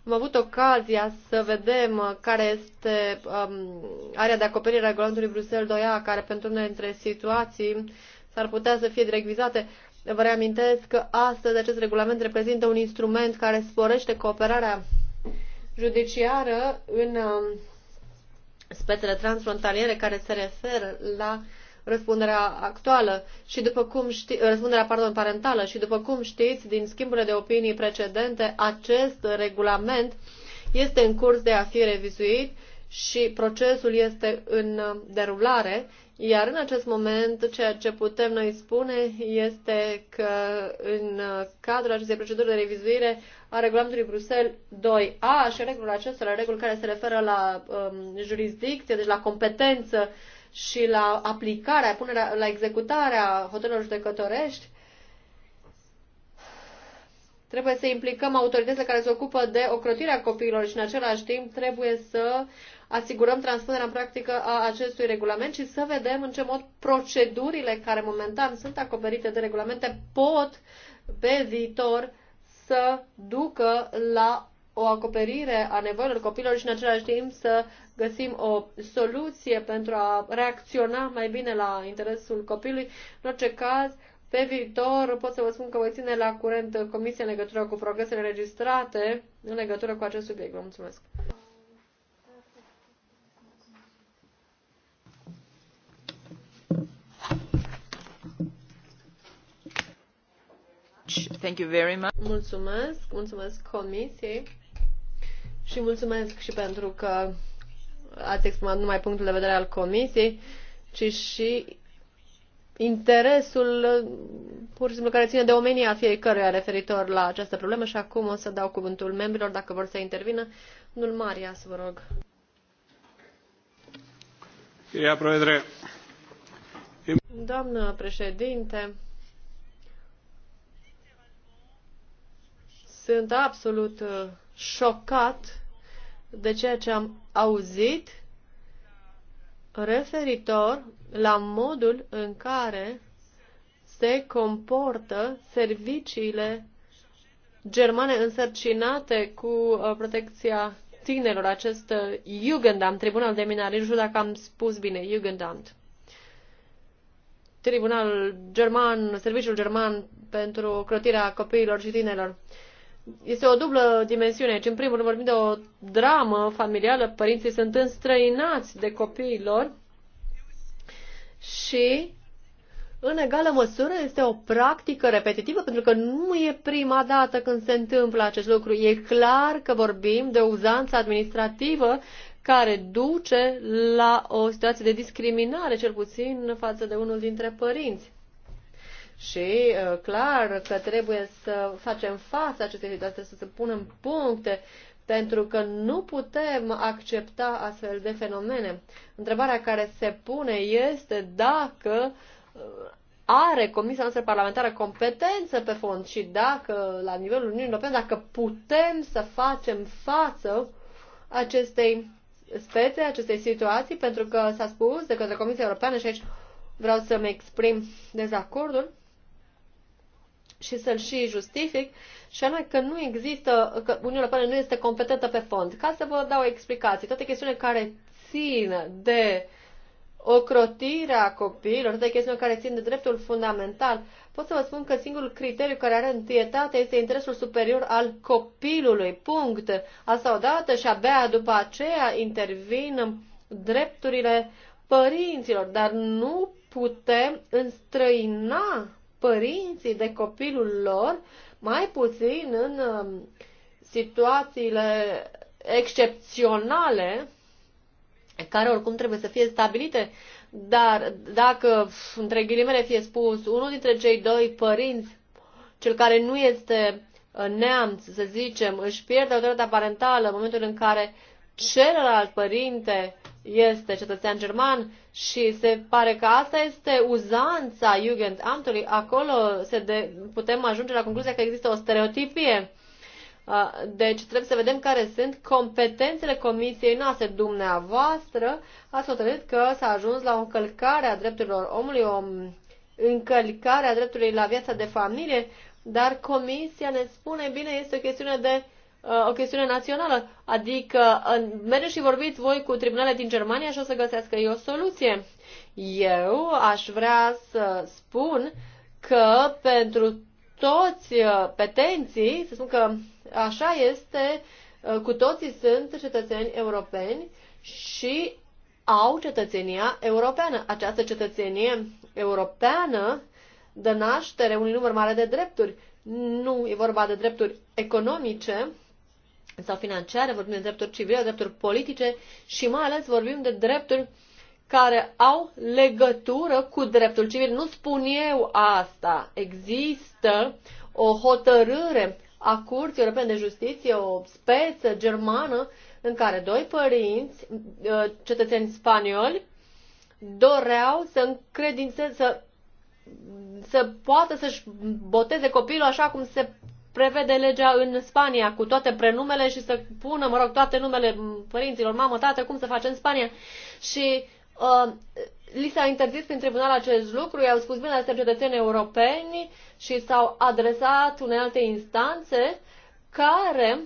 Am avut ocazia să vedem uh, care este um, area de acoperire a regulamentului Bruxelles 2A, care pentru unele dintre situații s-ar putea să fie directivizate. Vă reamintesc că astăzi acest regulament reprezintă un instrument care sporește cooperarea judiciară în um, spețele transfrontaliere care se referă la uh, răspunderea actuală și după cum ști, răspunderea pardon, parentală și după cum știți din schimburile de opinii precedente, acest regulament este în curs de a fi revizuit și procesul este în derulare, iar în acest moment ceea ce putem noi spune este că în cadrul acestei proceduri de revizuire a regulamentului Bruxelles 2A și regulul acestora, regul care se referă la um, jurisdicție, deci la competență și la aplicarea, punerea, la executarea hotărârilor judecătorești, trebuie să implicăm autoritățile care se ocupă de ocrotirea copiilor și în același timp trebuie să asigurăm transpunerea în practică a acestui regulament și să vedem în ce mod procedurile care momentan sunt acoperite de regulamente pot pe viitor să ducă la o acoperire a nevoilor copilor și în același timp să găsim o soluție pentru a reacționa mai bine la interesul copilului. În orice caz, pe viitor pot să vă spun că voi ține la curent Comisia în legătură cu progresele registrate în legătură cu acest subiect. Vă mulțumesc! Thank you very much. Mulțumesc, mulțumesc Comisiei și mulțumesc și pentru că ați exprimat numai punctul de vedere al Comisiei, ci și interesul pur și simplu care ține de omenia fiecăruia referitor la această problemă și acum o să dau cuvântul membrilor dacă vor să intervină. Domnul Marias, vă rog. Doamnă președinte, sunt absolut șocat de ceea ce am auzit referitor la modul în care se comportă serviciile germane însărcinate cu uh, protecția tinerilor, acest uh, Jugendamt, Tribunal de minori, nu știu dacă am spus bine, Jugendamt. Tribunalul German, Serviciul German pentru crotirea copiilor și tinerilor este o dublă dimensiune aici. În primul rând vorbim de o dramă familială, părinții sunt înstrăinați de lor și în egală măsură este o practică repetitivă, pentru că nu e prima dată când se întâmplă acest lucru. E clar că vorbim de o uzanță administrativă care duce la o situație de discriminare, cel puțin față de unul dintre părinți și uh, clar că trebuie să facem față acestei situații, să se punem puncte, pentru că nu putem accepta astfel de fenomene. Întrebarea care se pune este dacă uh, are Comisia noastră parlamentară competență pe fond și dacă, la nivelul Uniunii Europene, dacă putem să facem față acestei spețe, acestei situații, pentru că s-a spus de către Comisia Europeană și aici vreau să-mi exprim dezacordul, și să-l și justific, și anume că nu există, că Uniunea Europeană nu este competentă pe fond. Ca să vă dau explicații, toate chestiunile care țin de ocrotirea copiilor, toate chestiunile care țin de dreptul fundamental, pot să vă spun că singurul criteriu care are întâietate este interesul superior al copilului. Punct. Asta odată și abia după aceea intervin drepturile părinților, dar nu putem înstrăina părinții de copilul lor, mai puțin în um, situațiile excepționale, care oricum trebuie să fie stabilite, dar dacă, între ghilimele fie spus, unul dintre cei doi părinți, cel care nu este uh, neamț, să zicem, își pierde autoritatea parentală în momentul în care celălalt părinte este cetățean german și se pare că asta este uzanța Jugendamtului. Acolo se de, putem ajunge la concluzia că există o stereotipie. Uh, deci trebuie să vedem care sunt competențele comisiei noastre. Dumneavoastră ați hotărât că s-a ajuns la o încălcare a drepturilor omului, o încălcare a dreptului la viața de familie, dar comisia ne spune, bine, este o chestiune de Uh, o chestiune națională. Adică uh, mergeți și vorbiți voi cu tribunale din Germania și o să găsească ei o soluție. Eu aș vrea să spun că pentru toți uh, petenții, să spun că așa este, cu toții sunt cetățeni europeni și au cetățenia europeană. Această cetățenie europeană dă naștere unui număr mare de drepturi. Nu e vorba de drepturi economice, sau financiare, vorbim de drepturi civile, drepturi politice și mai ales vorbim de drepturi care au legătură cu dreptul civil. Nu spun eu asta. Există o hotărâre a Curții Europene de Justiție, o speță germană, în care doi părinți, uh, cetățeni spanioli, doreau să încredințeze, să, să poată să-și boteze copilul așa cum se prevede legea în Spania cu toate prenumele și să pună, mă rog, toate numele părinților, mamă, tată, cum să face în Spania. Și uh, li s-a interzis prin tribunal acest lucru, i-au spus, bine, astea cetățeni europeni și s-au adresat unei alte instanțe care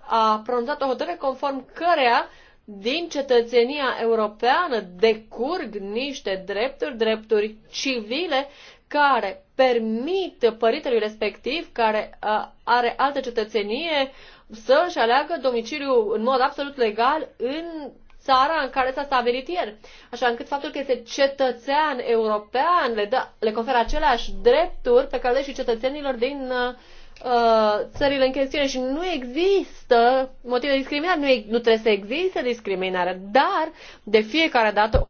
a pronunțat o hotărâre conform cărea din cetățenia europeană decurg niște drepturi, drepturi civile, care permit părintelui respectiv, care are altă cetățenie, să își aleagă domiciliu în mod absolut legal în țara în care s-a stabilit el. Așa încât faptul că este cetățean european le, dă, le conferă aceleași drepturi pe care le și cetățenilor din uh, țările în chestiune și nu există motive de discriminare, nu, nu trebuie să existe discriminare, dar de fiecare dată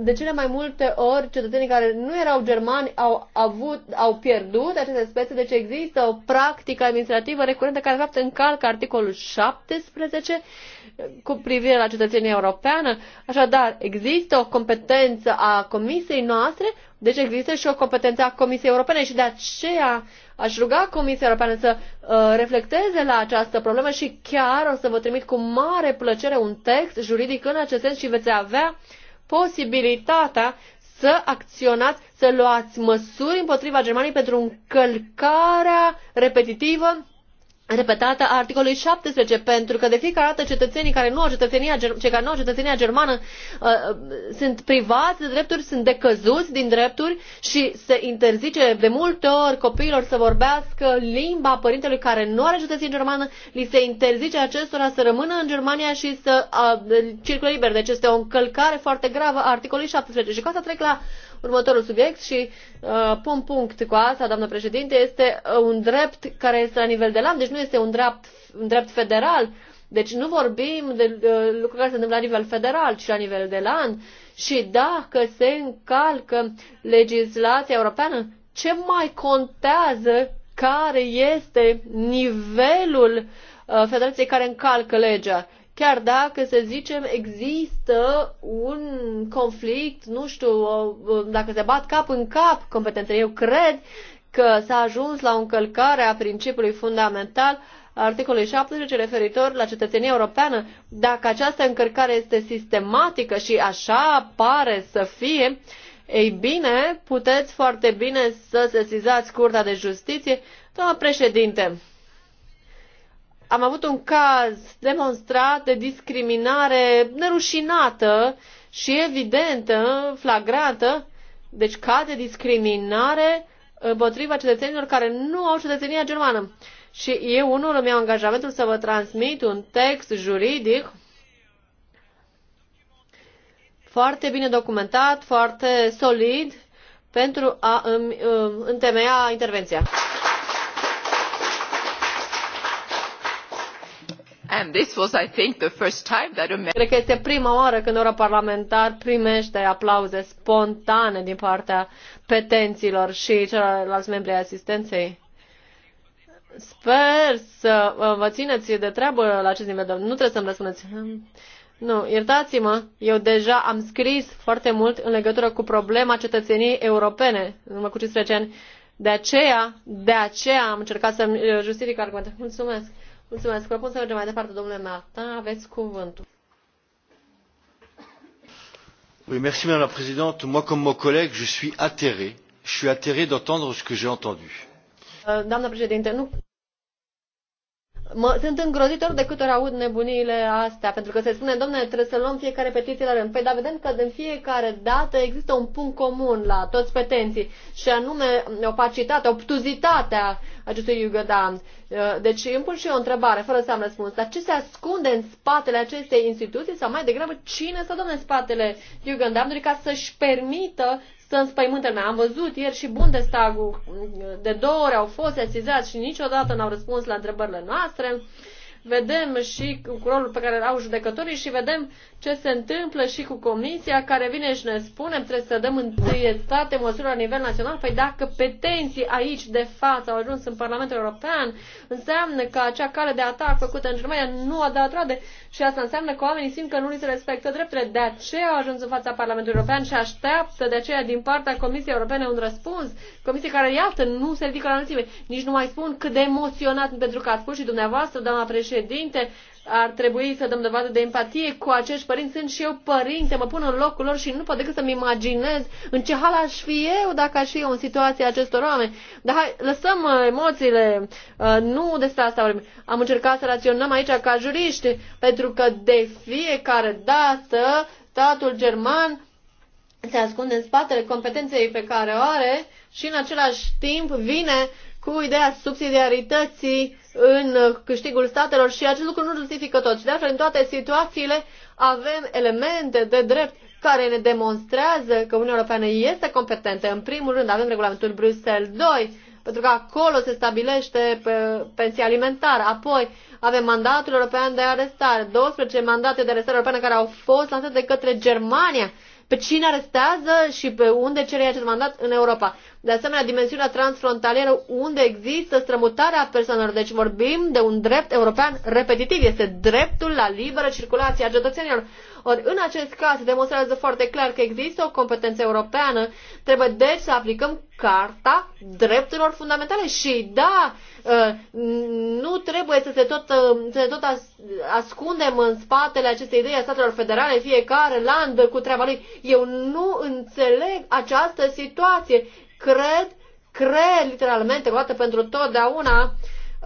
de cele mai multe ori cetățenii care nu erau germani au, avut, au pierdut aceste spețe, deci există o practică administrativă recurentă care, de fapt, încalcă articolul 17 cu privire la cetățenia europeană. Așadar, există o competență a Comisiei noastre, deci există și o competență a Comisiei Europene și de aceea aș ruga Comisia Europeană să uh, reflecteze la această problemă și chiar o să vă trimit cu mare plăcere un text juridic în acest sens și veți avea uh, posibilitatea să acționați, să luați măsuri împotriva Germaniei pentru încălcarea repetitivă repetată a articolului 17, pentru că de fiecare dată cetățenii care nu au cetățenia, cei care nu au cetățenia germană uh, uh, sunt privați de drepturi, sunt decăzuți din drepturi și se interzice de multe ori copiilor să vorbească limba părintelui care nu are cetățenie germană, li se interzice acestora să rămână în Germania și să uh, circule liber. Deci este o încălcare foarte gravă a articolului 17. Și ca să trec la uh, următorul subiect și uh, pun punct cu asta, doamnă președinte, este uh, un drept care este la nivel de land, deci nu este un drept, un drept federal. Deci nu vorbim de uh, lucruri care se întâmplă la nivel federal, ci la nivel de land. Și dacă se încalcă legislația europeană, ce mai contează care este nivelul uh, federației care încalcă legea? chiar dacă, să zicem, există un conflict, nu știu, dacă se bat cap în cap competențele. Eu cred că s-a ajuns la o încălcare a principiului fundamental articolului 17 referitor la cetățenia europeană. Dacă această încărcare este sistematică și așa pare să fie, ei bine, puteți foarte bine să sesizați Curtea de Justiție. Doamna președinte, am avut un caz demonstrat de discriminare nerușinată și evidentă, flagrantă, deci caz de discriminare împotriva cetățenilor care nu au cetățenia germană. Și eu unul îmi iau angajamentul să vă transmit un text juridic foarte bine documentat, foarte solid, pentru a îmi, îmi întemeia intervenția. Cred că este prima oară când europarlamentar primește aplauze spontane din partea petenților și celorlalți membri ai asistenței. Sper să vă țineți de treabă la acest nivel, nu trebuie să-mi răspundeți. Nu, iertați-mă, eu deja am scris foarte mult în legătură cu problema cetățeniei europene, în urmă cu 15 ani. De aceea, de aceea am încercat să justific argumentul. Mulțumesc. Mulțumesc. Propun să mergem mai departe, domnule Marta. Aveți cuvântul. Oui, merci Madame la Présidente. Moi, comme mon collègue, je suis atterré. Je suis atterré d'entendre ce que j'ai entendu. Euh, dame la présidente, nous... Mă, sunt îngrozitor de câte ori aud nebuniile astea, pentru că se spune, domnule, trebuie să luăm fiecare petiție la rând. Păi, dar vedem că din fiecare dată există un punct comun la toți petenții, și anume opacitatea, obtuzitatea acestui Iugodam. Uh, deci îmi pun și eu o întrebare, fără să am răspuns, dar ce se ascunde în spatele acestei instituții sau mai degrabă cine să domne în spatele Jugendamtului ca să-și permită să înspăimântă lumea. Am văzut ieri și Bundestagul, de două ori au fost sesizați și niciodată n-au răspuns la întrebările noastre. Vedem și rolul pe care îl au judecătorii și vedem ce se întâmplă și cu comisia care vine și ne spune trebuie să dăm întâietate măsuri la nivel național. Păi dacă petenții aici de față au ajuns în Parlamentul European, înseamnă că acea cale de atac făcută în Germania nu a dat roade și asta înseamnă că oamenii simt că nu li se respectă drepturile. De aceea au ajuns în fața Parlamentului European și așteaptă de aceea din partea Comisiei Europene un răspuns. Comisie care, iată, nu se ridică la înălțime. Nici nu mai spun cât de emoționat, pentru că ați spus și dumneavoastră, doamna președinte, ar trebui să dăm dovadă de empatie cu acești părinți. Sunt și eu părinte, mă pun în locul lor și nu pot decât să-mi imaginez în ce hal aș fi eu dacă aș fi eu în situația acestor oameni. Dar hai, lăsăm uh, emoțiile, uh, nu despre asta vorbim. Am încercat să raționăm aici ca juriști, pentru că de fiecare dată statul german se ascunde în spatele competenței pe care o are și în același timp vine cu ideea subsidiarității în câștigul statelor și acest lucru nu justifică tot. Și de altfel, în toate situațiile avem elemente de drept care ne demonstrează că Uniunea Europeană este competentă. În primul rând avem regulamentul Bruxelles 2, pentru că acolo se stabilește pensia alimentară. Apoi avem mandatul european de arestare, 12 mandate de arestare europeană care au fost lansate de către Germania pe cine arestează și pe unde cere acest mandat în Europa. De asemenea, dimensiunea transfrontalieră unde există strămutarea persoanelor. Deci vorbim de un drept european repetitiv. Este dreptul la liberă circulație a cetățenilor. Ori în acest caz demonstrează foarte clar că există o competență europeană, trebuie deci să aplicăm Carta Drepturilor Fundamentale și da, ă, nu trebuie să se tot, ă, să ne tot ascundem în spatele acestei idei a statelor federale, fiecare land cu treaba lui. Eu nu înțeleg această situație. Cred, cred literalmente, o dată pentru totdeauna, uh,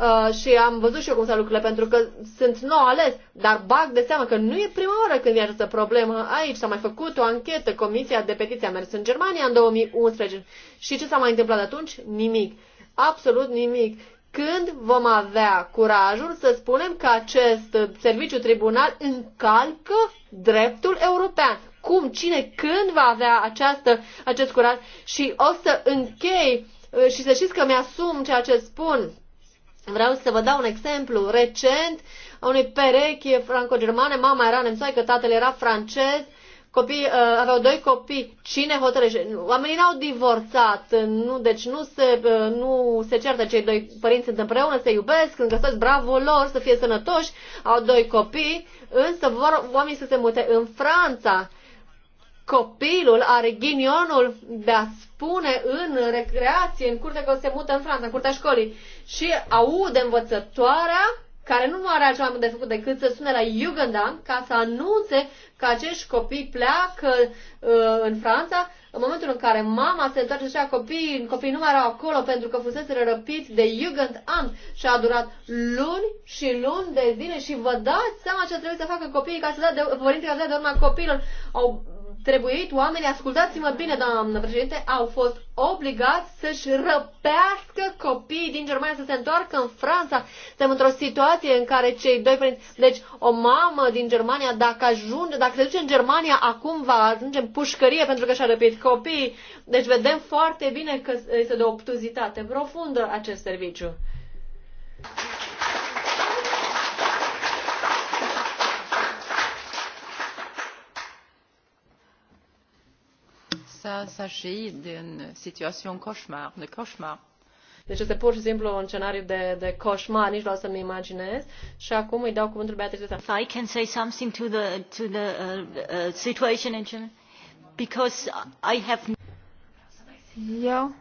Uh, și am văzut și eu cum s-au lucrurile, pentru că sunt nou ales, dar bag de seamă că nu e prima oară când e această problemă aici. S-a mai făcut o anchetă, Comisia de Petiție a mers în Germania în 2011. Și ce s-a mai întâmplat atunci? Nimic. Absolut nimic. Când vom avea curajul să spunem că acest serviciu tribunal încalcă dreptul european? Cum, cine, când va avea această, acest curaj? Și o să închei uh, și să știți că mi-asum ceea ce spun Vreau să vă dau un exemplu recent a unei perechi franco-germane. Mama era nemțoaică, tatăl era francez, copii, uh, aveau doi copii. Cine hotărăște? Oamenii n-au divorțat, nu, deci nu se, uh, nu se certă cei doi părinți sunt împreună, se iubesc, îngăsesc, bravo lor, să fie sănătoși, au doi copii, însă vor oamenii să se mute în Franța copilul are ghinionul de a spune în recreație, în curte că se mută în Franța, în curtea școlii și aude învățătoarea care nu are altceva mai de făcut decât să sune la Jugendamt ca să anunțe că acești copii pleacă uh, în Franța în momentul în care mama se întoarce și a copiii, copiii nu mai erau acolo pentru că fusese răpiți de Jugendamt și a durat luni și luni de zile și vă dați seama ce trebuie să facă copiii ca să dea de, părinții ca să dea de urma copiilor. Au trebuit, oamenii, ascultați-mă bine, doamnă președinte, au fost obligați să-și răpească copiii din Germania, să se întoarcă în Franța. Suntem într-o situație în care cei doi părinți, deci o mamă din Germania, dacă ajunge, dacă se duce în Germania, acum va ajunge în pușcărie pentru că și-a răpit copiii. Deci vedem foarte bine că este de obtuzitate profundă acest serviciu. ça s'agit d'une situation cauchemar, de cauchemar. Deci este pur și simplu un scenariu de, de coșmar, nici vreau să-mi imaginez. Și acum îi dau cuvântul Beatrice. If I can say something to the, to the uh, uh, situation in general, because I have... Eu?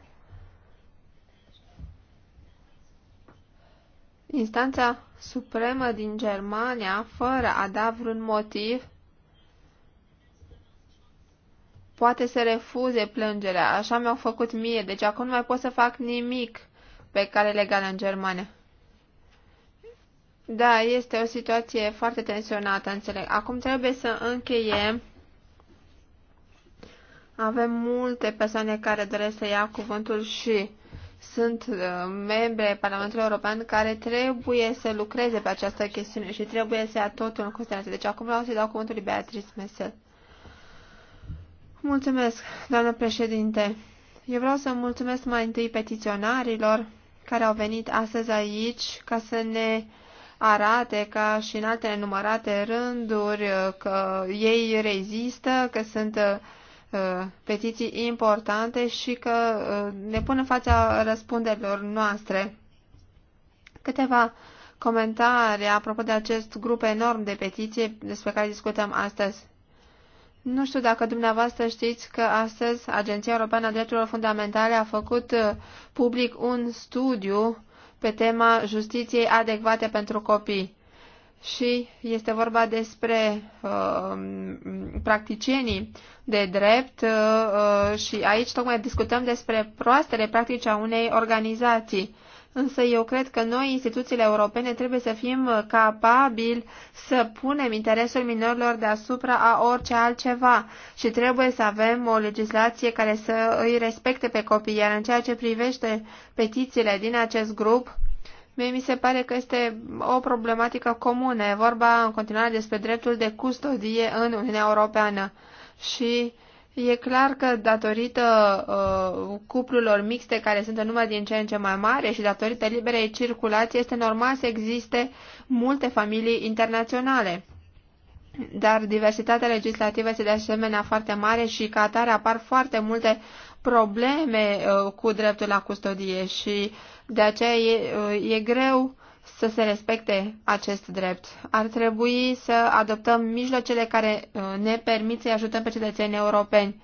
Instanța Supremă din Germania, fără a da vreun motiv, poate să refuze plângerea. Așa mi-au făcut mie, deci acum nu mai pot să fac nimic pe care legal în germană. Da, este o situație foarte tensionată, înțeleg. Acum trebuie să încheiem. Avem multe persoane care doresc să ia cuvântul și sunt uh, membre Parlamentului European care trebuie să lucreze pe această chestiune și trebuie să ia totul în considerație. Deci acum vreau să-i dau cuvântul lui Beatrice Messel. Mulțumesc, doamnă președinte. Eu vreau să mulțumesc mai întâi petiționarilor care au venit astăzi aici ca să ne arate ca și în alte numărate rânduri că ei rezistă, că sunt uh, petiții importante și că uh, ne pun în fața răspunderilor noastre. Câteva comentarii apropo de acest grup enorm de petiții despre care discutăm astăzi. Nu știu dacă dumneavoastră știți că astăzi Agenția Europeană a Drepturilor Fundamentale a făcut uh, public un studiu pe tema justiției adecvate pentru copii. Și este vorba despre uh, practicienii de drept uh, uh și aici tocmai discutăm despre proastele practici a unei organizații. Însă eu cred că noi, instituțiile europene, trebuie să fim capabili să punem interesul minorilor deasupra a orice altceva și trebuie să avem o legislație care să îi respecte pe copii. Iar în ceea ce privește petițiile din acest grup, mie mi se pare că este o problematică comună. E vorba în continuare despre dreptul de custodie în Uniunea Europeană și uh, E clar că datorită uh, cuplurilor mixte care sunt în număr din ce în ce mai mare și datorită liberei circulații este normal să existe multe familii internaționale. Dar diversitatea legislativă este de asemenea foarte mare și ca atare apar foarte multe probleme uh, cu dreptul la custodie și de aceea e, uh, e greu să se respecte acest drept. Ar trebui să adoptăm mijloacele care uh, ne permit să-i ajutăm pe cetățenii europeni.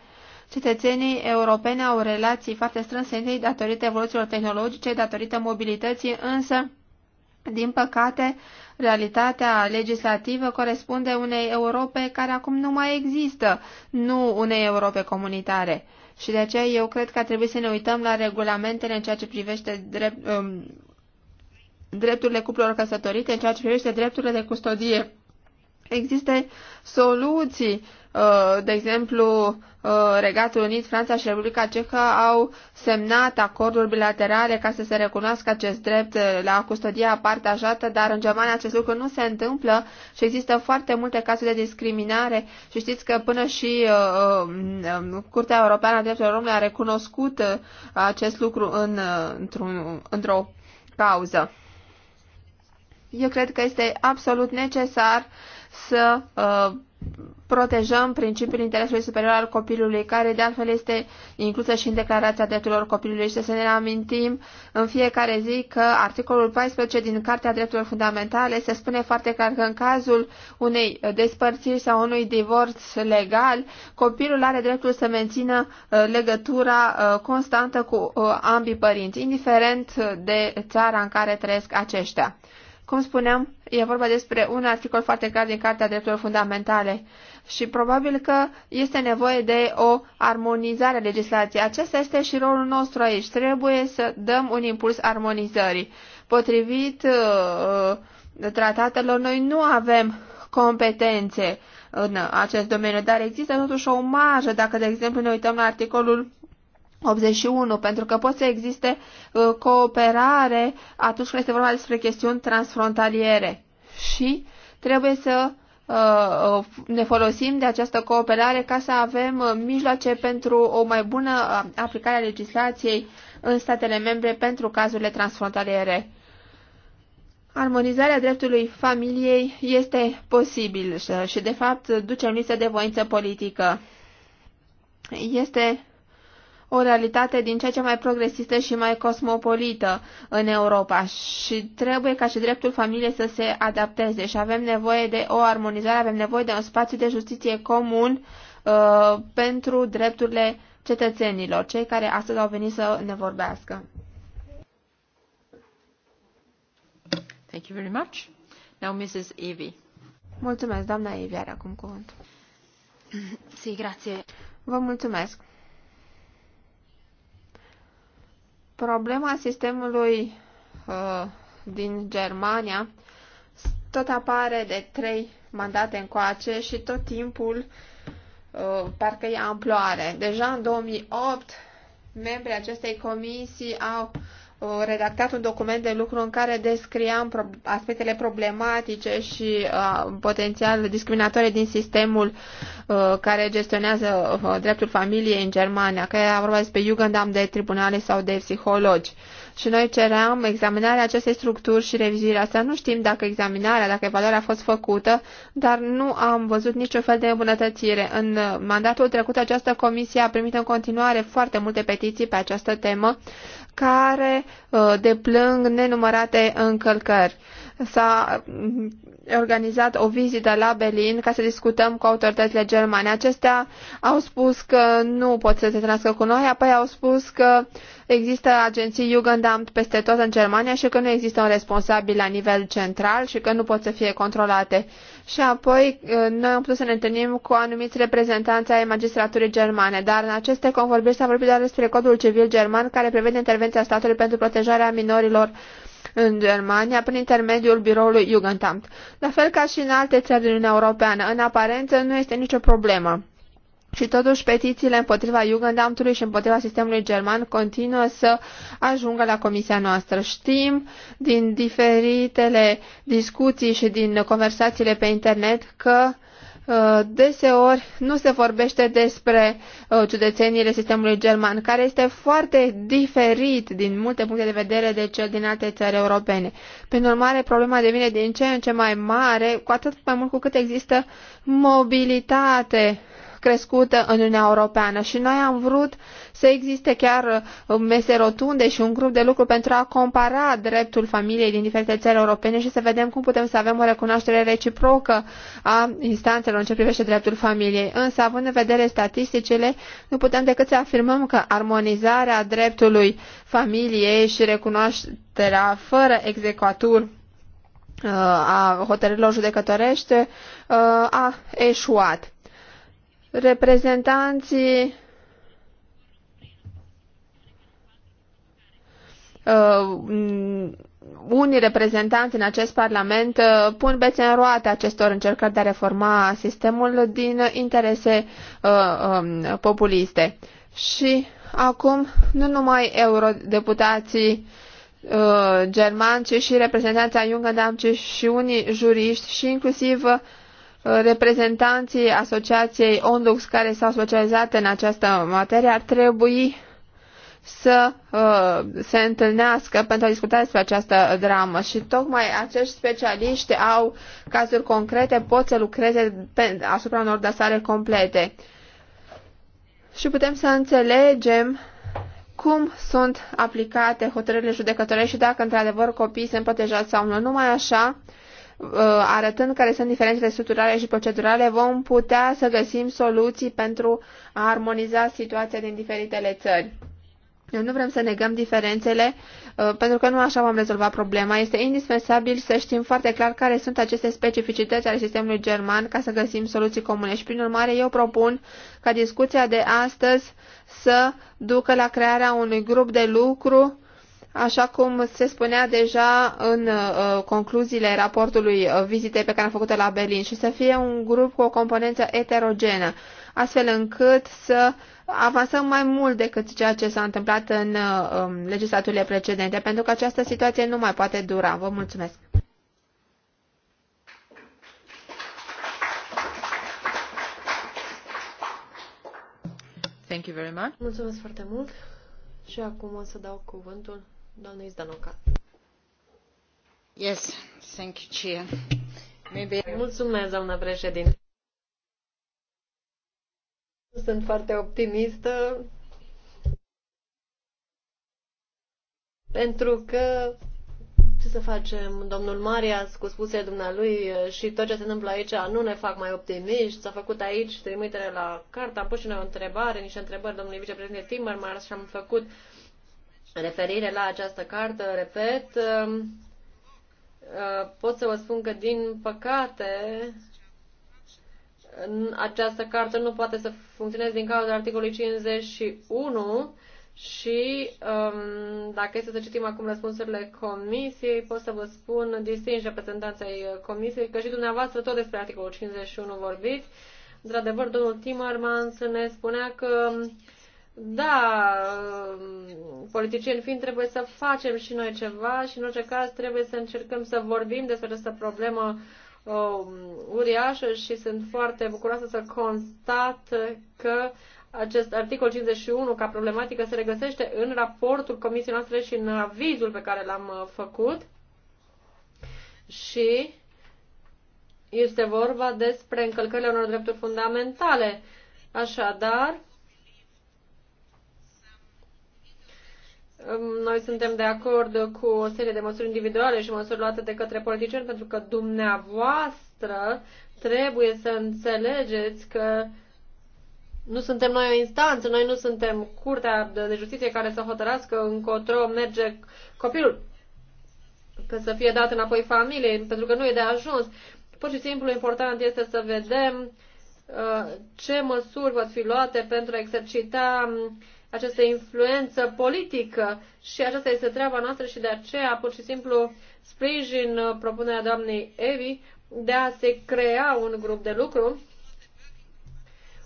Cetățenii europeni au relații foarte strânse ei datorită evoluțiilor tehnologice, datorită mobilității, însă, din păcate, realitatea legislativă corespunde unei Europe care acum nu mai există, nu unei Europe comunitare. Și de aceea eu cred că ar trebui să ne uităm la regulamentele în ceea ce privește drept, um, drepturile cuplurilor căsătorite, în ceea ce privește drepturile de custodie. Există soluții, uh, de exemplu, uh, Regatul Unit, Franța și Republica Cehă au semnat acorduri bilaterale ca să se recunoască acest drept uh, la custodia partajată, dar în Germania acest lucru nu se întâmplă și există foarte multe cazuri de discriminare și știți că până și um, Curtea Europeană a Drepturilor Omului a recunoscut acest lucru în, într-o într cauză eu cred că este absolut necesar să uh, protejăm principiul interesului superior al copilului, care de altfel este inclusă și în Declarația Drepturilor Copilului și să ne amintim în fiecare zi că articolul 14 din Cartea Drepturilor Fundamentale se spune foarte clar că în cazul unei despărțiri sau unui divorț legal, copilul are dreptul să mențină uh, legătura uh, constantă cu uh, ambii părinți, indiferent de țara în care trăiesc aceștia. Cum spuneam, e vorba despre un articol foarte clar din Cartea Drepturilor Fundamentale și probabil că este nevoie de o armonizare a legislației. Acesta este și rolul nostru aici. Trebuie să dăm un impuls armonizării. Potrivit uh, tratatelor, noi nu avem competențe în acest domeniu, dar există totuși o marjă dacă, de exemplu, ne uităm la articolul 81, pentru că pot să existe uh, cooperare atunci când este vorba despre chestiuni transfrontaliere și trebuie să uh, uh, ne folosim de această cooperare ca să avem mijloace pentru o mai bună aplicare a legislației în statele membre pentru cazurile transfrontaliere. Armonizarea dreptului familiei este posibil și, de fapt, duce în lipsă de voință politică. Este o realitate din ceea ce mai progresistă și mai cosmopolită în Europa și trebuie ca și dreptul familiei să se adapteze și avem nevoie de o armonizare, avem nevoie de un spațiu de justiție comun uh, pentru drepturile cetățenilor, cei care astăzi au venit să ne vorbească. Thank you very much. Now Mrs. Evie. Mulțumesc, doamna Evie are acum cuvântul. Sí, grație. Vă mulțumesc. Problema sistemului uh, din Germania tot apare de trei mandate încoace și tot timpul uh, parcă ia amploare. Deja în 2008, membrii acestei comisii au Uh, redactat un document de lucru în care descriam aspectele problematice și uh, potențial discriminatoare din sistemul uh, care gestionează uh, dreptul familiei în Germania, că era vorba despre Jugendamt de tribunale sau de psihologi. Și noi ceream examinarea acestei structuri și revizuirea asta. Nu știm dacă examinarea, dacă evaluarea a fost făcută, dar nu am văzut niciun fel de îmbunătățire. În uh, mandatul trecut, această comisie a primit în continuare foarte multe petiții pe această temă care uh, deplâng nenumărate încălcări. S-a mm, organizat o vizită la Berlin ca să discutăm cu autoritățile germane. Acestea au spus că nu pot să se întâlnească cu noi, apoi au spus că există agenții Jugendamt peste tot în Germania și că nu există un responsabil la nivel central și că nu pot să fie controlate. Și apoi uh, noi am putut să ne întâlnim cu anumiți reprezentanți ai magistraturii germane, dar în aceste convorbiri s-a vorbit doar despre codul civil german care prevede intervenția statului pentru protejarea minorilor în Germania prin intermediul biroului Jugendamt. La fel ca și în alte țări din Uniunea Europeană, în aparență nu este nicio problemă. Și totuși petițiile împotriva Jugendamtului și împotriva sistemului german continuă să ajungă la comisia noastră. Știm din diferitele discuții și din conversațiile pe internet că uh, deseori nu se vorbește despre uh, ciudățeniile sistemului german, care este foarte diferit din multe puncte de vedere de cel din alte țări europene. Prin urmare, problema devine din ce în ce mai mare, cu atât mai mult cu cât există mobilitate crescută în Uniunea Europeană și noi am vrut să existe chiar uh, mese rotunde și un grup de lucru pentru a compara dreptul familiei din diferite țări europene și să vedem cum putem să avem o recunoaștere reciprocă a instanțelor în ce privește dreptul familiei. Însă, având în vedere statisticile, nu putem decât să afirmăm că armonizarea dreptului familiei și recunoașterea fără execuatur uh, a hotărârilor judecătorești uh, a eșuat reprezentanții uh, unii reprezentanți în acest Parlament uh, pun bețe în roate acestor încercări de a reforma sistemul din interese uh, uh, populiste. Și acum nu numai eurodeputații uh, germani, ci și reprezentanța Jungendam, ci și unii juriști și inclusiv uh, reprezentanții Asociației Ondux care s-au specializat în această materie ar trebui să uh, se întâlnească pentru a discuta despre această dramă și tocmai acești specialiști au cazuri concrete, pot să lucreze pe, asupra unor dasare complete. Și putem să înțelegem cum sunt aplicate hotărârile judecătorești și dacă într-adevăr copiii sunt protejați sau nu. Numai așa Uh, arătând care sunt diferențele structurale și procedurale, vom putea să găsim soluții pentru a armoniza situația din diferitele țări. Eu nu vrem să negăm diferențele, uh, pentru că nu așa vom rezolva problema. Este indispensabil să știm foarte clar care sunt aceste specificități ale sistemului german ca să găsim soluții comune. Și prin urmare, eu propun ca discuția de astăzi să ducă la crearea unui grup de lucru Așa cum se spunea deja în uh, concluziile raportului uh, vizitei pe care am făcut-o la Berlin și să fie un grup cu o componență eterogenă, astfel încât să avansăm mai mult decât ceea ce s-a întâmplat în uh, um, legislaturile precedente, pentru că această situație nu mai poate dura. Vă mulțumesc! Thank you very much. Mulțumesc foarte mult și acum o să dau cuvântul doamnei Zdanoca. Yes, thank you, Chia. Maybe... Mulțumesc, doamnă președinte. Sunt foarte optimistă pentru că ce să facem, domnul Marias, cu spuse dumnealui și tot ce se întâmplă aici, nu ne fac mai optimiști, s-a făcut aici trimitere la carte, am pus și noi o întrebare, niște întrebări domnului vicepreședinte Timmermans și am făcut uh, referire la această carte, repet, um, uh, pot să vă spun că, din păcate, această carte nu poate să funcționeze din cauza articolului 51 și um, dacă este să citim acum răspunsurile comisiei, pot să vă spun, distinși reprezentanței comisiei, că și dumneavoastră tot despre articolul 51 vorbiți. Într-adevăr, domnul Timmermans ne spunea că um, da, um, politicieni fiind, trebuie să facem și noi ceva și în orice caz trebuie să încercăm să vorbim despre această problemă uh, uriașă și sunt foarte bucuroasă să constat că acest articol 51 ca problematică se regăsește în raportul comisiei noastre și în avizul pe care l-am uh, făcut și este vorba despre încălcările unor drepturi fundamentale. Așadar, Noi suntem de acord cu o serie de măsuri individuale și măsuri luate de către politicieni, pentru că dumneavoastră trebuie să înțelegeți că nu suntem noi o instanță, noi nu suntem curtea de justiție care să hotărască încotro merge copilul că să fie dat înapoi familiei, pentru că nu e de ajuns. Pur și simplu important este să vedem uh, ce măsuri pot fi luate pentru a exercita uh, această influență politică și aceasta este treaba noastră și de aceea pur și simplu sprijin uh, propunerea doamnei Evi de a se crea un grup de lucru.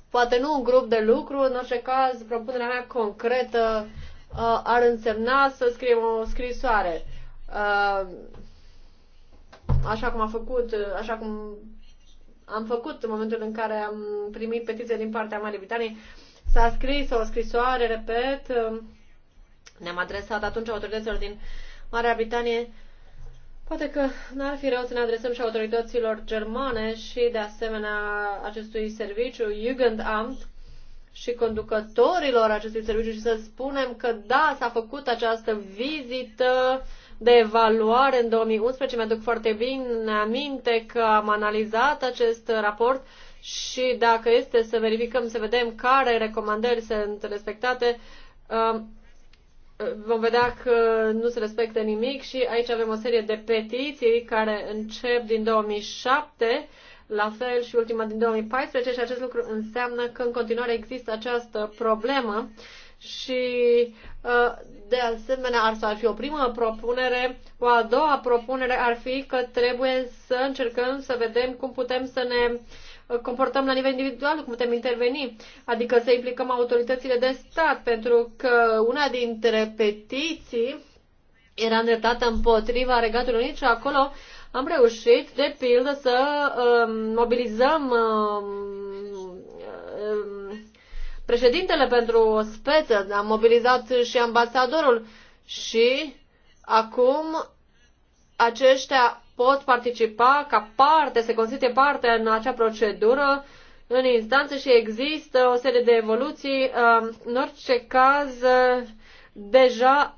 Poate nu un grup de lucru, în orice caz propunerea mea concretă uh, ar însemna să scriem o scrisoare. Uh, așa cum a făcut, așa cum am făcut în momentul în care am primit petiția din partea Marii Britanii, S-a scris o scrisoare, repet, um, ne-am adresat atunci autorităților din Marea Britanie. Poate că n-ar fi rău să ne adresăm și autorităților germane și, de asemenea, acestui serviciu, Jugendamt, și conducătorilor acestui serviciu și să spunem că da, s-a făcut această vizită de evaluare în 2011. Mi-aduc foarte bine aminte că am analizat acest raport și dacă este să verificăm, să vedem care recomandări sunt respectate, um, vom vedea că nu se respectă nimic și aici avem o serie de petiții care încep din 2007, la fel și ultima din 2014 și acest lucru înseamnă că în continuare există această problemă și uh, de asemenea ar, ar fi o primă propunere, o a doua propunere ar fi că trebuie să încercăm să vedem cum putem să ne comportăm la nivel individual, cum putem interveni, adică să implicăm autoritățile de stat, pentru că una dintre petiții era îndreptată împotriva Regatului Unit și acolo am reușit, de pildă, să um, mobilizăm um, um, președintele pentru o speță, am mobilizat și ambasadorul și acum aceștia pot participa ca parte, se consideră parte în acea procedură în instanță și există o serie de evoluții. În orice caz, deja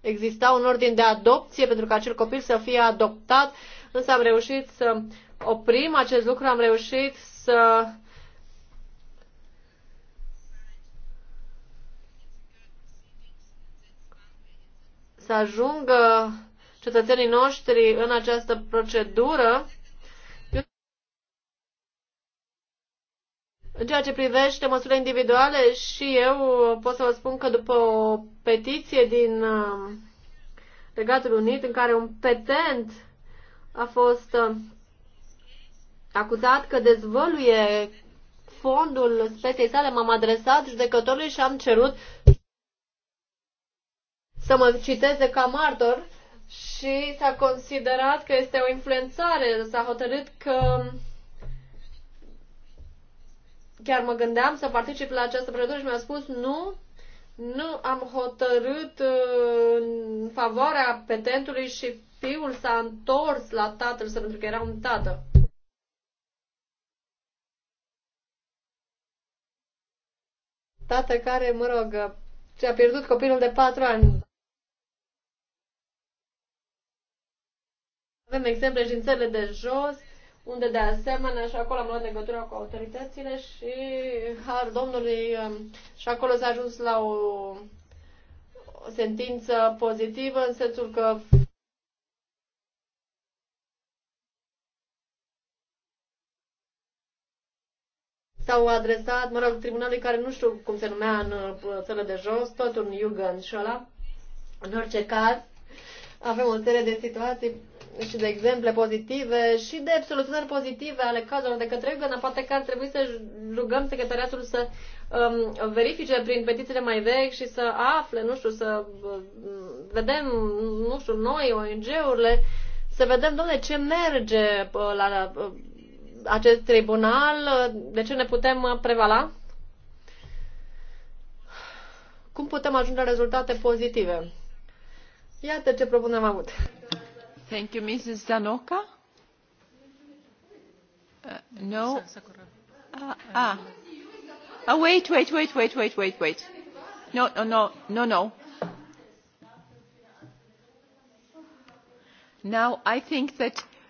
exista un ordin de adopție pentru ca acel copil să fie adoptat, însă am reușit să oprim acest lucru, am reușit să să ajungă cetățenii noștri în această procedură. În ceea ce privește măsurile individuale și eu pot să vă spun că după o petiție din uh, Regatul Unit în care un petent a fost uh, acuzat că dezvăluie fondul speciei sale, m-am adresat judecătorului și am cerut să mă citeze ca martor și s-a considerat că este o influențare, s-a hotărât că chiar mă gândeam să particip la această prăjitură și mi-a spus nu, nu am hotărât uh, în favoarea petentului și fiul s-a întors la tatăl său pentru că era un tată. Tată care, mă rog, uh, și-a pierdut copilul de patru ani. Avem exemple și în țările de jos, unde de asemenea și acolo am luat legătura cu autoritățile și har Domnului um, și acolo s-a ajuns la o, o sentință pozitivă în sensul că s-au adresat, mă rog, tribunalului care nu știu cum se numea în uh, țările de jos, tot un Jugend și ăla. În orice caz, avem o serie de situații și de exemple pozitive și de soluționări pozitive ale cazurilor de către Iugana. Poate că ar trebui să rugăm secretariatul să um, verifice prin petițiile mai vechi și să afle, nu știu, să uh, vedem, nu știu, noi, ONG-urile, să vedem, domne, ce merge uh, la uh, acest tribunal, de ce ne putem prevala, cum putem ajunge la rezultate pozitive. Iată ce propunem avut. Thank uh, uh, ah. ah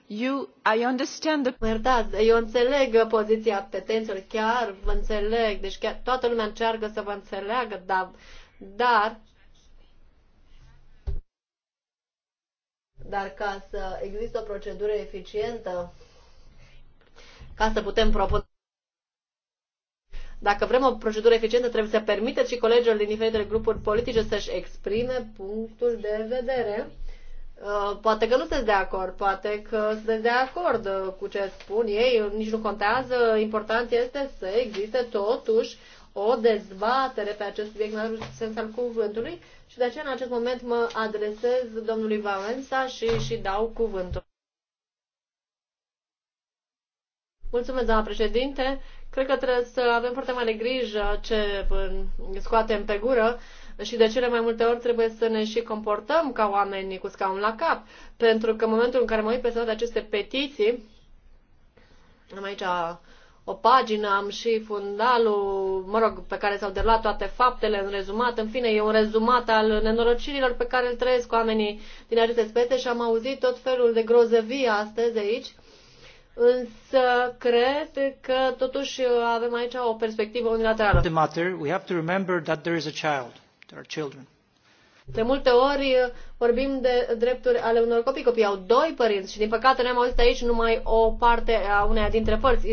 Iertați, păi da, eu înțeleg poziția abstenților, chiar vă înțeleg, deci chiar toată lumea încearcă să vă înțeleagă, dar, dar Dar ca să există o procedură eficientă, ca să putem propune dacă vrem o procedură eficientă, trebuie să permiteți și colegilor din diferitele grupuri politice să-și exprime punctul de vedere. Uh, poate că nu sunteți de acord, poate că sunteți de acord cu ce spun ei, nici nu contează. Important este să existe totuși o dezbatere pe acest subiect în sens al cuvântului și de aceea, în acest moment, mă adresez domnului Valensa și, și dau cuvântul. Mulțumesc, doamna președinte. Cred că trebuie să avem foarte mare grijă ce scoatem pe gură și de cele mai multe ori trebuie să ne și comportăm ca oamenii cu scaun la cap. Pentru că în momentul în care mă uit pe aceste petiții, am aici o pagină, am și fundalul, mă rog, pe care s-au derulat toate faptele în rezumat. În fine, e un rezumat al nenorocirilor pe care îl trăiesc oamenii din aceste spete și am auzit tot felul de grozăvie astăzi aici. Însă cred că totuși avem aici o perspectivă unilaterală. The matter, we have to remember that there is a child. There are children. De multe ori uh, vorbim de drepturi ale unor copii. Copiii au doi părinți și, din păcate, noi am auzit aici numai o parte a uneia dintre părți,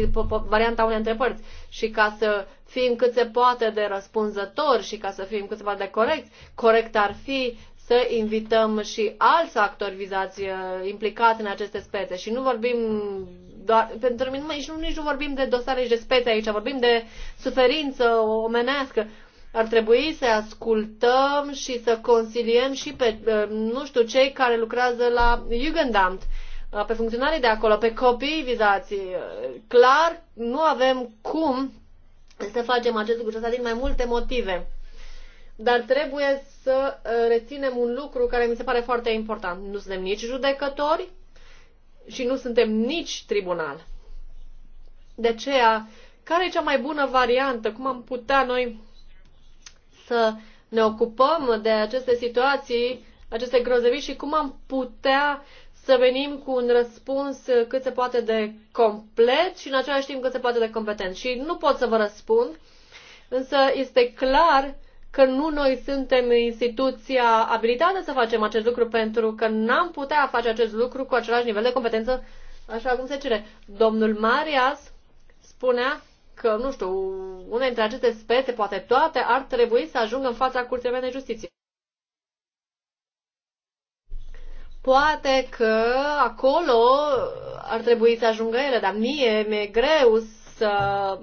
varianta uneia dintre părți. Și ca să fim cât se poate de răspunzători și ca să fim cât se poate de corect, corect ar fi să invităm și alți actori vizați uh, implicați în aceste spete. Și nu vorbim doar, pentru mine nici nu, nici nu vorbim de dosare și de spete aici, vorbim de suferință omenească ar trebui să ascultăm și să consiliem și pe, uh, nu știu, cei care lucrează la Jugendamt, uh, pe funcționarii de acolo, pe copii vizați. Uh, clar, nu avem cum să facem acest lucru asta din mai multe motive. Dar trebuie să reținem un lucru care mi se pare foarte important. Nu suntem nici judecători și nu suntem nici tribunal. De aceea, care e cea mai bună variantă? Cum am putea noi să ne ocupăm de aceste situații, aceste grozăvii și cum am putea să venim cu un răspuns cât se poate de complet și în același timp cât se poate de competent. Și nu pot să vă răspund, însă este clar că nu noi suntem instituția abilitată să facem acest lucru pentru că n-am putea face acest lucru cu același nivel de competență așa cum se cere. Domnul Marias spunea că, nu știu, unele dintre aceste spețe, poate toate, ar trebui să ajungă în fața Curții Europene de Justiție. Poate că acolo ar trebui să ajungă ele, dar mie mi-e greu să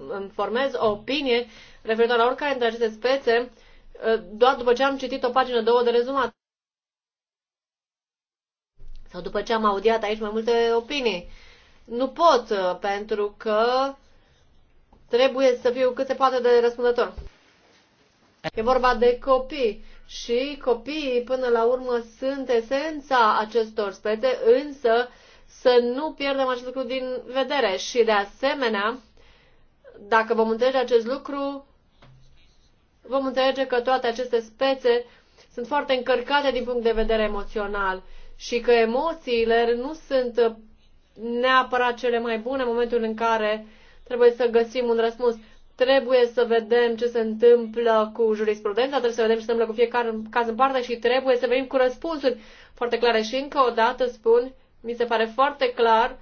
îmi formez o opinie referitor la oricare dintre aceste spețe, doar după ce am citit o pagină, două de rezumat. Sau după ce am audiat aici mai multe opinii. Nu pot, pentru că trebuie să fiu cât se poate de răspundător. E vorba de copii și copiii până la urmă sunt esența acestor spete, însă să nu pierdem acest lucru din vedere și de asemenea, dacă vom înțelege acest lucru, vom înțelege că toate aceste spețe sunt foarte încărcate din punct de vedere emoțional și că emoțiile nu sunt neapărat cele mai bune în momentul în care uh, Trebuie să găsim un răspuns. Trebuie să vedem ce se întâmplă cu jurisprudența, trebuie să vedem ce se întâmplă cu fiecare caz în parte și trebuie să venim cu răspunsuri foarte clare. Și încă o dată spun, mi se pare foarte clar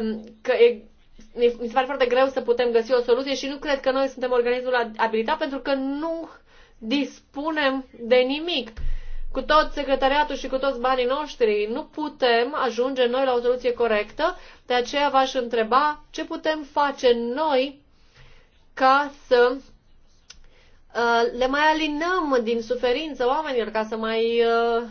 um, că e, mi se pare foarte greu să putem găsi o soluție și nu cred că noi suntem organismul abilitat pentru că nu dispunem de nimic cu tot secretariatul și cu toți banii noștri. Nu putem ajunge noi la o soluție corectă, de aceea v-aș întreba ce putem face noi ca să uh, le mai alinăm din suferință oamenilor, ca să mai uh,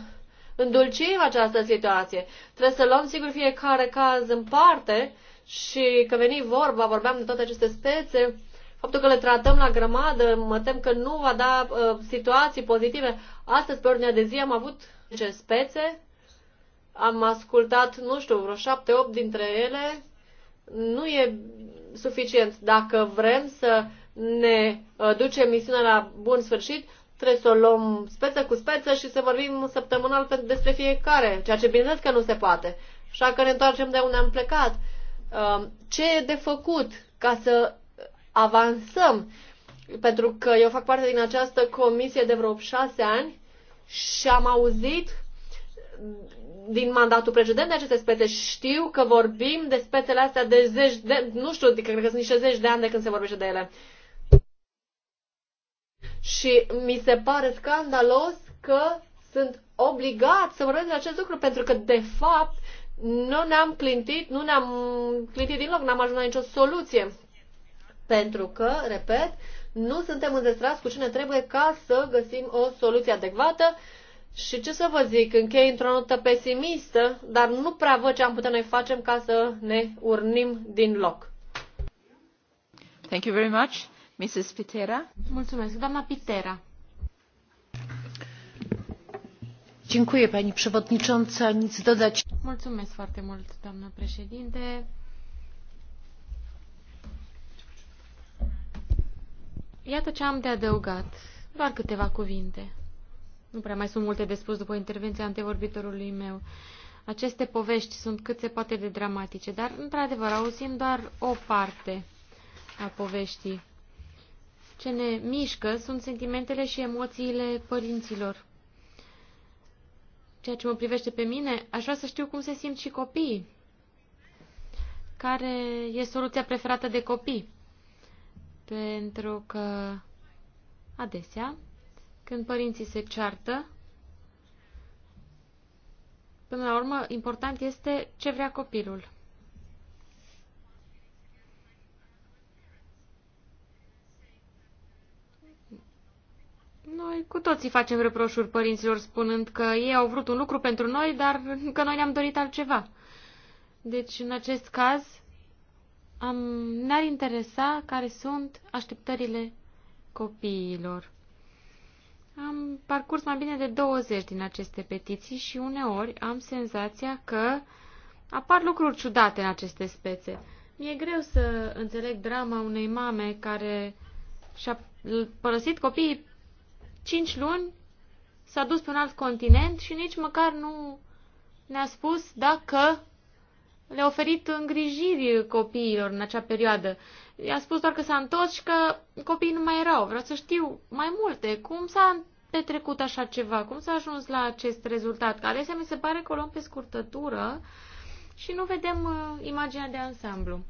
îndulcim această situație. Trebuie să luăm, sigur, fiecare caz în parte și că veni vorba, vorbeam de toate aceste spețe, faptul că le tratăm la grămadă, mă tem că nu va da uh, situații pozitive. Astăzi, pe ordinea de zi, am avut ce spețe, am ascultat, nu știu, vreo șapte, opt dintre ele. Nu e suficient. Dacă vrem să ne uh, ducem misiunea la bun sfârșit, trebuie să o luăm speță cu speță și să vorbim săptămânal despre fiecare, ceea ce bineînțeles că nu se poate. Așa că ne întoarcem de unde am plecat. Uh, ce e de făcut ca să avansăm? pentru că eu fac parte din această comisie de vreo șase ani și am auzit din mandatul precedent de aceste spete. Știu că vorbim de spetele astea de zeci de, nu știu, de adică cred că sunt niște zeci de ani de când se vorbește de ele. Și mi se pare scandalos că sunt obligat să vorbesc de acest lucru, pentru că, de fapt, nu ne-am clintit, nu ne-am clintit din loc, n-am ajuns la nicio soluție. Pentru că, repet, uh, nu suntem înzestrați cu cine trebuie ca să găsim o soluție adecvată. Și ce să vă zic, închei într-o notă pesimistă, dar nu prea văd ce am putea noi facem ca să ne urnim din loc. Thank you very much. Mrs. Pitera. Mulțumesc, doamna Pitera. Dziękuję pani przewodnicząca. Nic dodać. Mulțumesc foarte mult, doamna președinte. Iată ce am de adăugat. Doar câteva cuvinte. Nu prea mai sunt multe de spus după intervenția antevorbitorului meu. Aceste povești sunt cât se poate de dramatice, dar, într-adevăr, auzim doar o parte a poveștii. Ce ne mișcă sunt sentimentele și emoțiile părinților. Ceea ce mă privește pe mine, aș vrea să știu cum se simt și copiii. Care e soluția preferată de copii? Pentru că adesea, când părinții se ceartă, până la urmă, important este ce vrea copilul. Noi cu toții facem reproșuri părinților spunând că ei au vrut un lucru pentru noi, dar că noi ne-am dorit altceva. Deci, în acest caz, am, ne-ar interesa care sunt așteptările copiilor. Am parcurs mai bine de 20 din aceste petiții și uneori am senzația că apar lucruri ciudate în aceste spețe. Mi-e greu să înțeleg drama unei mame care și-a părăsit copiii 5 luni, s-a dus pe un alt continent și nici măcar nu ne-a spus dacă le-a oferit îngrijiri copiilor în acea perioadă. I-a spus doar că s-a întors și că copiii nu mai erau. Vreau să știu mai multe. Cum s-a petrecut așa ceva? Cum s-a ajuns la acest rezultat? Că adesea mi se pare că o luăm pe scurtătură și nu vedem uh, imaginea de ansamblu.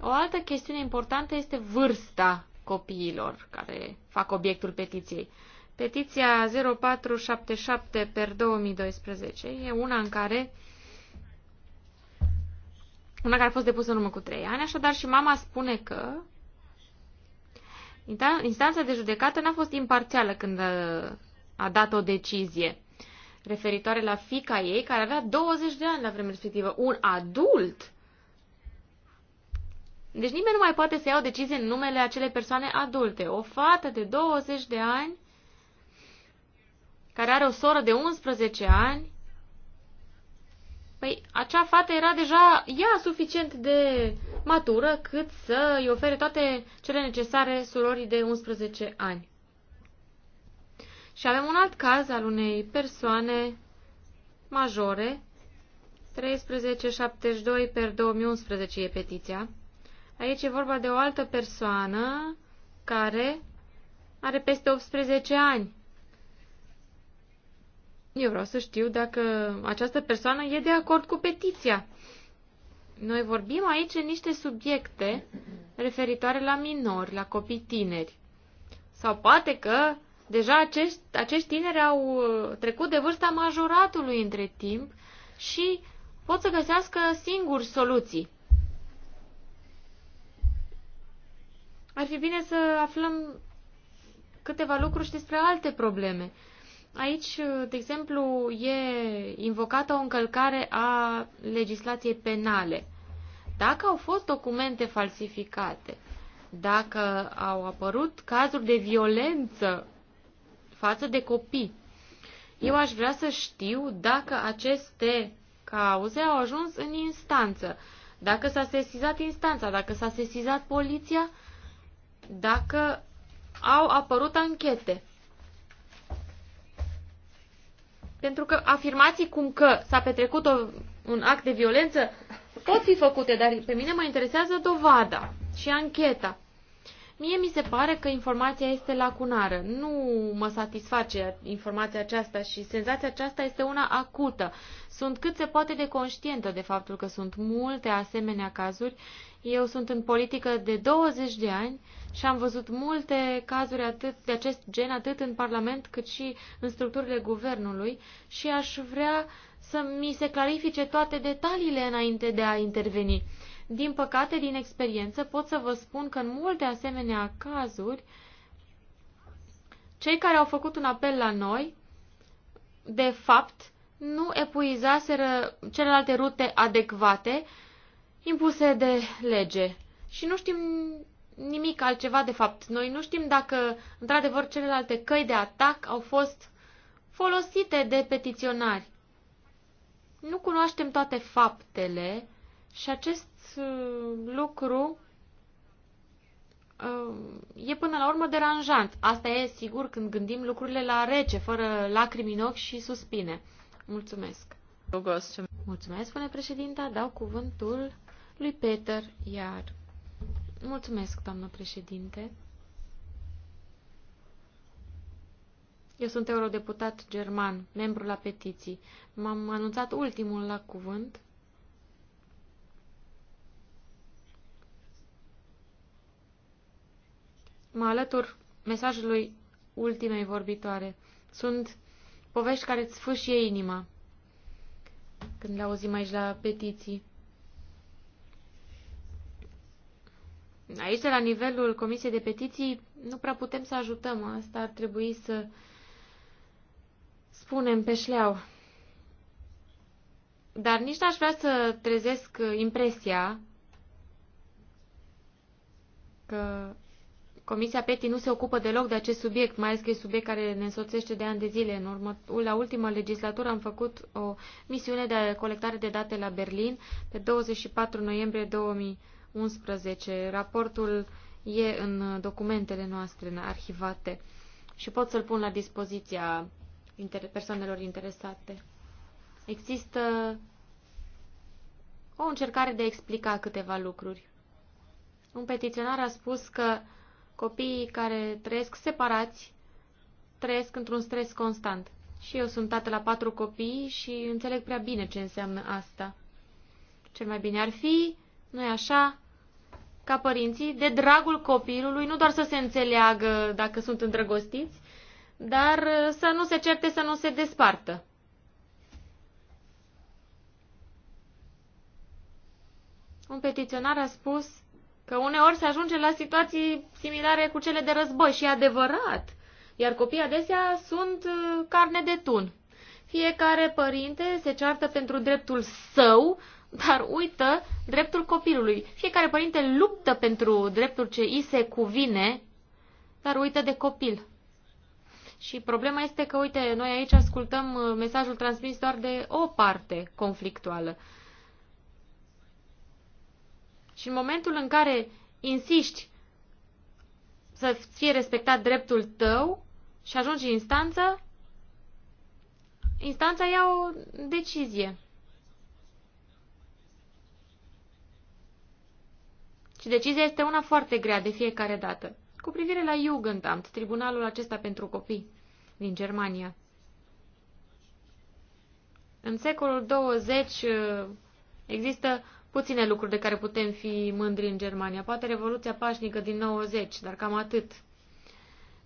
O altă chestiune importantă este vârsta copiilor care fac obiectul petiției. Petiția 0477 per 2012 e una în care una care a fost depusă în urmă cu trei ani, așadar și mama spune că instanța de judecată n-a fost imparțială când uh, a dat o decizie referitoare la fica ei, care avea 20 de ani la vremea respectivă, un adult. Deci nimeni nu mai poate să ia o decizie în numele acelei persoane adulte. O fată de 20 de ani, care are o soră de 11 ani, Păi, acea fată era deja ea suficient de matură cât să îi ofere toate cele necesare surorii de 11 ani. Și avem un alt caz al unei persoane majore, 1372 per 2011 e petiția. Aici e vorba de o altă persoană care are peste 18 ani eu vreau să știu dacă această persoană e de acord cu petiția. Noi vorbim aici în niște subiecte referitoare la minori, la copii tineri. Sau poate că deja acești, acești tineri au uh, trecut de vârsta majoratului între timp și pot să găsească singuri soluții. Ar fi bine să aflăm câteva lucruri și despre alte probleme. Aici, de exemplu, e invocată o încălcare a legislației penale. Dacă au fost documente falsificate, dacă au apărut cazuri de violență față de copii, eu aș vrea să știu dacă aceste cauze au ajuns în instanță, dacă s-a sesizat instanța, dacă s-a sesizat poliția, dacă au apărut anchete. Pentru că afirmații cum că s-a petrecut o, un act de violență pot fi făcute, dar pe mine mă interesează dovada și ancheta. Mie mi se pare că informația este lacunară. Nu mă satisface informația aceasta și senzația aceasta este una acută. Sunt cât se poate de conștientă de faptul că sunt multe asemenea cazuri. Eu sunt în politică de 20 de ani și am văzut multe cazuri atât de acest gen, atât în Parlament cât și în structurile guvernului și aș vrea să mi se clarifice toate detaliile înainte de a interveni. Din păcate, din experiență, pot să vă spun că în multe asemenea cazuri, cei care au făcut un apel la noi, de fapt, nu epuizaseră celelalte rute adecvate impuse de lege. Și nu știm nimic altceva de fapt. Noi nu știm dacă, într-adevăr, celelalte căi de atac au fost folosite de petiționari. Nu cunoaștem toate faptele și acest uh, lucru uh, e până la urmă deranjant. Asta e sigur când gândim lucrurile la rece, fără lacrimi în ochi și suspine. Mulțumesc. Mulțumesc, spune președinta. Dau cuvântul lui Peter iar. Mulțumesc, doamnă președinte. Eu sunt eurodeputat german, membru la petiții. M-am anunțat ultimul la cuvânt mă alătur mesajului ultimei vorbitoare. Sunt povești care îți fâșie inima când le auzim aici la petiții. Aici, la nivelul Comisiei de Petiții, nu prea putem să ajutăm. Asta ar trebui să spunem pe șleau. Dar nici n-aș vrea să trezesc impresia că Comisia PETI nu se ocupă deloc de acest subiect, mai ales că e subiect care ne însoțește de ani de zile. În urmă, la ultima legislatură am făcut o misiune de colectare de date la Berlin pe 24 noiembrie 2011. Raportul e în documentele noastre arhivate și pot să-l pun la dispoziția inter- persoanelor interesate. Există o încercare de a explica câteva lucruri. Un petiționar a spus că Copiii care trăiesc separați trăiesc într-un stres constant. Și eu sunt tată la patru copii și înțeleg prea bine ce înseamnă asta. Cel mai bine ar fi, nu e așa, ca părinții, de dragul copilului, nu doar să se înțeleagă dacă sunt îndrăgostiți, dar să nu se certe, să nu se despartă. Un petiționar a spus Că uneori se ajunge la situații similare cu cele de război și e adevărat. Iar copiii adesea sunt uh, carne de tun. Fiecare părinte se ceartă pentru dreptul său, dar uită dreptul copilului. Fiecare părinte luptă pentru dreptul ce îi se cuvine, dar uită de copil. Și problema este că, uite, noi aici ascultăm uh, mesajul transmis doar de o parte conflictuală. Și în momentul în care insiști să fie respectat dreptul tău și ajungi în instanță, instanța ia o decizie. Și decizia este una foarte grea de fiecare dată. Cu privire la Jugendamt, tribunalul acesta pentru copii din Germania. În secolul 20 uh, există puține lucruri de care putem fi mândri în Germania. Poate Revoluția Pașnică din 90, dar cam atât.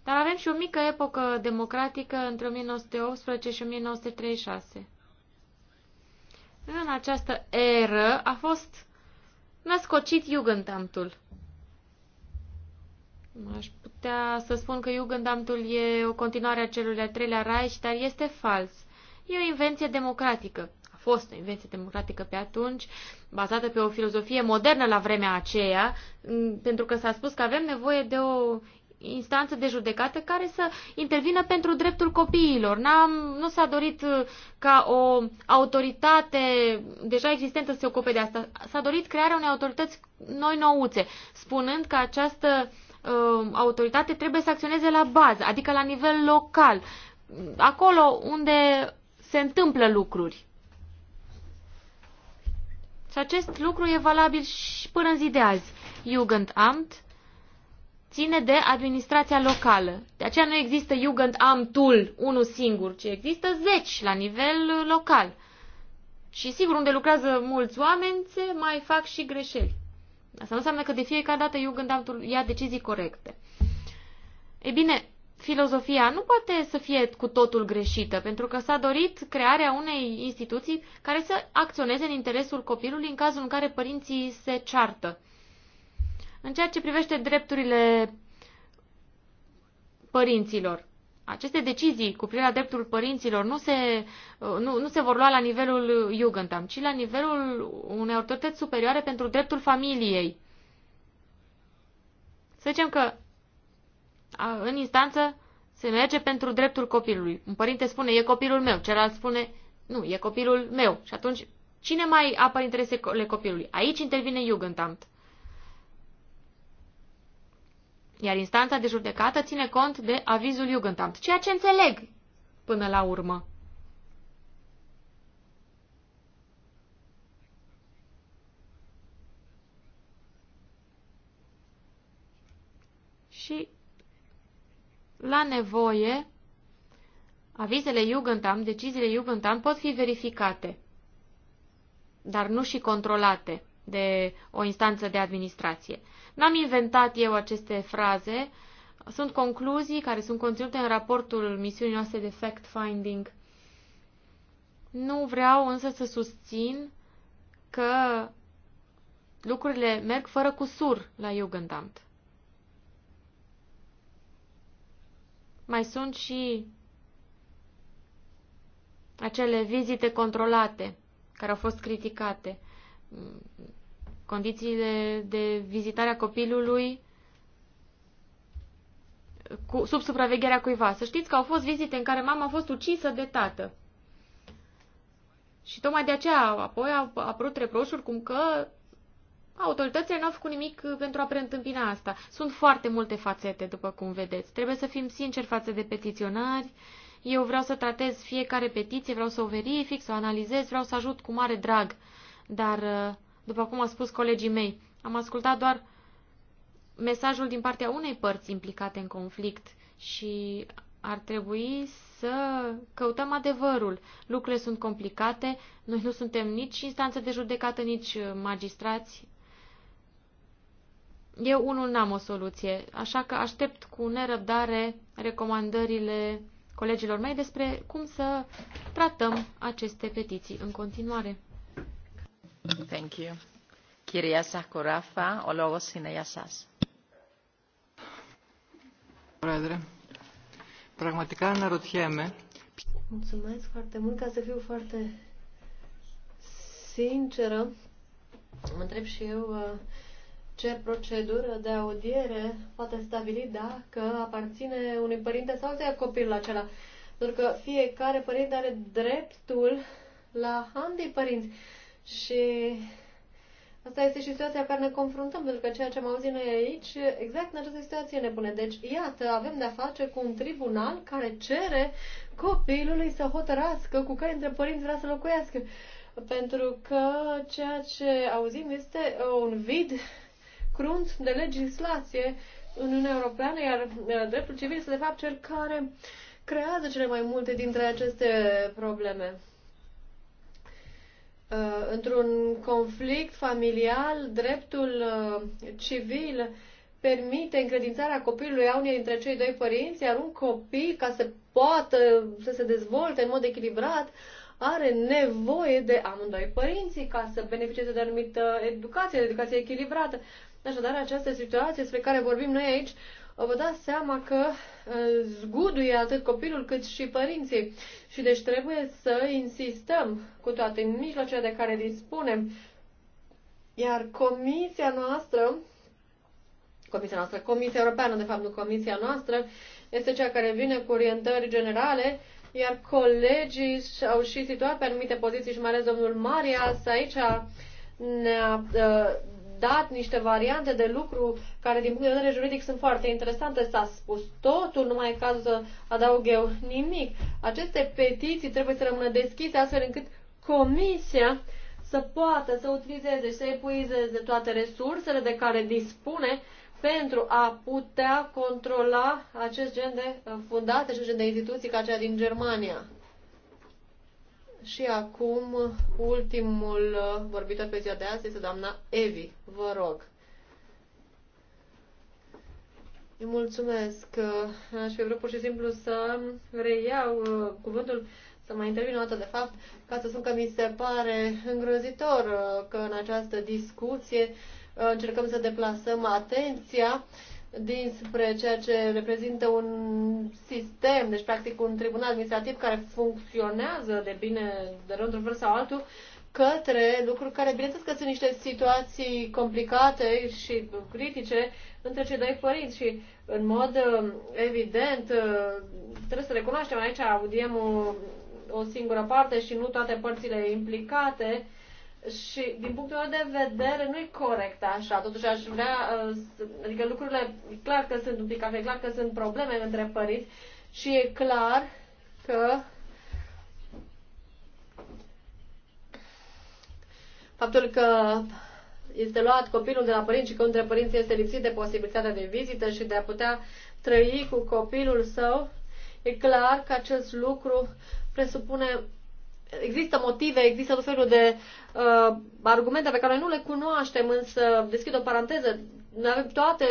Dar avem și o mică epocă democratică între 1918 și 1936. În această eră a fost născocit Jugendamtul. Aș putea să spun că Jugendamtul e o continuare a celui al treilea Reich, dar este fals. E o invenție democratică, fost o invenție democratică pe atunci, bazată pe o filozofie modernă la vremea aceea, mm, pentru că s-a spus că avem nevoie de o instanță de judecată care să intervină pentru dreptul copiilor. N-am, nu s-a dorit uh, ca o autoritate deja existentă să se ocupe de asta. S-a dorit crearea unei autorități noi nouțe, spunând că această uh, autoritate trebuie să acționeze la bază, adică la nivel local, acolo unde se întâmplă lucruri. Și acest lucru e valabil și până în zi de azi. Jugendamt ține de administrația locală. De aceea nu există Jugendamtul unul singur, ci există zeci la nivel local. Și sigur, unde lucrează mulți oameni, se mai fac și greșeli. Asta nu înseamnă că de fiecare dată Jugendamtul ia decizii corecte. E bine, filozofia nu poate să fie cu totul greșită, pentru că s-a dorit crearea unei instituții care să acționeze în interesul copilului în cazul în care părinții se ceartă. În ceea ce privește drepturile părinților, aceste decizii cu privire la dreptul părinților nu se, nu, nu se vor lua la nivelul Jugendamt, ci la nivelul unei autorități superioare pentru dreptul familiei. Să zicem că în instanță se merge pentru dreptul copilului. Un părinte spune, e copilul meu, celălalt spune, nu, e copilul meu. Și atunci, cine mai apără interesele copilului? Aici intervine Jugendamt. Iar instanța de judecată ține cont de avizul Jugendamt, ceea ce înțeleg până la urmă. Și la nevoie, avizele Jugendam, deciziile Jugendam pot fi verificate, dar nu și controlate de o instanță de administrație. N-am inventat eu aceste fraze, sunt concluzii care sunt conținute în raportul misiunii noastre de fact-finding. Nu vreau însă să susțin că lucrurile merg fără cusur la Jugendamt. Mai sunt și acele vizite controlate care au fost criticate. Condițiile de vizitare a copilului cu, sub supravegherea cuiva. Să știți că au fost vizite în care mama a fost ucisă de tată. Și tocmai de aceea apoi au apărut reproșuri cum că Autoritățile nu au făcut nimic uh, pentru a preîntâmpina asta. Sunt foarte multe fațete, după cum vedeți. Trebuie să fim sinceri față de petiționari. Eu vreau să tratez fiecare petiție, vreau să o verific, să o analizez, vreau să ajut cu mare drag. Dar, uh, după cum au spus colegii mei, am ascultat doar mesajul din partea unei părți implicate în conflict și ar trebui să căutăm adevărul. Lucrurile sunt complicate, noi nu suntem nici instanță de judecată, nici uh, magistrați, eu unul n-am o soluție, așa că aștept cu nerăbdare recomandările colegilor mei despre cum să tratăm aceste petiții în continuare. Thank you. Kiria Sakurafa, o logo sine για Prădere, pragmatica în arotieme. Mulțumesc foarte mult, ca să fiu foarte sinceră. Mă întreb și eu uh, cer procedură de audiere poate stabili dacă aparține unui părinte sau de copilul acela. Pentru că fiecare părinte are dreptul la ambii părinți. Și asta este și situația care ne confruntăm, pentru că ceea ce am auzit noi aici, exact în această situație ne pune. Deci, iată, avem de-a face cu un tribunal care cere copilului să hotărască cu care dintre părinți vrea să locuiască. Pentru că ceea ce auzim este un vid crunt de legislație în Uniunea Europeană, iar uh, dreptul civil este de fapt cel care creează cele mai multe dintre aceste probleme. Uh, într-un conflict familial, dreptul uh, civil permite încredințarea copilului a unei dintre cei doi părinți, iar un copil, ca să poată să se dezvolte în mod echilibrat, are nevoie de amândoi părinții ca să beneficieze de anumită educație, de educație echilibrată. Așadar, această situație despre care vorbim noi aici, vă dați seama că uh, zguduie atât copilul cât și părinții. Și deci trebuie să insistăm cu toate mijloacele de care dispunem. Iar comisia noastră, comisia noastră, comisia europeană, de fapt nu comisia noastră, este cea care vine cu orientări generale, iar colegii au și situat pe anumite poziții și mai ales domnul Marias aici ne-a uh, dat niște variante de lucru care, din punct de vedere juridic, sunt foarte interesante. S-a spus totul, nu mai e caz să adaug eu nimic. Aceste petiții trebuie să rămână deschise astfel încât Comisia să poată să utilizeze și să epuizeze toate resursele de care dispune pentru a putea controla acest gen de uh, fundate și gen de instituții ca cea din Germania. Și acum, ultimul uh, vorbitor pe ziua de azi este doamna Evi. Vă rog. Îi mulțumesc. Uh, aș fi vrut pur și simplu să reiau uh, cuvântul, să mai intervin o dată, de fapt, ca să spun că mi se pare îngrozitor că în această discuție încercăm să deplasăm atenția dinspre ceea ce reprezintă un sistem, deci practic un tribunal administrativ care funcționează de bine, de într-un fel sau altul, către lucruri care, bineînțeles că sunt niște situații complicate și critice între cei doi părinți și, în mod eh, evident, eh, trebuie să recunoaștem aici, audiem o, o singură parte și nu toate părțile implicate, și din punctul meu de vedere nu e corect așa. Totuși aș vrea, uh, adică lucrurile, clar că sunt e clar că sunt probleme între părinți și e clar că faptul că este luat copilul de la părinți și că între părinți este lipsit de posibilitatea de vizită și de a putea trăi cu copilul său, e clar că acest lucru presupune există motive, există tot felul de uh, argumente pe care noi nu le cunoaștem, însă deschid o paranteză, noi avem toate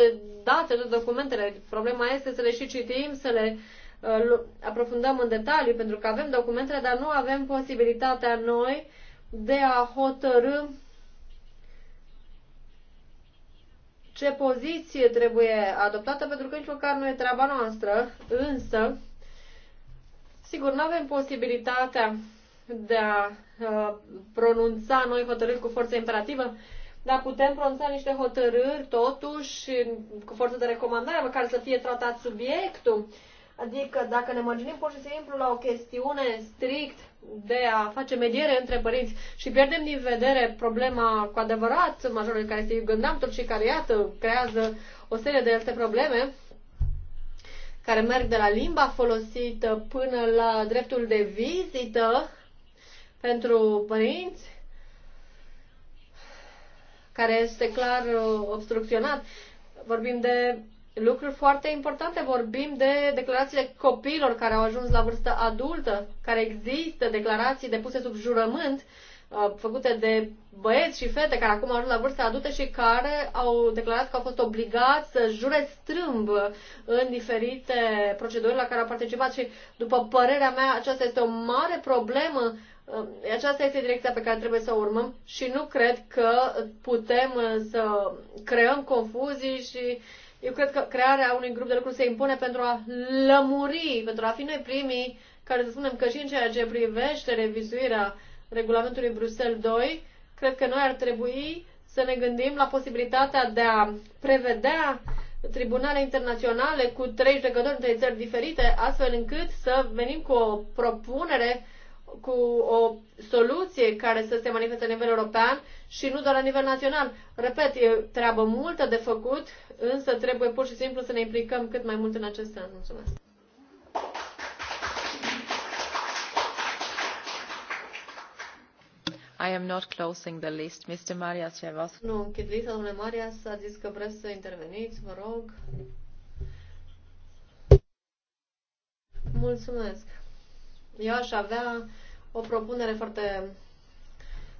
datele, toate documentele, problema este să le și citim, să le uh, aprofundăm în detaliu, pentru că avem documentele, dar nu avem posibilitatea noi de a hotărâ ce poziție trebuie adoptată, pentru că nici măcar nu e treaba noastră, însă, sigur, nu avem posibilitatea de a uh, pronunța noi hotărâri cu forță imperativă, dar putem pronunța niște hotărâri, totuși, cu forță de recomandare, măcar să fie tratat subiectul. Adică, dacă ne mărginim pur și simplu la o chestiune strict de a face mediere între părinți și pierdem din vedere problema cu adevărat majorului care este tot și care, iată, creează o serie de alte probleme, care merg de la limba folosită până la dreptul de vizită, pentru părinți, care este clar uh, obstrucționat. Vorbim de lucruri foarte importante, vorbim de declarațiile copiilor care au ajuns la vârstă adultă, care există declarații depuse sub jurământ, uh, făcute de băieți și fete care acum au ajuns la vârsta adultă și care au declarat că au fost obligați să jure strâmb în diferite proceduri la care au participat și, după părerea mea, aceasta este o mare problemă Uh, aceasta este direcția pe care trebuie să o urmăm și nu cred că putem uh, să creăm confuzii și eu cred că crearea unui grup de lucru se impune pentru a lămuri, pentru a fi noi primii care să spunem că și în ceea ce privește revizuirea regulamentului Bruxelles 2, cred că noi ar trebui să ne gândim la posibilitatea de a prevedea tribunale internaționale cu trei judecători între țări diferite, astfel încât să venim cu o propunere cu o soluție care să se manifeste la nivel european și nu doar la nivel național. Repet, e treabă multă de făcut, însă trebuie pur și simplu să ne implicăm cât mai mult în acest sens. Mulțumesc! I am not closing the list. Mr. Marias, you have asked... Nu închid lista, domnule Marias, a zis că vreți să interveniți, vă rog. Mulțumesc. Eu aș avea o propunere foarte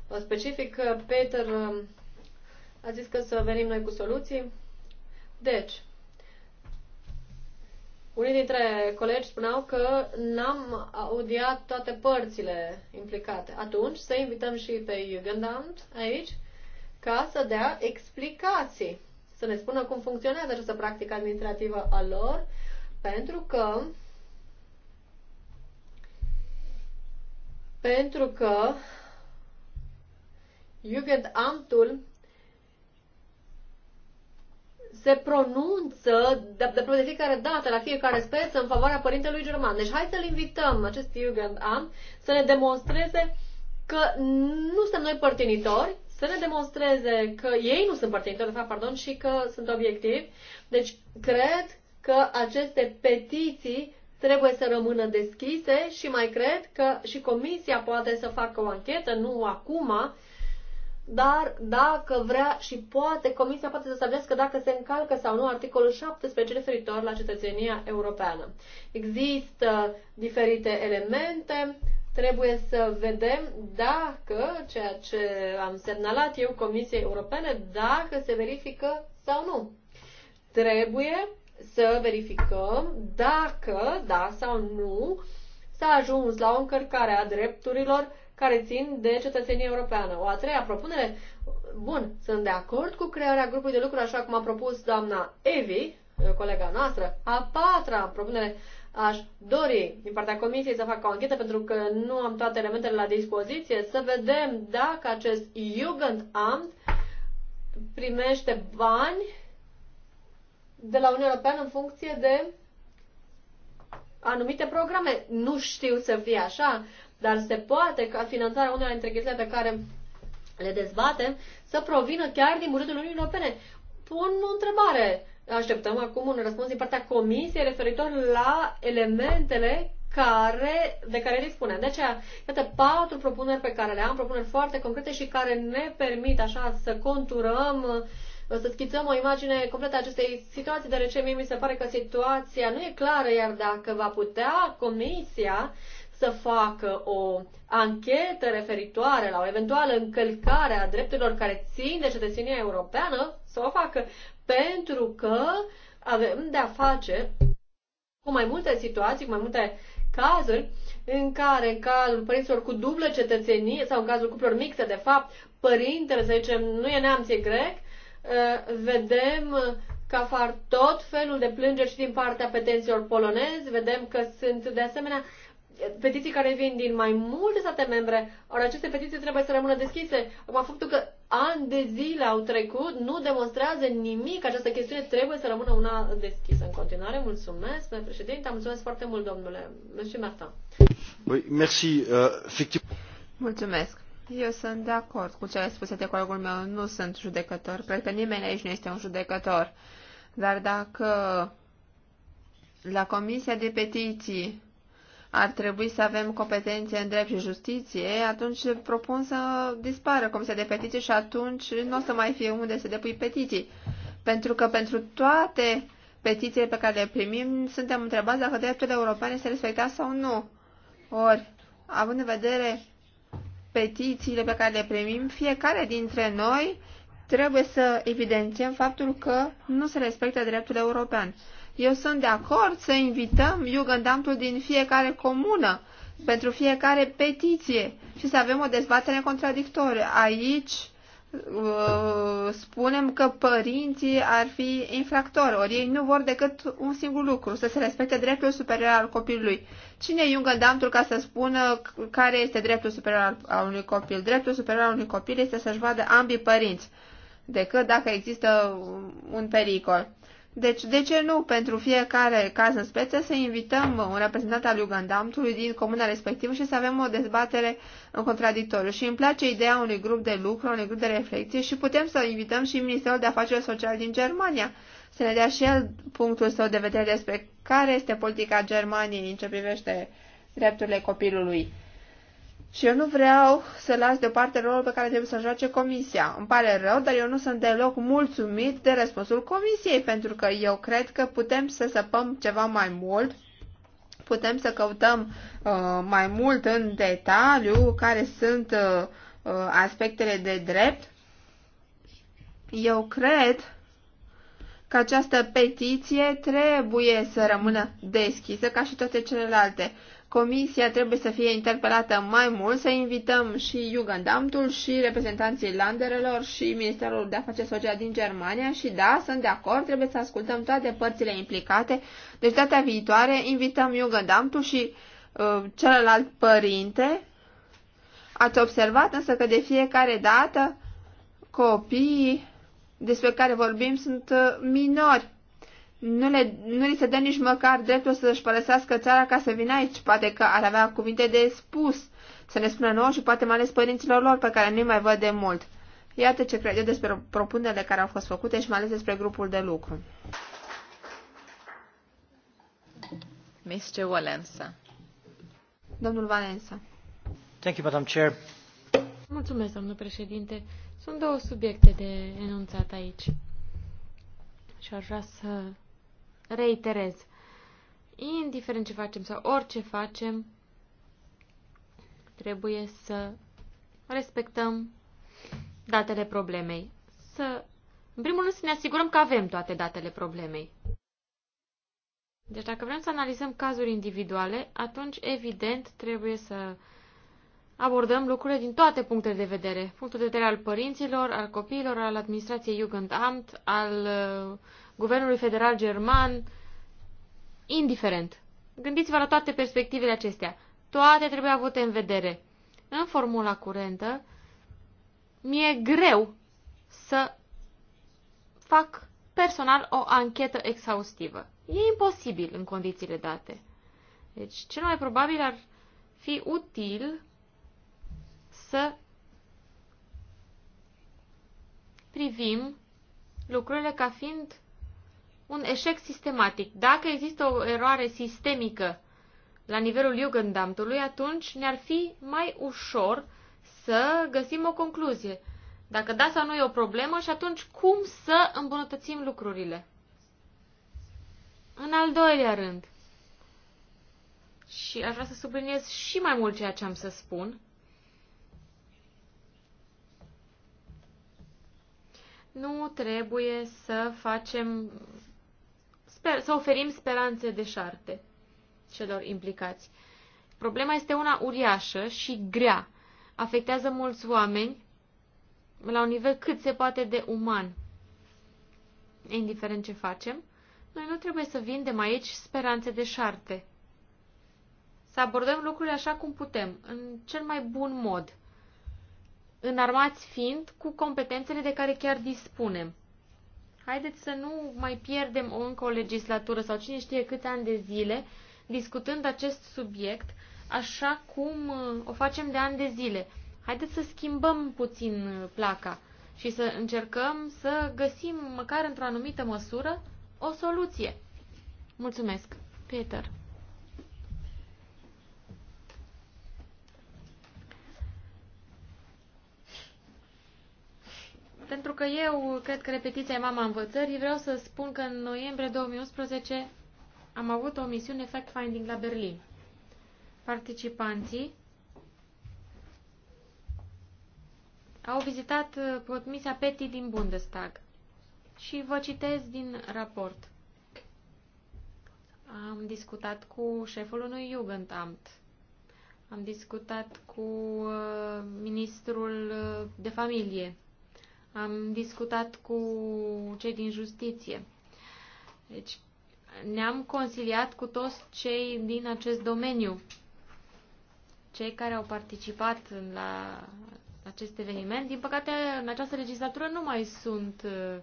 uh, specifică. Peter um, a zis că să venim noi cu soluții. Deci, unii dintre colegi spuneau că n-am audiat toate părțile implicate. Atunci să invităm și pe Jugendamt aici ca să dea explicații, să ne spună cum funcționează această practică administrativă a lor, pentru că pentru că Jugendamtul se pronunță de, de, de fiecare dată, la fiecare speță, în favoarea părintelui german. Deci hai să-l invităm, acest Jugendamt, să ne demonstreze că nu suntem noi părtinitori, să ne demonstreze că ei nu sunt părtinitori, de fapt, pardon, și că sunt obiectivi. Deci, cred că aceste petiții trebuie să rămână deschise și mai cred că și comisia poate să facă o anchetă, nu acum, dar dacă vrea și poate, comisia poate să stabilească dacă se încalcă sau nu articolul 17 referitor la cetățenia europeană. Există diferite elemente, trebuie să vedem dacă ceea ce am semnalat eu Comisiei Europene, dacă se verifică sau nu. Trebuie să verificăm dacă, da sau nu, s-a ajuns la o încărcare a drepturilor care țin de cetățenie europeană. O a treia propunere, bun, sunt de acord cu crearea grupului de lucru, așa cum a propus doamna Evi, colega noastră. A patra propunere, aș dori din partea comisiei să facă o anchetă pentru că nu am toate elementele la dispoziție, să vedem dacă acest Jugendamt primește bani de la Uniunea Europeană în funcție de anumite programe. Nu știu să fie așa, dar se poate ca finanțarea unora dintre chestiile pe care le dezbatem să provină chiar din bugetul Uniunii Europene. Pun o întrebare. Așteptăm acum un răspuns din partea Comisiei referitor la elementele care, de care spunem. De deci, aceea, iată patru propuneri pe care le am, propuneri foarte concrete și care ne permit așa să conturăm uh, să schițăm o imagine completă a acestei situații, deoarece mie mi se pare că situația nu e clară, iar dacă va putea Comisia să facă o anchetă referitoare la o eventuală încălcare a drepturilor care țin de cetățenia europeană, să o facă, pentru că avem de-a face cu mai multe situații, cu mai multe cazuri în care, în cazul părinților cu dublă cetățenie sau în cazul cuplurilor mixte, de fapt, părintele, să zicem, nu e neamț, e grec, Eh, vedem că apar tot felul de plângeri și din partea petenților polonezi, vedem că sunt de asemenea petiții care vin din mai multe state membre, ori aceste petiții trebuie să rămână deschise. Acum, faptul că ani de zile au trecut nu demonstrează nimic. Această chestiune trebuie să rămână una deschisă în continuare. Mulțumesc, domnule președinte. Mulțumesc foarte mult, domnule. Euh, mulțumesc, Marta. merci. Mulțumesc. Eu sunt de acord cu cele spuse de colegul meu. Nu sunt judecător. Cred că nimeni aici nu este un judecător. Dar dacă la Comisia de Petiții ar trebui să avem competențe în drept și justiție, atunci propun să dispară Comisia de Petiții și atunci nu o să mai fie unde să depui petiții. Pentru că pentru toate petițiile pe care le primim, suntem întrebați dacă drepturile europene se respectează sau nu. Ori, având în vedere petițiile pe care le primim, fiecare dintre noi trebuie să evidențiem faptul că nu se respectă dreptul european. Eu sunt de acord să invităm Jugendamtul din fiecare comună pentru fiecare petiție și să avem o dezbatere contradictorie. Aici Uh, spunem că părinții ar fi infractori, ori ei nu vor decât un singur lucru, să se respecte dreptul superior al copilului. Cine iungă în damtul ca să spună care este dreptul superior al unui copil? Dreptul superior al unui copil este să-și vadă ambii părinți, decât dacă există un pericol. Deci, de ce nu pentru fiecare caz în speță să invităm un reprezentant al Ugandamtului din comuna respectivă și să avem o dezbatere în contradictoriu. Și îmi place ideea unui grup de lucru, unui grup de reflexie și putem să invităm și Ministerul de Afaceri Sociale din Germania să ne dea și el punctul său de vedere despre care este politica Germaniei în ce privește drepturile copilului. Și eu nu vreau să las deoparte rolul pe care trebuie să joace comisia. Îmi pare rău, dar eu nu sunt deloc mulțumit de răspunsul comisiei, pentru că eu cred că putem să săpăm ceva mai mult, putem să căutăm uh, mai mult în detaliu care sunt uh, uh, aspectele de drept. Eu cred că această petiție trebuie să rămână deschisă ca și toate celelalte Comisia trebuie să fie interpelată mai mult, să invităm și Jugendamtul și reprezentanții landerelor și Ministerul de Afaceri Sociale din Germania și da, sunt de acord, trebuie să ascultăm toate părțile implicate. Deci data viitoare invităm Jugendamtul și uh, celălalt părinte. Ați observat însă că de fiecare dată copiii despre care vorbim sunt uh, minori nu, le, nu li se dă nici măcar dreptul să-și părăsească țara ca să vină aici. Poate că ar avea cuvinte de spus să ne spună nouă și poate mai ales părinților lor pe care nu-i mai văd de mult. Iată ce cred eu despre propunerile care au fost făcute și mai ales despre grupul de lucru. Mr. Valensa. Domnul Valensa. Thank you, Madam Chair. Mulțumesc, domnul președinte. Sunt două subiecte de enunțat aici. Și aș vrea să reiterez. Indiferent ce facem sau orice facem, trebuie să respectăm datele problemei. Să, în primul rând, să ne asigurăm că avem toate datele problemei. Deci dacă vrem să analizăm cazuri individuale, atunci, evident, trebuie să abordăm lucrurile din toate punctele de vedere. Punctul de vedere al părinților, al copiilor, al administrației Jugendamt, al guvernului federal german, indiferent. Gândiți-vă la toate perspectivele acestea. Toate trebuie avute în vedere. În formula curentă, mi-e greu să fac personal o anchetă exhaustivă. E imposibil în condițiile date. Deci, cel mai probabil ar fi util să privim lucrurile ca fiind un eșec sistematic. Dacă există o eroare sistemică la nivelul Jugendamtului, atunci ne-ar fi mai ușor să găsim o concluzie. Dacă da sau nu e o problemă și atunci cum să îmbunătățim lucrurile? În al doilea rând, și aș vrea să subliniez și mai mult ceea ce am să spun, nu trebuie să facem sper, să oferim speranțe de șarte celor implicați. Problema este una uriașă și grea. Afectează mulți oameni la un nivel cât se poate de uman. Indiferent ce facem, noi nu trebuie să vindem aici speranțe de șarte. Să abordăm lucrurile așa cum putem, în cel mai bun mod, înarmați fiind cu competențele de care chiar dispunem. Haideți să nu mai pierdem o încă o legislatură sau cine știe câte ani de zile discutând acest subiect așa cum uh, o facem de ani de zile. Haideți să schimbăm puțin uh, placa și să încercăm să găsim, măcar într-o anumită măsură, o soluție. Mulțumesc, Peter. pentru că eu cred că repetiția e mama învățării. Vreau să spun că în noiembrie 2011 am avut o misiune fact-finding la Berlin. Participanții au vizitat uh, comisia PETI din Bundestag. Și vă citez din raport. Am discutat cu șeful unui Jugendamt. Am discutat cu uh, ministrul uh, de familie. Am discutat cu cei din justiție. Deci ne-am conciliat cu toți cei din acest domeniu, cei care au participat la acest eveniment. Din păcate, în această legislatură nu mai sunt uh,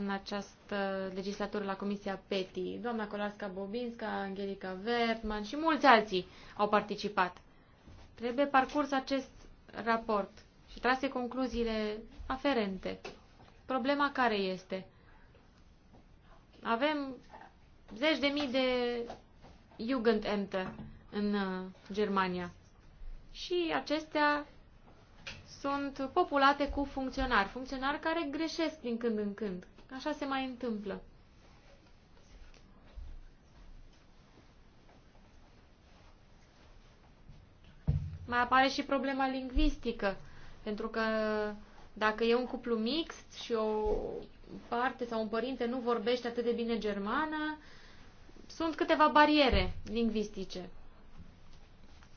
în această legislatură la Comisia PETI. Doamna Colasca Bobinska, Angelica Vertman și mulți alții au participat. Trebuie parcurs acest raport și trase concluziile aferente. Problema care este? Avem zeci de mii de Jugendämter în uh, Germania și acestea sunt populate cu funcționari, funcționari care greșesc din când în când. Așa se mai întâmplă. Mai apare și problema lingvistică. Pentru că dacă e un cuplu mixt și o parte sau un părinte nu vorbește atât de bine germană, sunt câteva bariere lingvistice.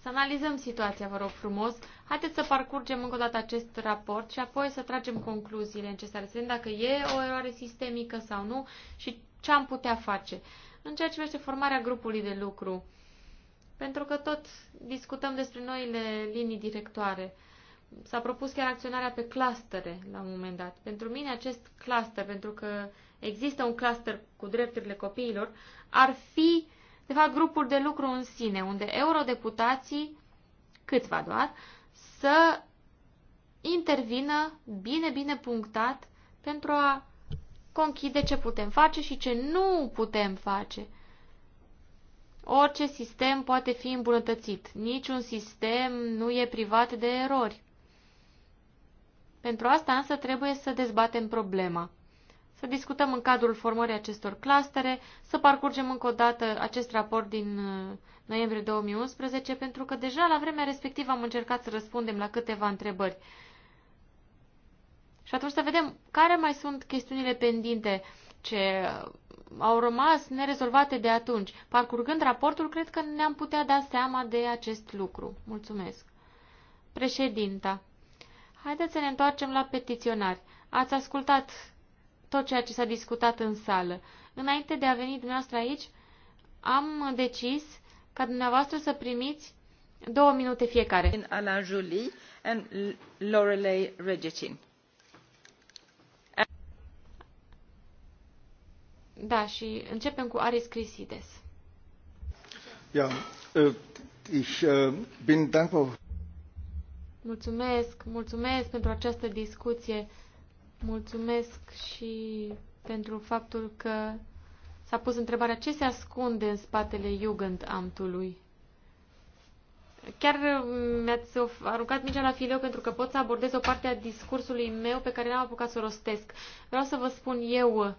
Să analizăm situația, vă rog frumos. Haideți să parcurgem încă o dată acest raport și apoi să tragem concluziile necesare, să vedem dacă e o eroare sistemică sau nu și ce am putea face. În ceea ce privește formarea grupului de lucru, pentru că tot discutăm despre noile linii directoare. S-a propus chiar acționarea pe clustere la un moment dat. Pentru mine acest cluster, pentru că există un cluster cu drepturile copiilor, ar fi, de fapt, grupuri de lucru în sine, unde eurodeputații, câțiva doar, să intervină bine, bine punctat pentru a conchide ce putem face și ce nu putem face. Orice sistem poate fi îmbunătățit. Niciun sistem nu e privat de erori. Pentru asta însă trebuie să dezbatem problema, să discutăm în cadrul formării acestor clastere, să parcurgem încă o dată acest raport din uh, noiembrie 2011, pentru că deja la vremea respectivă am încercat să răspundem la câteva întrebări. Și atunci să vedem care mai sunt chestiunile pendinte ce uh, au rămas nerezolvate de atunci. Parcurgând raportul, cred că ne-am putea da seama de acest lucru. Mulțumesc. Președinta, Haideți să ne întoarcem la petiționari. Ați ascultat tot ceea ce s-a discutat în sală. Înainte de a veni dumneavoastră aici, am decis ca dumneavoastră să primiți două minute fiecare. Alain Jolie and Lorelei Regecin. Da, și începem cu Aris Crisides. Ja, äh, ich äh, bin dankbar Mulțumesc, mulțumesc pentru această discuție. Mulțumesc și pentru faptul că s-a pus întrebarea ce se ascunde în spatele Jugendamtului. Chiar uh, mi-ați aruncat mingea la fileu pentru că pot să abordez o parte a discursului meu pe care n-am apucat să o rostesc. Vreau să vă spun eu,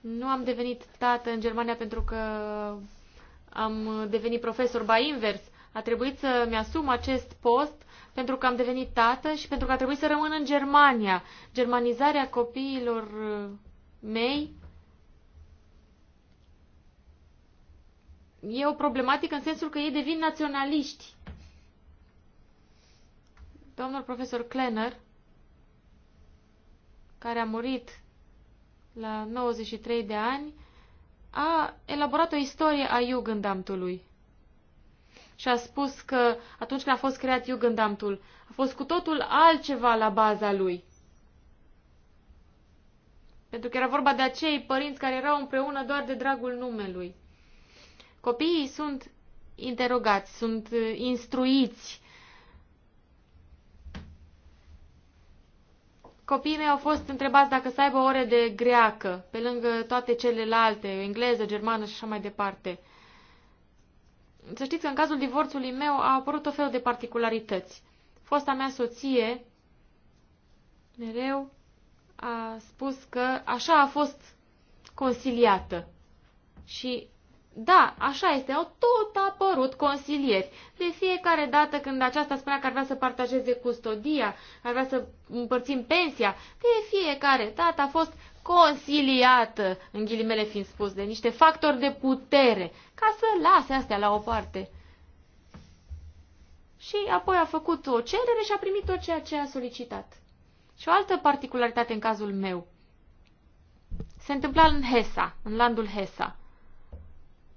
nu am devenit tată în Germania pentru că am devenit profesor, ba invers. A trebuit să-mi asum acest post pentru că am devenit tată și pentru că a trebuit să rămân în Germania. Germanizarea copiilor uh, mei e o problematică în sensul că ei devin naționaliști. Domnul profesor Klenner, care a murit la 93 de ani, a elaborat o istorie a Jugendamtului și a spus că atunci când a fost creat Jugendamtul, a fost cu totul altceva la baza lui. Pentru că era vorba de acei părinți care erau împreună doar de dragul numelui. Copiii sunt interogați, sunt uh, instruiți. Copiii mei au fost întrebați dacă să aibă ore de greacă, pe lângă toate celelalte, engleză, germană și așa mai departe. Să știți că în cazul divorțului meu a apărut o fel de particularități. Fosta mea soție mereu a spus că așa a fost consiliată. Și da, așa este, au tot apărut consilieri. De fiecare dată când aceasta spunea că ar vrea să partajeze custodia, ar vrea să împărțim pensia, de fiecare dată a fost consiliată, în ghilimele fiind spus, de niște factori de putere, ca să lase astea la o parte. Și apoi a făcut o cerere și a primit tot ceea ce a solicitat. Și o altă particularitate în cazul meu. Se întâmpla în Hesa, în landul Hesa.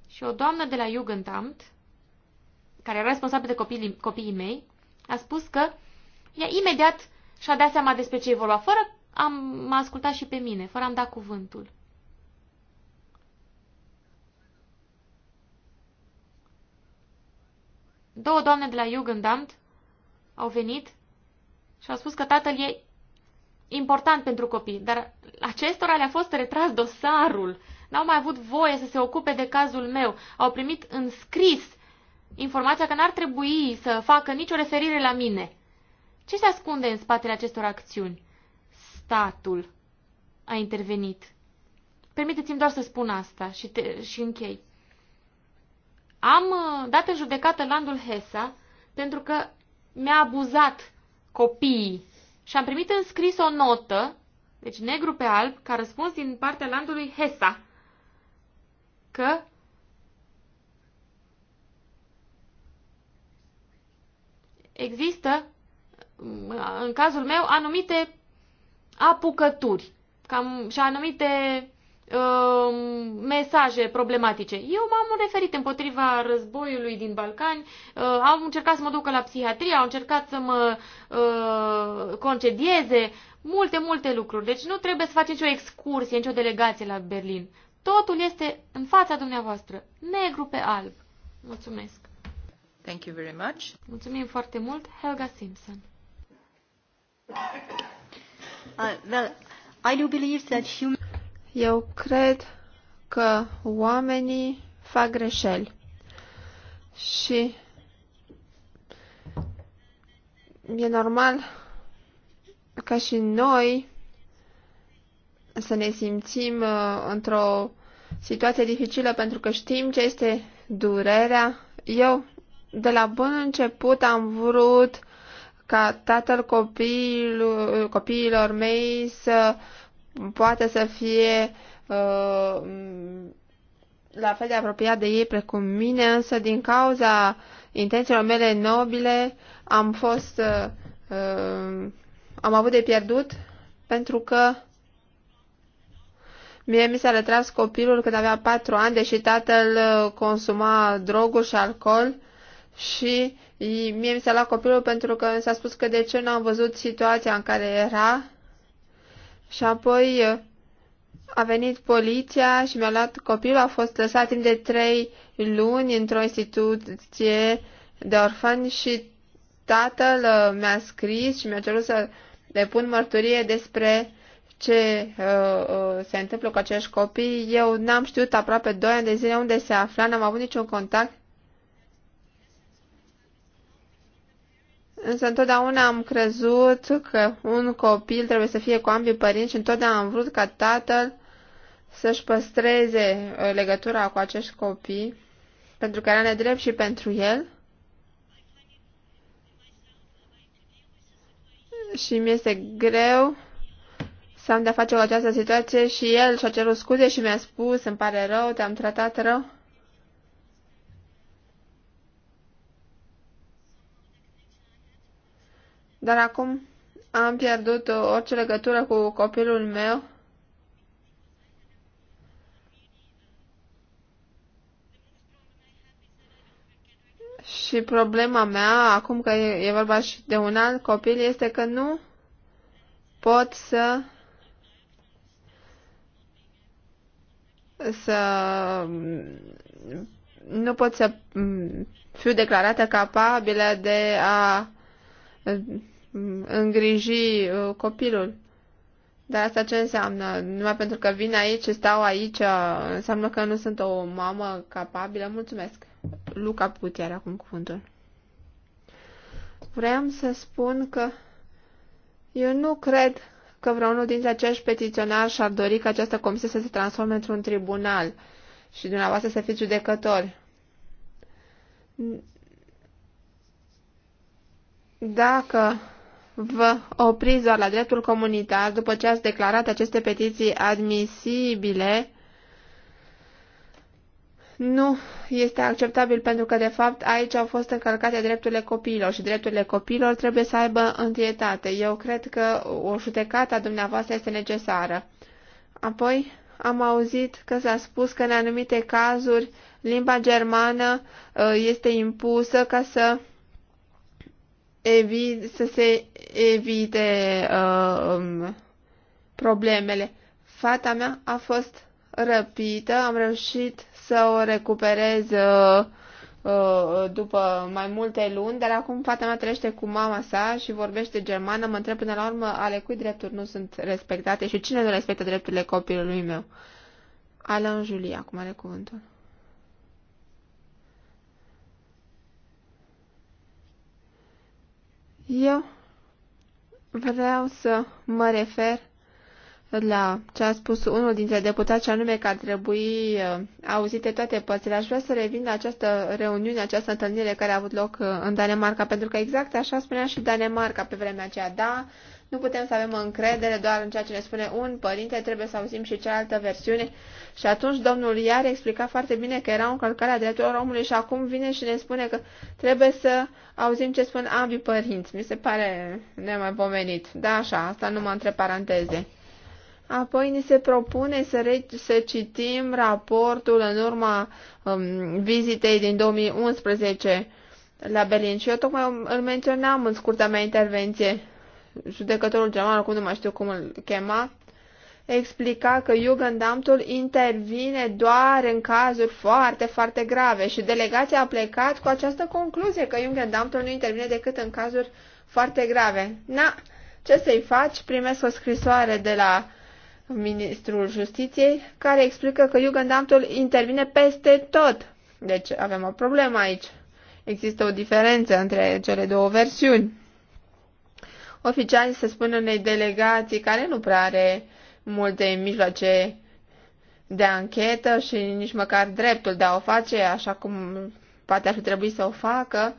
Și o doamnă de la Jugendamt, care era responsabilă de copiii, copiii mei, a spus că ea imediat și-a dat seama despre ce e vorba, fără am, m-a ascultat și pe mine, fără am da cuvântul. Două doamne de la Jugendamt au venit și au spus că tatăl e important pentru copii, dar acestora le-a fost retras dosarul. N-au mai avut voie să se ocupe de cazul meu. Au primit în scris informația că n-ar trebui să facă nicio referire la mine. Ce se ascunde în spatele acestor acțiuni? statul a intervenit. Permiteți-mi doar să spun asta și, te, și închei. Am uh, dat în judecată landul Hesa pentru că mi-a abuzat copiii și am primit în scris o notă, deci negru pe alb, ca răspuns din partea landului Hesa, că există, uh, în cazul meu, anumite apucături cam, și anumite uh, mesaje problematice. Eu m-am referit împotriva războiului din Balcani, uh, am încercat să mă ducă la psihiatrie, au încercat să mă uh, concedieze, multe, multe lucruri. Deci nu trebuie să faceți nicio excursie, nicio delegație la Berlin. Totul este în fața dumneavoastră, negru pe alb. Mulțumesc. Thank you very much. Mulțumim foarte mult, Helga Simpson. Uh, Eu cred că oamenii fac greșeli și e normal ca și noi să ne simțim uh, într-o situație dificilă pentru că știm ce este durerea. Eu, de la bun început, am vrut ca tatăl copil, copiilor mei să poată să fie uh, la fel de apropiat de ei precum mine, însă din cauza intențiilor mele nobile am fost uh, uh am avut de pierdut pentru că Mie mi s-a retras copilul când avea patru ani, deși tatăl uh, consuma droguri și alcool și mie mi s-a luat copilul pentru că s-a spus că de ce nu am văzut situația în care era și apoi uh, a venit poliția și mi-a luat copilul, a fost lăsat timp de trei luni într-o instituție de orfani și tatăl uh, mi-a scris și mi-a cerut să depun mărturie despre ce uh, uh, se întâmplă cu acești copii. Eu n-am știut aproape doi ani de zile unde se afla, n-am avut niciun contact Însă întotdeauna am crezut că un copil trebuie să fie cu ambii părinți și întotdeauna am vrut ca tatăl să-și păstreze uh, legătura cu acești copii, pentru că era nedrept și pentru el. Și mi este greu să am de-a face cu această situație și el și-a cerut scuze și mi-a spus, îmi pare rău, te-am tratat rău. Dar acum am pierdut orice legătură cu copilul meu. Și problema mea, acum că e vorba și de un alt copil, este că nu pot să să nu pot să fiu declarată capabilă de a îngriji uh, copilul. Dar asta ce înseamnă? Numai pentru că vin aici stau aici, înseamnă că nu sunt o mamă capabilă? Mulțumesc. Luca Putiar, acum cuvântul. Vreau să spun că eu nu cred că vreunul dintre acești petiționari și-ar dori ca această comisie să se transforme într-un tribunal și dumneavoastră să fiți judecători. Dacă vă opriți doar la dreptul comunitar după ce ați declarat aceste petiții admisibile, nu este acceptabil pentru că, de fapt, aici au fost încălcate drepturile copiilor și drepturile copiilor trebuie să aibă întrietate. Eu cred că o judecată a dumneavoastră este necesară. Apoi am auzit că s-a spus că în anumite cazuri limba germană uh, este impusă ca să evi- să se evite uh, um, problemele. Fata mea a fost răpită, am reușit să o recuperez uh, uh, după mai multe luni, dar acum fata mea trăiește cu mama sa și vorbește germană. Mă întreb până la urmă ale cui drepturi nu sunt respectate și cine nu respectă drepturile copilului meu. Alain Julia. acum are cuvântul. Eu vreau să mă refer la ce a spus unul dintre deputați, și anume că ar trebui uh, auzite toate părțile. Aș vrea să revin la această reuniune, această întâlnire care a avut loc uh, în Danemarca, pentru că exact așa spunea și Danemarca pe vremea aceea. Da, nu putem să avem încredere doar în ceea ce ne spune un părinte, trebuie să auzim și cealaltă versiune. Și atunci domnul Iar explica foarte bine că era o încălcare a drepturilor omului și acum vine și ne spune că trebuie să auzim ce spun ambii părinți. Mi se pare nemaipomenit. Da, așa, asta numai între paranteze. Apoi ni se propune să, re- să citim raportul în urma um, vizitei din 2011 la Berlin și eu tocmai îl menționam în scurta mea intervenție judecătorul german, acum nu mai știu cum îl chema, explica că Jugendamtul intervine doar în cazuri foarte, foarte grave și delegația a plecat cu această concluzie că Jugendamtul nu intervine decât în cazuri foarte grave. Na, ce să-i faci? Primesc o scrisoare de la Ministrul Justiției care explică că Jugendamtul intervine peste tot. Deci avem o problemă aici. Există o diferență între cele două versiuni oficiali, să spun, unei delegații care nu prea are multe mijloace de anchetă și nici măcar dreptul de a o face așa cum poate ar fi trebuit să o facă.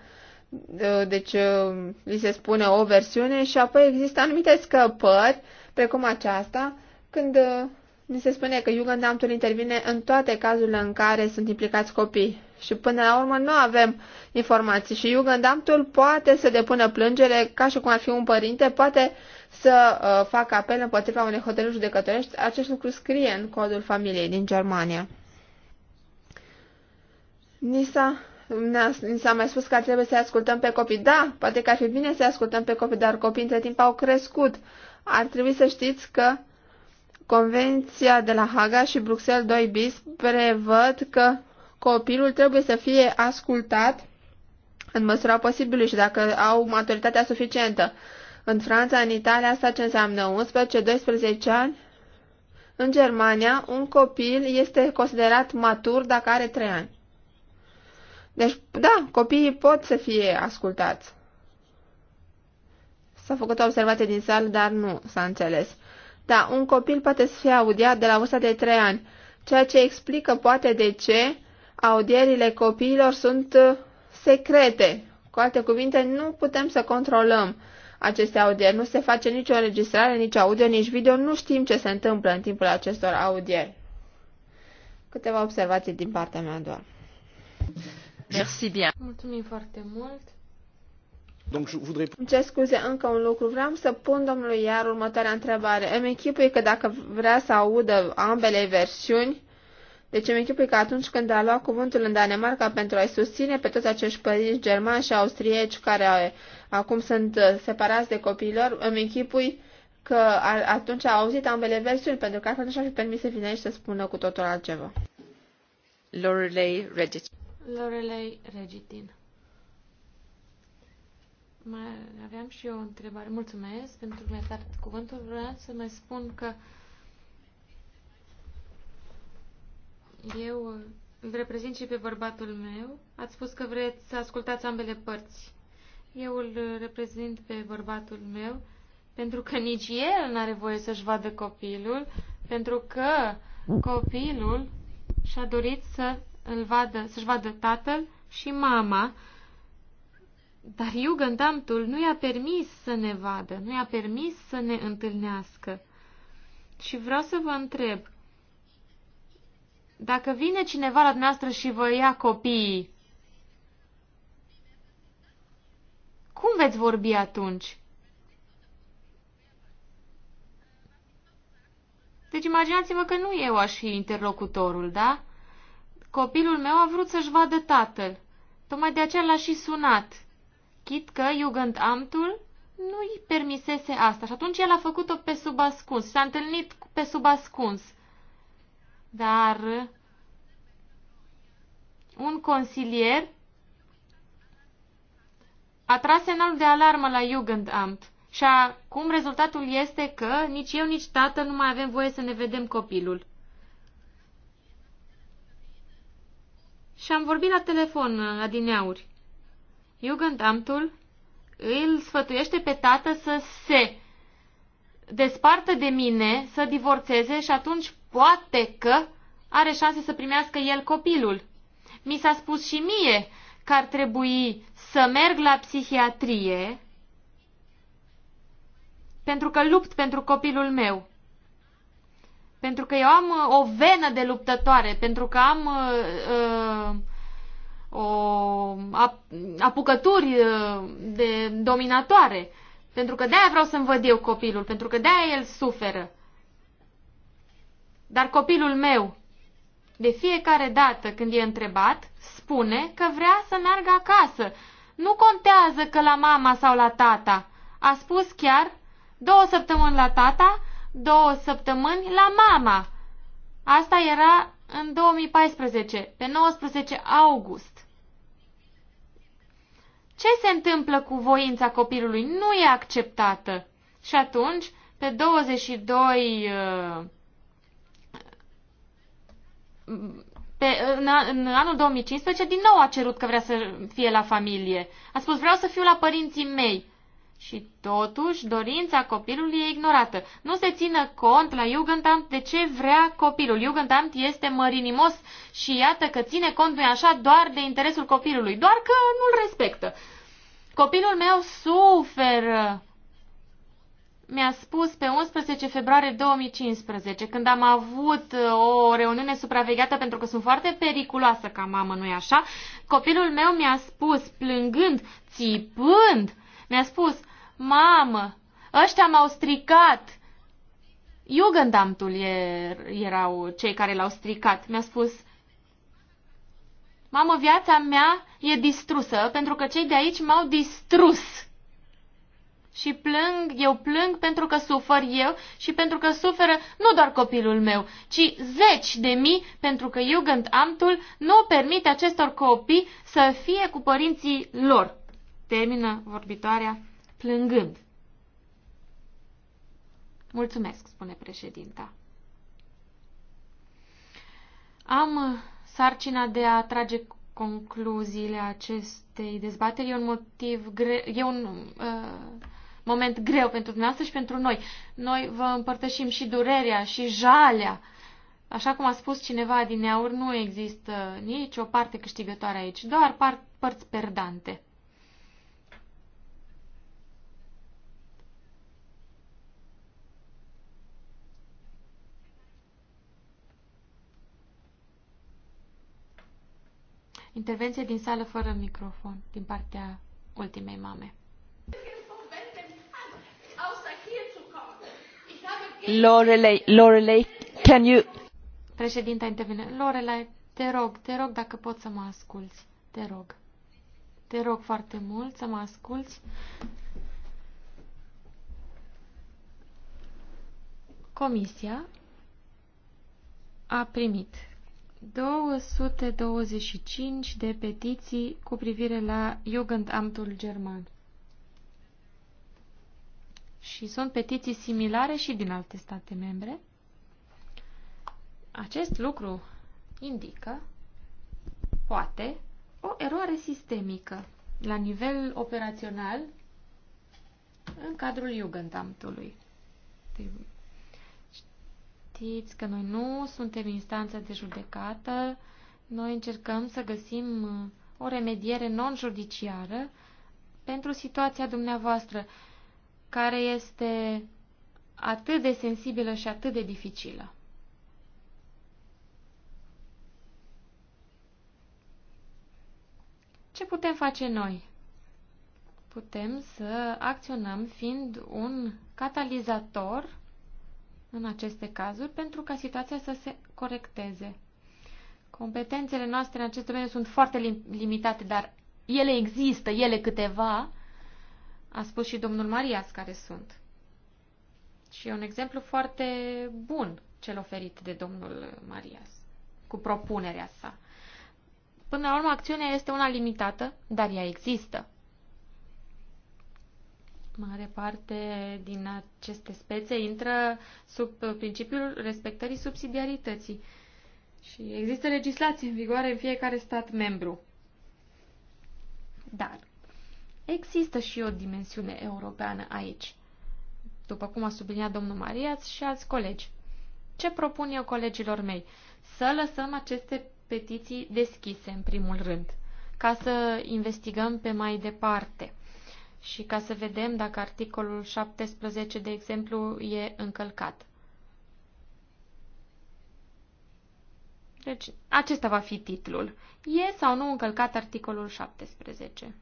Uh, deci uh, li se spune o versiune și apoi există anumite scăpări, precum aceasta, când uh, Ni se spune că Jugendamtul intervine în toate cazurile în care sunt implicați copii și până la urmă nu avem informații și Jugendamtul poate să depună plângere ca și cum ar fi un părinte, poate să uh, facă apel împotriva unei hotărâri judecătorești. Acest lucru scrie în codul familiei din Germania. Nisa ni s-a mai spus că trebuie să ascultăm pe copii. Da, poate că ar fi bine să ascultăm pe copii, dar copiii între timp au crescut. Ar trebui să știți că Convenția de la Haga și Bruxelles 2 bis prevăd că copilul trebuie să fie ascultat în măsura posibilă și dacă au maturitatea suficientă. În Franța, în Italia, asta ce înseamnă 11-12 ani? În Germania, un copil este considerat matur dacă are 3 ani. Deci, da, copiii pot să fie ascultați. S-a făcut o observație din sală, dar nu s-a înțeles. Da, un copil poate să fie audiat de la vârsta de 3 ani, ceea ce explică poate de ce audierile copiilor sunt uh, secrete. Cu alte cuvinte, nu putem să controlăm aceste audieri. Nu se face nicio înregistrare, nici audio, nici video. Nu știm ce se întâmplă în timpul acestor audieri. Câteva observații din partea mea doar. Merci bien. Mulțumim foarte mult. Îmi cer scuze încă un lucru. Vreau să pun domnului Iar următoarea întrebare. Îmi închipui că dacă vrea să audă ambele versiuni, deci îmi închipui că atunci când a luat cuvântul în Danemarca pentru a-i susține pe toți acești părinți germani și austrieci care uh, acum sunt uh, separați de copiilor, îmi închipui că atunci a auzit ambele versiuni, pentru că altfel nu și-ar fi permis să vină aici să spună cu totul altceva. Lorelei Regitin. Lorelei Regitin. Mai aveam și eu o întrebare. Mulțumesc pentru că mi-a dat cuvântul. Vreau să mai spun că eu îl reprezint și pe bărbatul meu. Ați spus că vreți să ascultați ambele părți. Eu îl reprezint pe bărbatul meu pentru că nici el nu are voie să-și vadă copilul, pentru că copilul și-a dorit să l vadă, să-și vadă tatăl și mama dar Jugendamtul nu i-a permis să ne vadă, nu i-a permis să ne întâlnească. Și vreau să vă întreb, dacă vine cineva la dumneavoastră și vă ia copiii, cum veți vorbi atunci? Deci imaginați-vă că nu eu aș fi interlocutorul, da? Copilul meu a vrut să-și vadă tatăl. Tocmai de aceea l-a și sunat. Chit că Jugendamtul nu-i permisese asta și atunci el a făcut-o pe subascuns. S-a întâlnit pe subascuns. Dar un consilier a tras semnalul de alarmă la Jugendamt și acum rezultatul este că nici eu, nici tată nu mai avem voie să ne vedem copilul. Și am vorbit la telefon adineauri. Jugendamtul îl sfătuiește pe tată să se despartă de mine, să divorțeze și atunci poate că are șanse să primească el copilul. Mi s-a spus și mie că ar trebui să merg la psihiatrie pentru că lupt pentru copilul meu. Pentru că eu am uh, o venă de luptătoare, pentru că am uh, uh o apucături uh, de dominatoare. Pentru că de-aia vreau să-mi văd eu copilul, pentru că de-aia el suferă. Dar copilul meu, de fiecare dată când e întrebat, spune că vrea să meargă acasă. Nu contează că la mama sau la tata. A spus chiar două săptămâni la tata, două săptămâni la mama. Asta era în 2014, pe 19 august ce se întâmplă cu voința copilului? Nu e acceptată. Și atunci, pe 22 uh, pe, în, în anul 2015 din nou a cerut că vrea să fie la familie. A spus vreau să fiu la părinții mei. Și totuși, dorința copilului e ignorată. Nu se țină cont la Jugendamt de ce vrea copilul. Jugendamt este mărinimos și iată că ține cont, nu așa, doar de interesul copilului, doar că nu-l respectă. Copilul meu suferă, mi-a spus pe 11 februarie 2015, când am avut uh, o reuniune supravegheată pentru că sunt foarte periculoasă ca mamă, nu-i așa? Copilul meu mi-a spus, plângând, țipând, mi-a spus, Mamă, ăștia m-au stricat! Jugendamtul er, erau cei care l-au stricat. Mi-a spus, mamă, viața mea e distrusă pentru că cei de aici m-au distrus. Și plâng, eu plâng pentru că sufăr eu și pentru că suferă nu doar copilul meu, ci zeci de mii pentru că Jugendamtul nu permite acestor copii să fie cu părinții lor. Termină vorbitoarea plângând. Mulțumesc, spune președinta. Am uh, sarcina de a trage concluziile acestei dezbateri. E un motiv greu, e un uh, moment greu pentru dumneavoastră și pentru noi. Noi vă împărtășim și durerea și jalea. Așa cum a spus cineva din aur, nu există nici o parte câștigătoare aici, doar par- părți perdante. Intervenție din sală fără microfon din partea ultimei mame. Lorelei, Lorelei, can you... Președinta intervine. Lorelei, te rog, te rog dacă poți să mă asculți. Te rog. Te rog foarte mult să mă asculți. Comisia a primit 225 de petiții cu privire la Jugendamtul German. Și sunt petiții similare și din alte state membre. Acest lucru indică, poate, o eroare sistemică la nivel operațional în cadrul Jugendamtului. Deci, știți că noi nu suntem instanță de judecată, noi încercăm să găsim uh, o remediere non-judiciară pentru situația dumneavoastră, care este atât de sensibilă și atât de dificilă. Ce putem face noi? Putem să acționăm fiind un catalizator în aceste cazuri pentru ca situația să se corecteze. Competențele noastre în acest domeniu sunt foarte limitate, dar ele există, ele câteva, a spus și domnul Marias care sunt. Și e un exemplu foarte bun cel oferit de domnul Marias, cu propunerea sa. Până la urmă, acțiunea este una limitată, dar ea există. Mare parte din aceste spețe intră sub principiul respectării subsidiarității. Și există legislație în vigoare în fiecare stat membru. Dar există și o dimensiune europeană aici, după cum a subliniat domnul Mariaț și alți colegi. Ce propun eu colegilor mei? Să lăsăm aceste petiții deschise, în primul rând, ca să investigăm pe mai departe și ca să vedem dacă articolul 17, de exemplu, e încălcat. Deci, acesta va fi titlul. E sau nu încălcat articolul 17?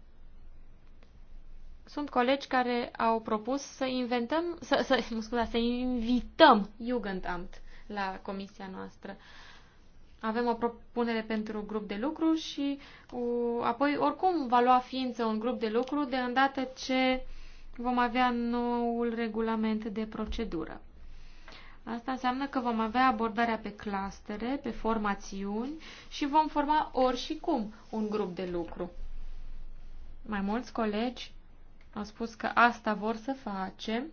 Sunt colegi care au propus să inventăm, să, să, scuza, să invităm Jugendamt la comisia noastră. Uh, avem o propunere pentru grup de lucru și uh, apoi oricum va lua ființă un grup de lucru de îndată ce vom avea noul regulament de procedură. Asta înseamnă că vom avea abordarea pe clastere, pe formațiuni și vom forma ori și cum un grup de lucru. Mai mulți colegi au spus că asta vor să facem.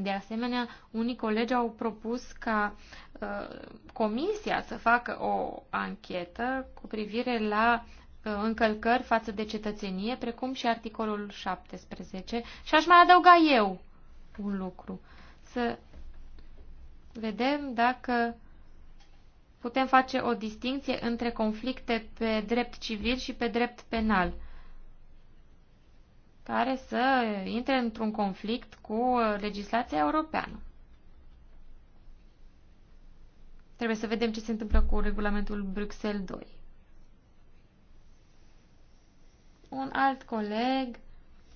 De asemenea, unii colegi au propus ca Uh, comisia să facă o anchetă cu privire la uh, încălcări față de cetățenie, precum și articolul 17. Și aș mai adăuga eu un lucru. Să vedem dacă putem face o distinție între conflicte pe drept civil și pe drept penal, care să intre într-un conflict cu legislația europeană. Trebuie să vedem ce se întâmplă cu regulamentul Bruxelles 2. Un alt coleg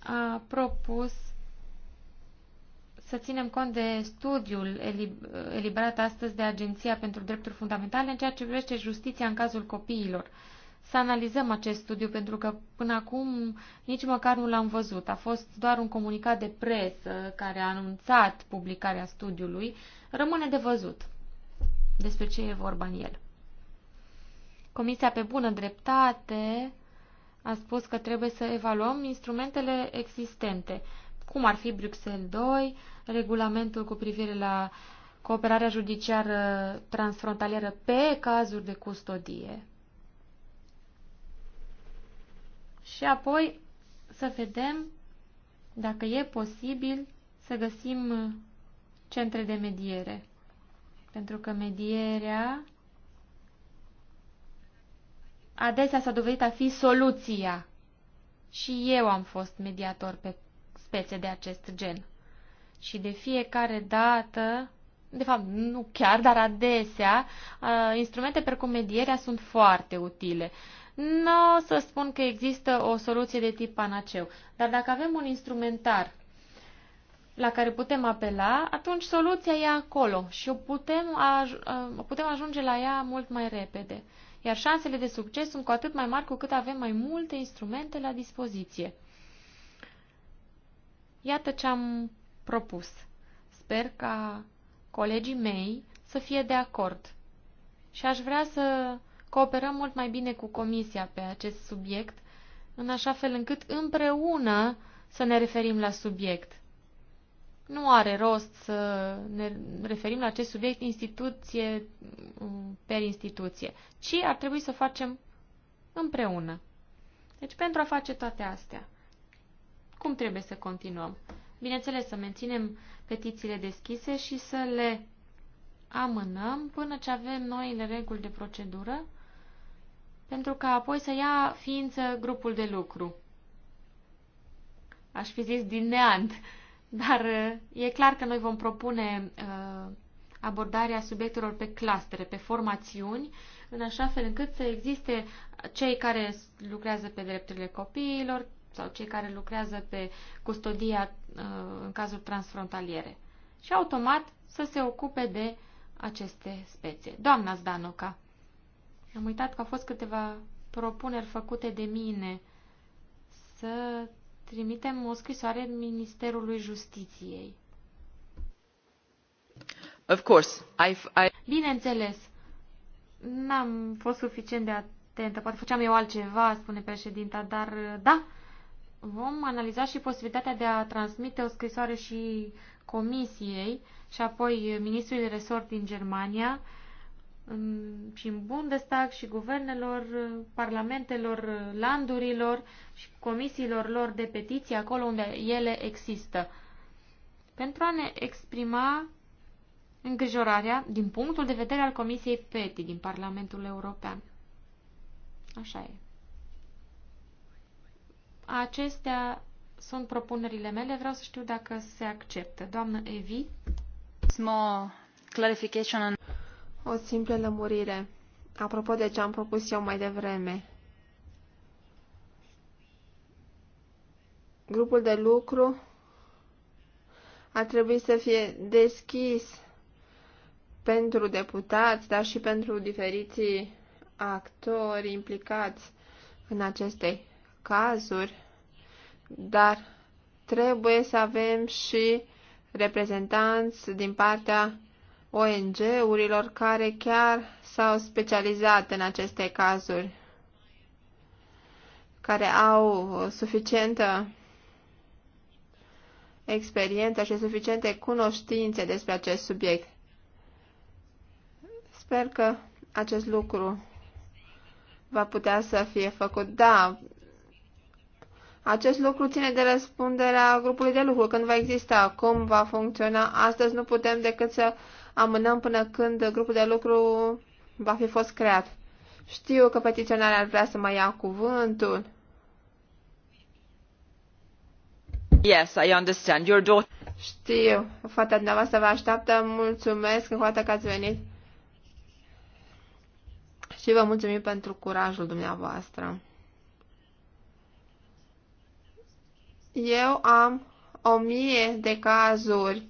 a propus să ținem cont de studiul eliberat astăzi de Agenția pentru Drepturi Fundamentale în ceea ce privește justiția în cazul copiilor. Să analizăm acest studiu pentru că până acum nici măcar nu l-am văzut. A fost doar un comunicat de presă care a anunțat publicarea studiului. Rămâne de văzut despre ce e vorba în el. Comisia pe bună dreptate a spus că trebuie să evaluăm instrumentele existente, cum ar fi Bruxelles 2, regulamentul cu privire la cooperarea judiciară transfrontalieră pe cazuri de custodie. Și apoi să vedem dacă e posibil să găsim centre de mediere. Pentru că medierea adesea s-a dovedit a fi soluția. Și eu am fost mediator pe spețe de acest gen. Și de fiecare dată, de fapt nu chiar, dar adesea, instrumente precum medierea sunt foarte utile. Nu o să spun că există o soluție de tip panaceu, dar dacă avem un instrumentar la care putem apela, atunci soluția e acolo și o putem, aj- putem ajunge la ea mult mai repede. Iar șansele de succes sunt cu atât mai mari cu cât avem mai multe instrumente la dispoziție. Iată ce am propus. Sper ca colegii mei să fie de acord. Și aș vrea să cooperăm mult mai bine cu Comisia pe acest subiect, în așa fel încât împreună să ne referim la subiect – nu are rost să ne referim la acest subiect instituție mm, per instituție, ci ar trebui să facem împreună. Deci pentru a face toate astea, cum trebuie să continuăm? Bineînțeles, să menținem petițiile deschise și să le amânăm până ce avem noile reguli de procedură, pentru ca apoi să ia ființă grupul de lucru. Aș fi zis din neant dar uh, e clar că noi vom propune uh, abordarea subiectelor pe clastere, pe formațiuni, în așa fel încât să existe cei care lucrează pe drepturile copiilor sau cei care lucrează pe custodia uh, în cazul transfrontaliere. Și automat să se ocupe de aceste specii. Doamna Zdanoca, am uitat că au fost câteva propuneri făcute de mine să trimitem o scrisoare Ministerului Justiției. Of course, I've, I... Bineînțeles, n-am fost suficient de atentă, poate făceam eu altceva, spune președinta, dar da, vom analiza și posibilitatea de a transmite o scrisoare și comisiei și apoi ministrului de resort din Germania, uh, în, și în Bundestag și guvernelor, parlamentelor, landurilor și comisiilor lor de petiții acolo unde ele există. Pentru a ne exprima îngrijorarea din punctul de vedere al Comisiei PETI din Parlamentul European. Așa e. Acestea sunt propunerile mele. Vreau să știu dacă se acceptă. Doamnă Evi. Small clarification on... O simplă lămurire. Apropo de ce am propus eu mai devreme. Grupul de lucru ar trebui să fie deschis pentru deputați, dar și pentru diferiții actori implicați în aceste cazuri, dar trebuie să avem și reprezentanți din partea ONG-urilor care chiar s-au specializat în aceste cazuri, care au suficientă experiență și suficiente cunoștințe despre acest subiect. Sper că acest lucru va putea să fie făcut. Da, acest lucru ține de răspunderea grupului de lucru. Când va exista, cum va funcționa, astăzi nu putem decât să amânăm până când grupul de lucru va fi fost creat. Știu că petiționarea ar vrea să mai ia cuvântul. Yes, I understand. Your daughter... Știu, fata dumneavoastră vă așteaptă. Mulțumesc încă o dată că ați venit. Și vă mulțumim pentru curajul dumneavoastră. Eu am o mie de cazuri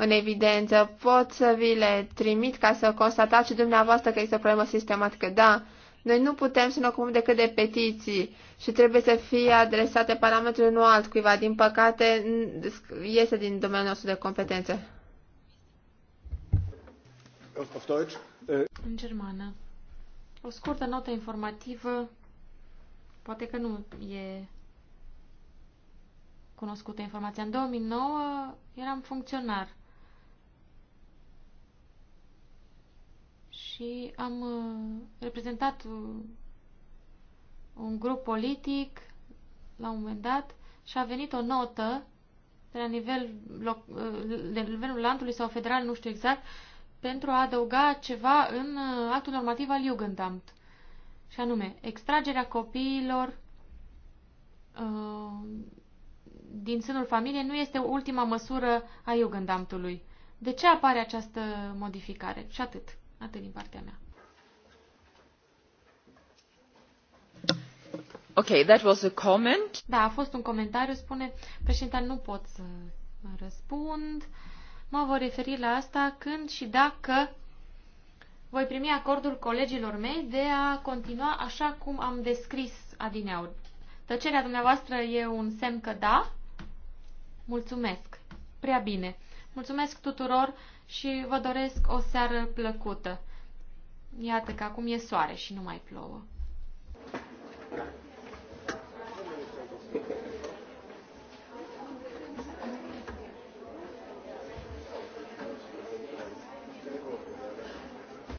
în evidență. Pot să vi le trimit ca să constatați și dumneavoastră că este o problemă sistematică. Da, noi nu putem să ne ocupăm decât de petiții și trebuie să fie adresate parametrul nu altcuiva. Din păcate, iese din domeniul nostru de competență. În germană. O scurtă notă informativă, poate că nu e cunoscută informația. În 2009 eram funcționar și am uh, reprezentat uh, un grup politic la un moment dat și a venit o notă de la nivel uh, de nivelul landului sau federal, nu știu exact, pentru a adăuga ceva în actul normativ al Jugendamt. Și anume, extragerea copiilor uh, din sânul familiei nu este ultima măsură a Jugendamtului. De ce apare această modificare? Și atât. Atât din partea mea. Ok, that was a comment. Da, a fost un comentariu, spune președinta, nu pot să răspund. Mă voi referi la asta când și dacă voi primi acordul colegilor mei de a continua așa cum am descris adineauri. Tăcerea dumneavoastră e un semn că da? Mulțumesc. Prea bine. Mulțumesc tuturor și vă doresc o seară plăcută. Iată că acum e soare și nu mai plouă.